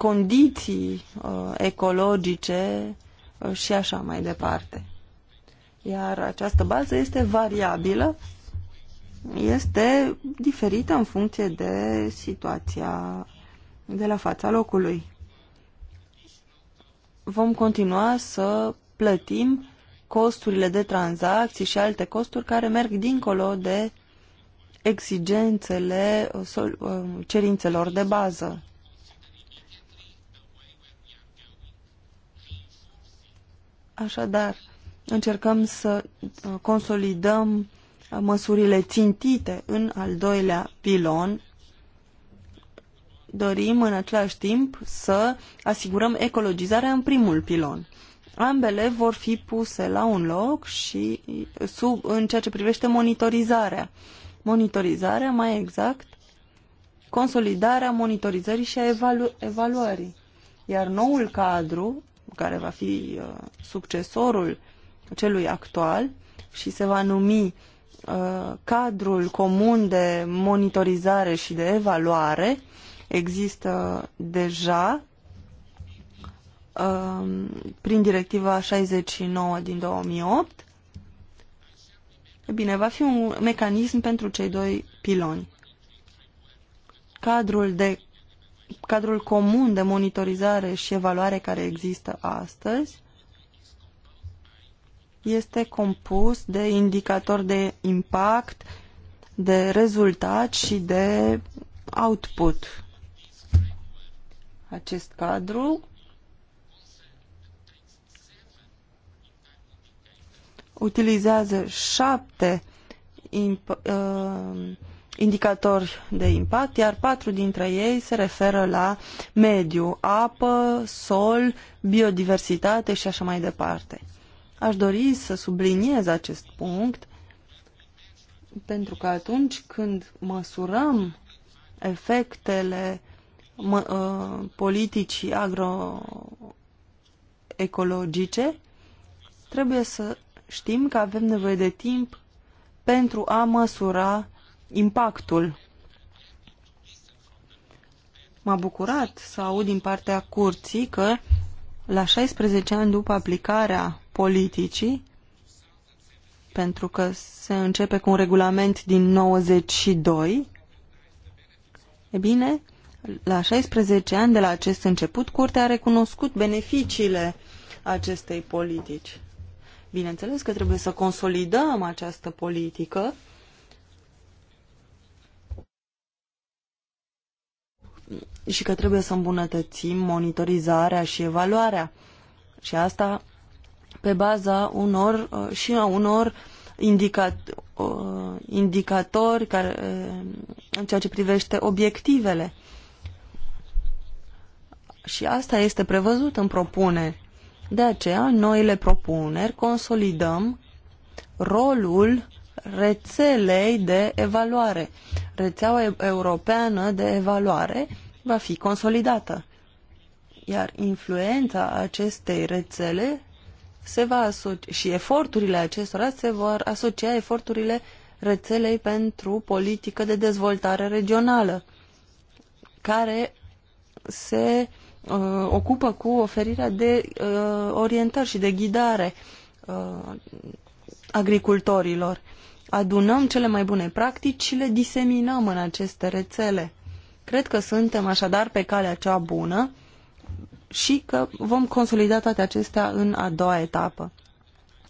condiții uh, ecologice uh, și așa mai departe. Iar această bază este variabilă, este diferită în funcție de situația de la fața locului. Vom continua să plătim costurile de tranzacții și alte costuri care merg dincolo de exigențele uh, uh, cerințelor de bază. Așadar, încercăm să uh, consolidăm uh, măsurile țintite în al doilea pilon. Dorim în același timp să asigurăm ecologizarea în primul pilon. Ambele vor fi puse la un loc și uh, sub, în ceea ce privește monitorizarea. Monitorizarea, mai exact, consolidarea monitorizării și a evalu- evaluării. Iar noul cadru care va fi uh, succesorul celui actual și se va numi uh, cadrul comun de monitorizare și de evaluare există deja um, prin directiva 69 din 2008. E bine, va fi un mecanism pentru cei doi piloni. Cadrul de cadrul comun de monitorizare și evaluare care există astăzi este compus de indicatori de impact, de rezultat și de output. Acest cadru utilizează șapte uh, indicatori de impact, iar patru dintre ei se referă la mediu, apă, sol, biodiversitate și așa mai departe. Aș dori să subliniez acest punct pentru că atunci când măsurăm efectele mă, uh, politicii agroecologice, trebuie să știm că avem nevoie de timp pentru a măsura impactul. M-a bucurat să aud din partea curții că la 16 ani după aplicarea politicii, pentru că se începe cu un regulament din 92, e bine, la 16 ani de la acest început, Curtea a recunoscut beneficiile acestei politici. Bineînțeles că trebuie să consolidăm această politică și că trebuie să îmbunătățim monitorizarea și evaluarea. Și asta pe baza unor uh, și a unor indicat, uh, indicatori care, uh, în ceea ce privește obiectivele. Și asta este prevăzut în propuneri. De aceea, noile propuneri consolidăm rolul rețelei de evaluare, rețeaua europeană de evaluare, va fi consolidată, iar influența acestei rețele se va și eforturile acestora se vor asocia eforturile rețelei pentru politică de dezvoltare regională, care se uh, ocupă cu oferirea de uh, orientări și de ghidare uh, agricultorilor. Adunăm cele mai bune practici și le diseminăm în aceste rețele. Cred că suntem așadar pe calea cea bună și că vom consolida toate acestea în a doua etapă.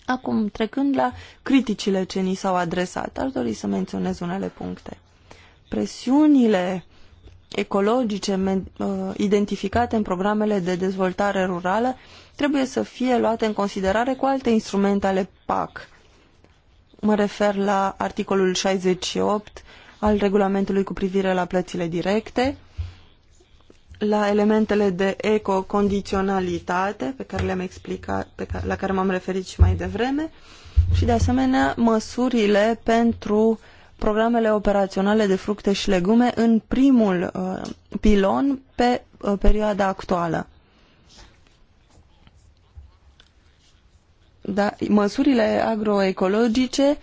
Acum, trecând la criticile ce ni s-au adresat, aș dori să menționez unele puncte. Presiunile ecologice uh, identificate în programele de dezvoltare rurală trebuie să fie luate în considerare cu alte instrumente ale PAC. Mă refer la articolul 68 al regulamentului cu privire la plățile directe, la elementele de ecocondiționalitate pe care le-am explicat, pe care, la care m-am referit și mai devreme și de asemenea măsurile pentru programele operaționale de fructe și legume în primul uh, pilon pe uh, perioada actuală. Da, măsurile agroecologice uh,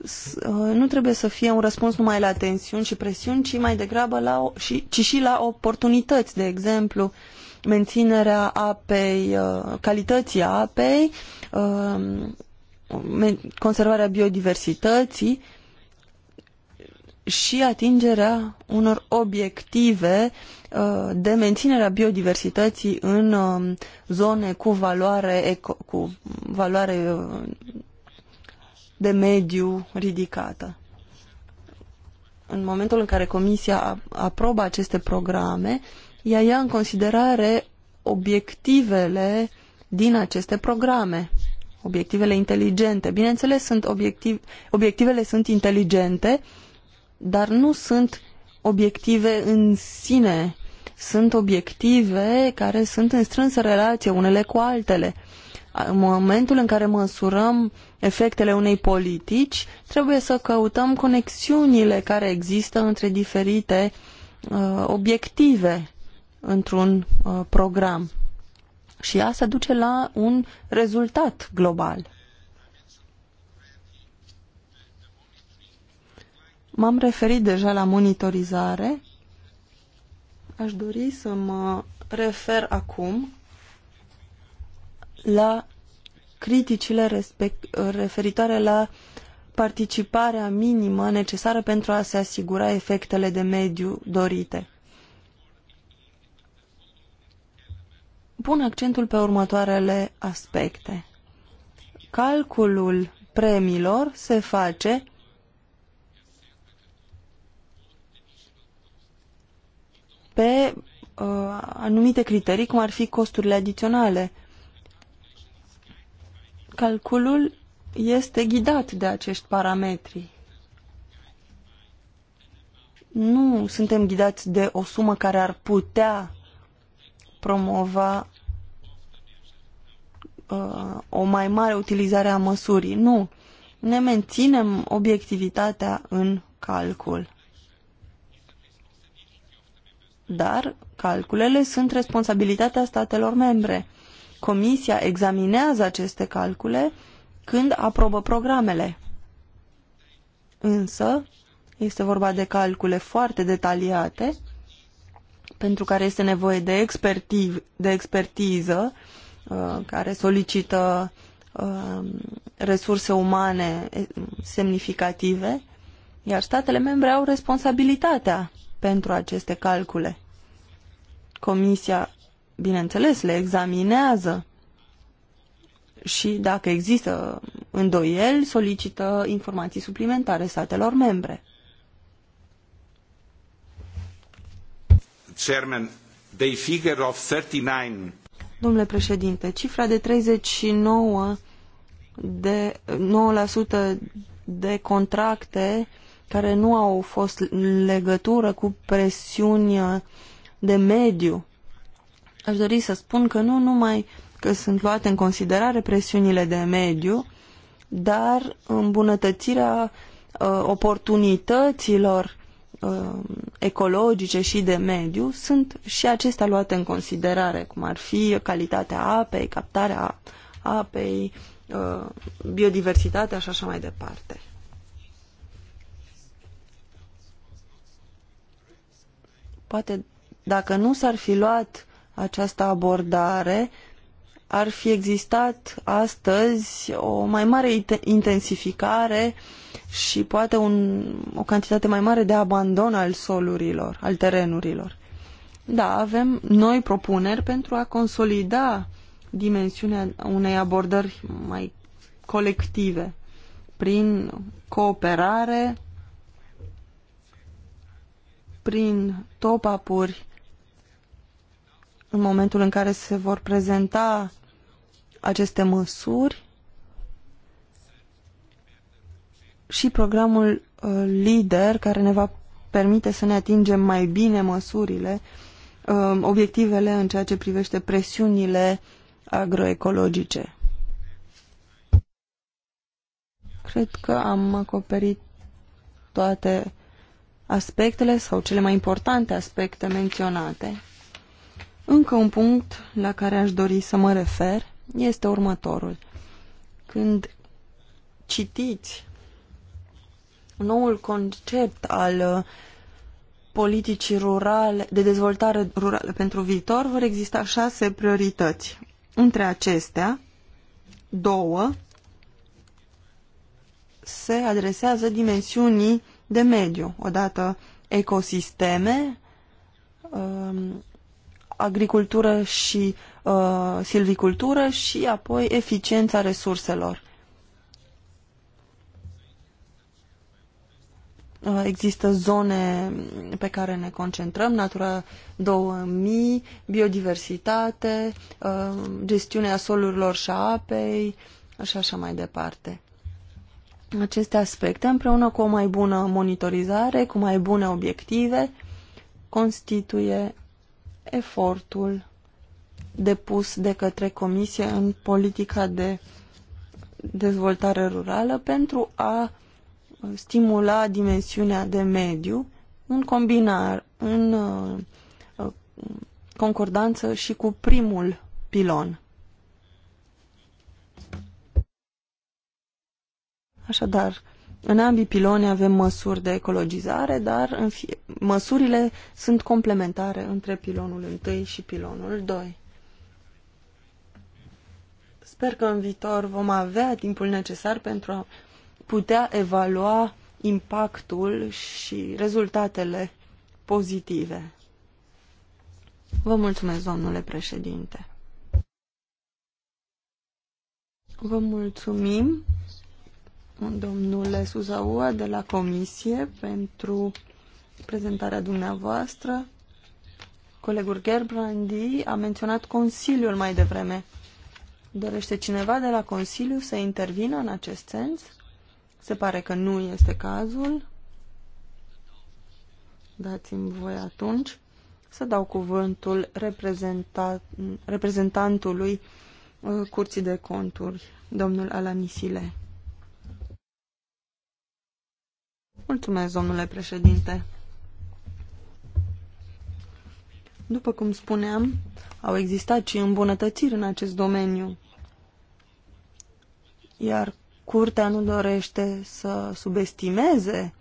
Uh, nu trebuie să fie un răspuns numai la tensiuni și presiuni, ci mai degrabă la, și, ci și la oportunități, de exemplu, menținerea apei, uh, calității apei, um, conservarea biodiversității și atingerea unor obiective uh, de menținerea a biodiversității în um, zone cu valoare, eco, cu valoare de mediu ridicată. În momentul în care Comisia aprobă aceste programe, ea ia în considerare obiectivele din aceste programe, obiectivele inteligente. Bineînțeles, sunt obiectiv, obiectivele sunt inteligente, dar nu sunt obiective în sine. Sunt obiective care sunt în strânsă relație unele cu altele. În momentul în care măsurăm efectele unei politici, trebuie să căutăm conexiunile care există între diferite uh, obiective într-un uh, program. Și asta duce la un rezultat global. M-am referit deja la monitorizare. Aș dori să mă refer acum la criticile respect, referitoare la participarea minimă necesară pentru a se asigura efectele de mediu dorite. Pun accentul pe următoarele aspecte. Calculul premiilor se face pe uh, anumite criterii, cum ar fi costurile adiționale calculul este ghidat de acești parametri. Nu suntem ghidați de o sumă care ar putea promova uh, o mai mare utilizare a măsurii. Nu. Ne menținem obiectivitatea în calcul. Dar calculele sunt responsabilitatea statelor membre Comisia examinează aceste calcule când aprobă programele. Însă, este vorba de calcule foarte detaliate, pentru care este nevoie de, expertiv, de expertiză, uh, care solicită uh, resurse umane semnificative, iar statele membre au responsabilitatea pentru aceste calcule. Comisia bineînțeles, le examinează și dacă există îndoieli, solicită informații suplimentare statelor membre. Chairman, the figure of 39. Domnule președinte, cifra de 39 de 9% de contracte care nu au fost legătură cu presiuni de mediu Aș dori să spun că nu numai că sunt luate în considerare presiunile de mediu, dar îmbunătățirea uh, oportunităților uh, ecologice și de mediu sunt și acestea luate în considerare, cum ar fi calitatea apei, captarea apei, uh, biodiversitatea și așa mai departe. Poate dacă nu s-ar fi luat această abordare, ar fi existat astăzi o mai mare intensificare și poate un, o cantitate mai mare de abandon al solurilor, al terenurilor. Da, avem noi propuneri pentru a consolida dimensiunea unei abordări mai colective prin cooperare, prin top-up-uri în momentul în care se vor prezenta aceste măsuri și programul uh, LIDER care ne va permite să ne atingem mai bine măsurile, uh, obiectivele în ceea ce privește presiunile agroecologice. Cred că am acoperit toate aspectele sau cele mai importante aspecte menționate. Încă un punct la care aș dori să mă refer este următorul. Când citiți noul concept al uh, politicii rurale, de dezvoltare rurală pentru viitor, vor exista șase priorități. Între acestea, două se adresează dimensiunii de mediu, odată ecosisteme, um, agricultură și uh, silvicultură și apoi eficiența resurselor. Uh, există zone pe care ne concentrăm, Natura 2000, biodiversitate, uh, gestiunea solurilor și a apei și așa mai departe. Aceste aspecte, împreună cu o mai bună monitorizare, cu mai bune obiective, constituie efortul depus de către Comisie în politica de dezvoltare rurală pentru a stimula dimensiunea de mediu în combinar, în uh, concordanță și cu primul pilon. Așadar, în ambii piloni avem măsuri de ecologizare, dar în fie, măsurile sunt complementare între pilonul 1 și pilonul 2. Sper că în viitor vom avea timpul necesar pentru a putea evalua impactul și rezultatele pozitive. Vă mulțumesc, domnule președinte. Vă mulțumim domnule Suzaua de la Comisie pentru prezentarea dumneavoastră. Colegul Gerbrandi a menționat Consiliul mai devreme. Dorește cineva de la Consiliu să intervină în acest sens? Se pare că nu este cazul. Dați-mi voi atunci să dau cuvântul reprezentantului uh, Curții de Conturi, domnul Alanisile. Mulțumesc, domnule președinte. După cum spuneam, au existat și îmbunătățiri în acest domeniu. Iar curtea nu dorește să subestimeze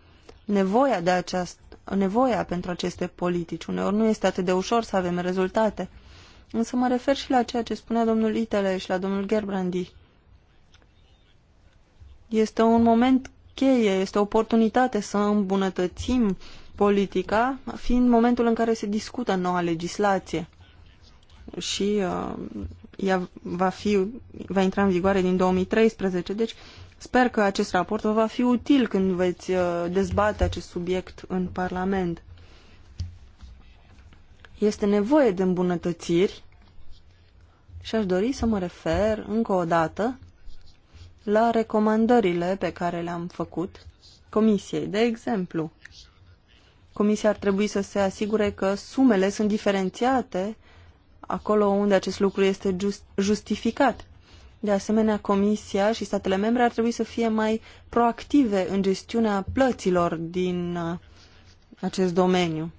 nevoia, de aceast, nevoia pentru aceste politici. Uneori nu este atât de ușor să avem rezultate. Însă mă refer și la ceea ce spunea domnul Itele și la domnul Gerbrandi. Este un moment cheie, este o oportunitate să îmbunătățim politica, fiind momentul în care se discută noua legislație. Și uh, ea va, fi, va intra în vigoare din 2013, deci sper că acest raport vă va fi util când veți uh, dezbate acest subiect în Parlament. Este nevoie de îmbunătățiri și aș dori să mă refer încă o dată la recomandările pe care le-am făcut comisiei. De exemplu, comisia ar trebui să se asigure că sumele sunt diferențiate acolo unde acest lucru este just, justificat. De asemenea, Comisia și statele membre ar trebui să fie mai proactive în gestiunea plăților din uh, acest domeniu.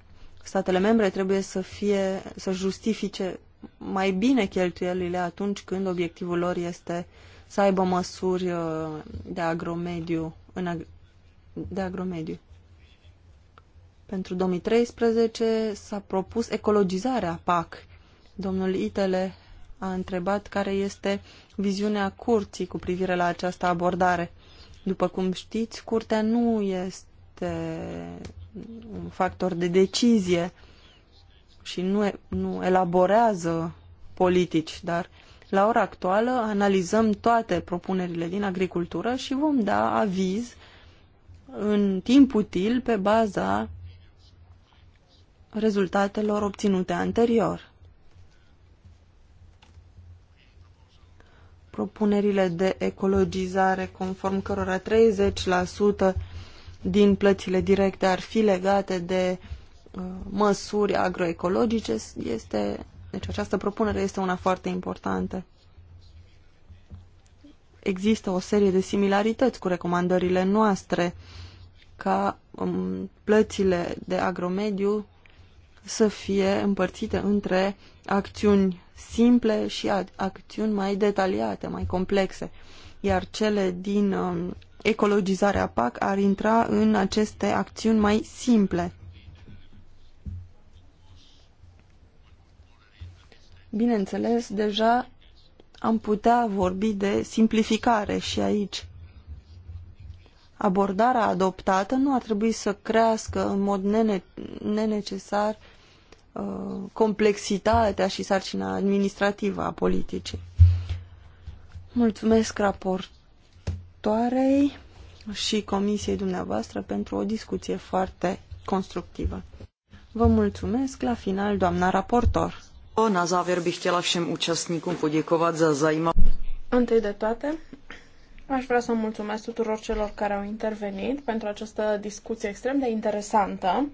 Statele membre trebuie să, fie, să justifice mai bine cheltuielile atunci când obiectivul lor este uh, să aibă măsuri uh, de agromediu, în ag de agromediu. Pentru 2013 s-a propus ecologizarea PAC. Domnul Itele a întrebat care este viziunea curții cu privire la această abordare. După cum știți, curtea nu este un factor de decizie și nu, nu elaborează politici, dar la ora actuală analizăm toate propunerile din agricultură și vom da aviz în timp util pe baza rezultatelor obținute anterior. Propunerile de ecologizare conform cărora 30% din plățile directe ar fi legate de uh, măsuri agroecologice este deci această propunere este una foarte importantă. Există o serie de similarități cu recomandările noastre ca um, plățile de agromediu să fie împărțite între acțiuni simple și acțiuni mai detaliate, mai complexe. Iar cele din um, ecologizarea PAC ar intra în aceste acțiuni mai simple. Bineînțeles, deja am putea vorbi de simplificare și aici. Abordarea adoptată nu ar trebui să crească în mod nene nenecesar uh, complexitatea și sarcina administrativă a politicii. Mulțumesc raportoarei și comisiei dumneavoastră pentru o discuție foarte constructivă. Vă mulțumesc la final, doamna raportor. Na závěr bych chtěla všem účastníkům poděkovat za zajímavé. Întâi de toate, aș vrea să mulțumesc tuturor celor care au intervenit pentru această discuție extrem de interesantă,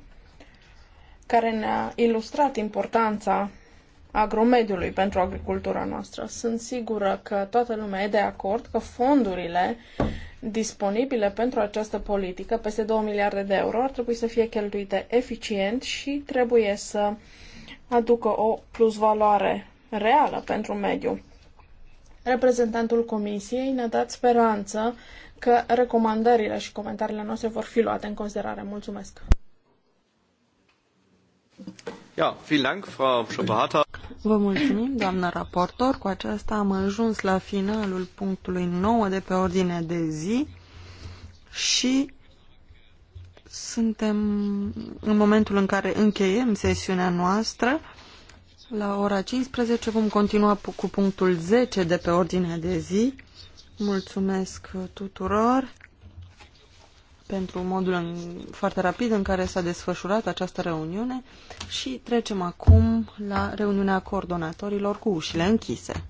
care ne-a ilustrat importanța agromediului pentru agricultura noastră. Sunt sigură că toată lumea e de acord că fondurile disponibile pentru această politică, peste 2 miliarde de euro, ar trebui să fie cheltuite eficient și trebuie să uh, aducă o plusvaloare reală pentru mediu. Reprezentantul Comisiei ne-a dat speranță că recomandările și comentariile noastre vor fi luate în considerare. Mulțumesc! Ja, vielen Dank, Frau Vă mulțumim, doamnă raportor. Cu aceasta am ajuns la finalul punctului 9 de pe ordine de zi și suntem în momentul în care încheiem sesiunea noastră. La ora 15 vom continua cu punctul 10 de pe ordinea de zi. Mulțumesc tuturor pentru modul în, foarte rapid în care s-a desfășurat această reuniune și trecem acum la reuniunea coordonatorilor cu ușile închise.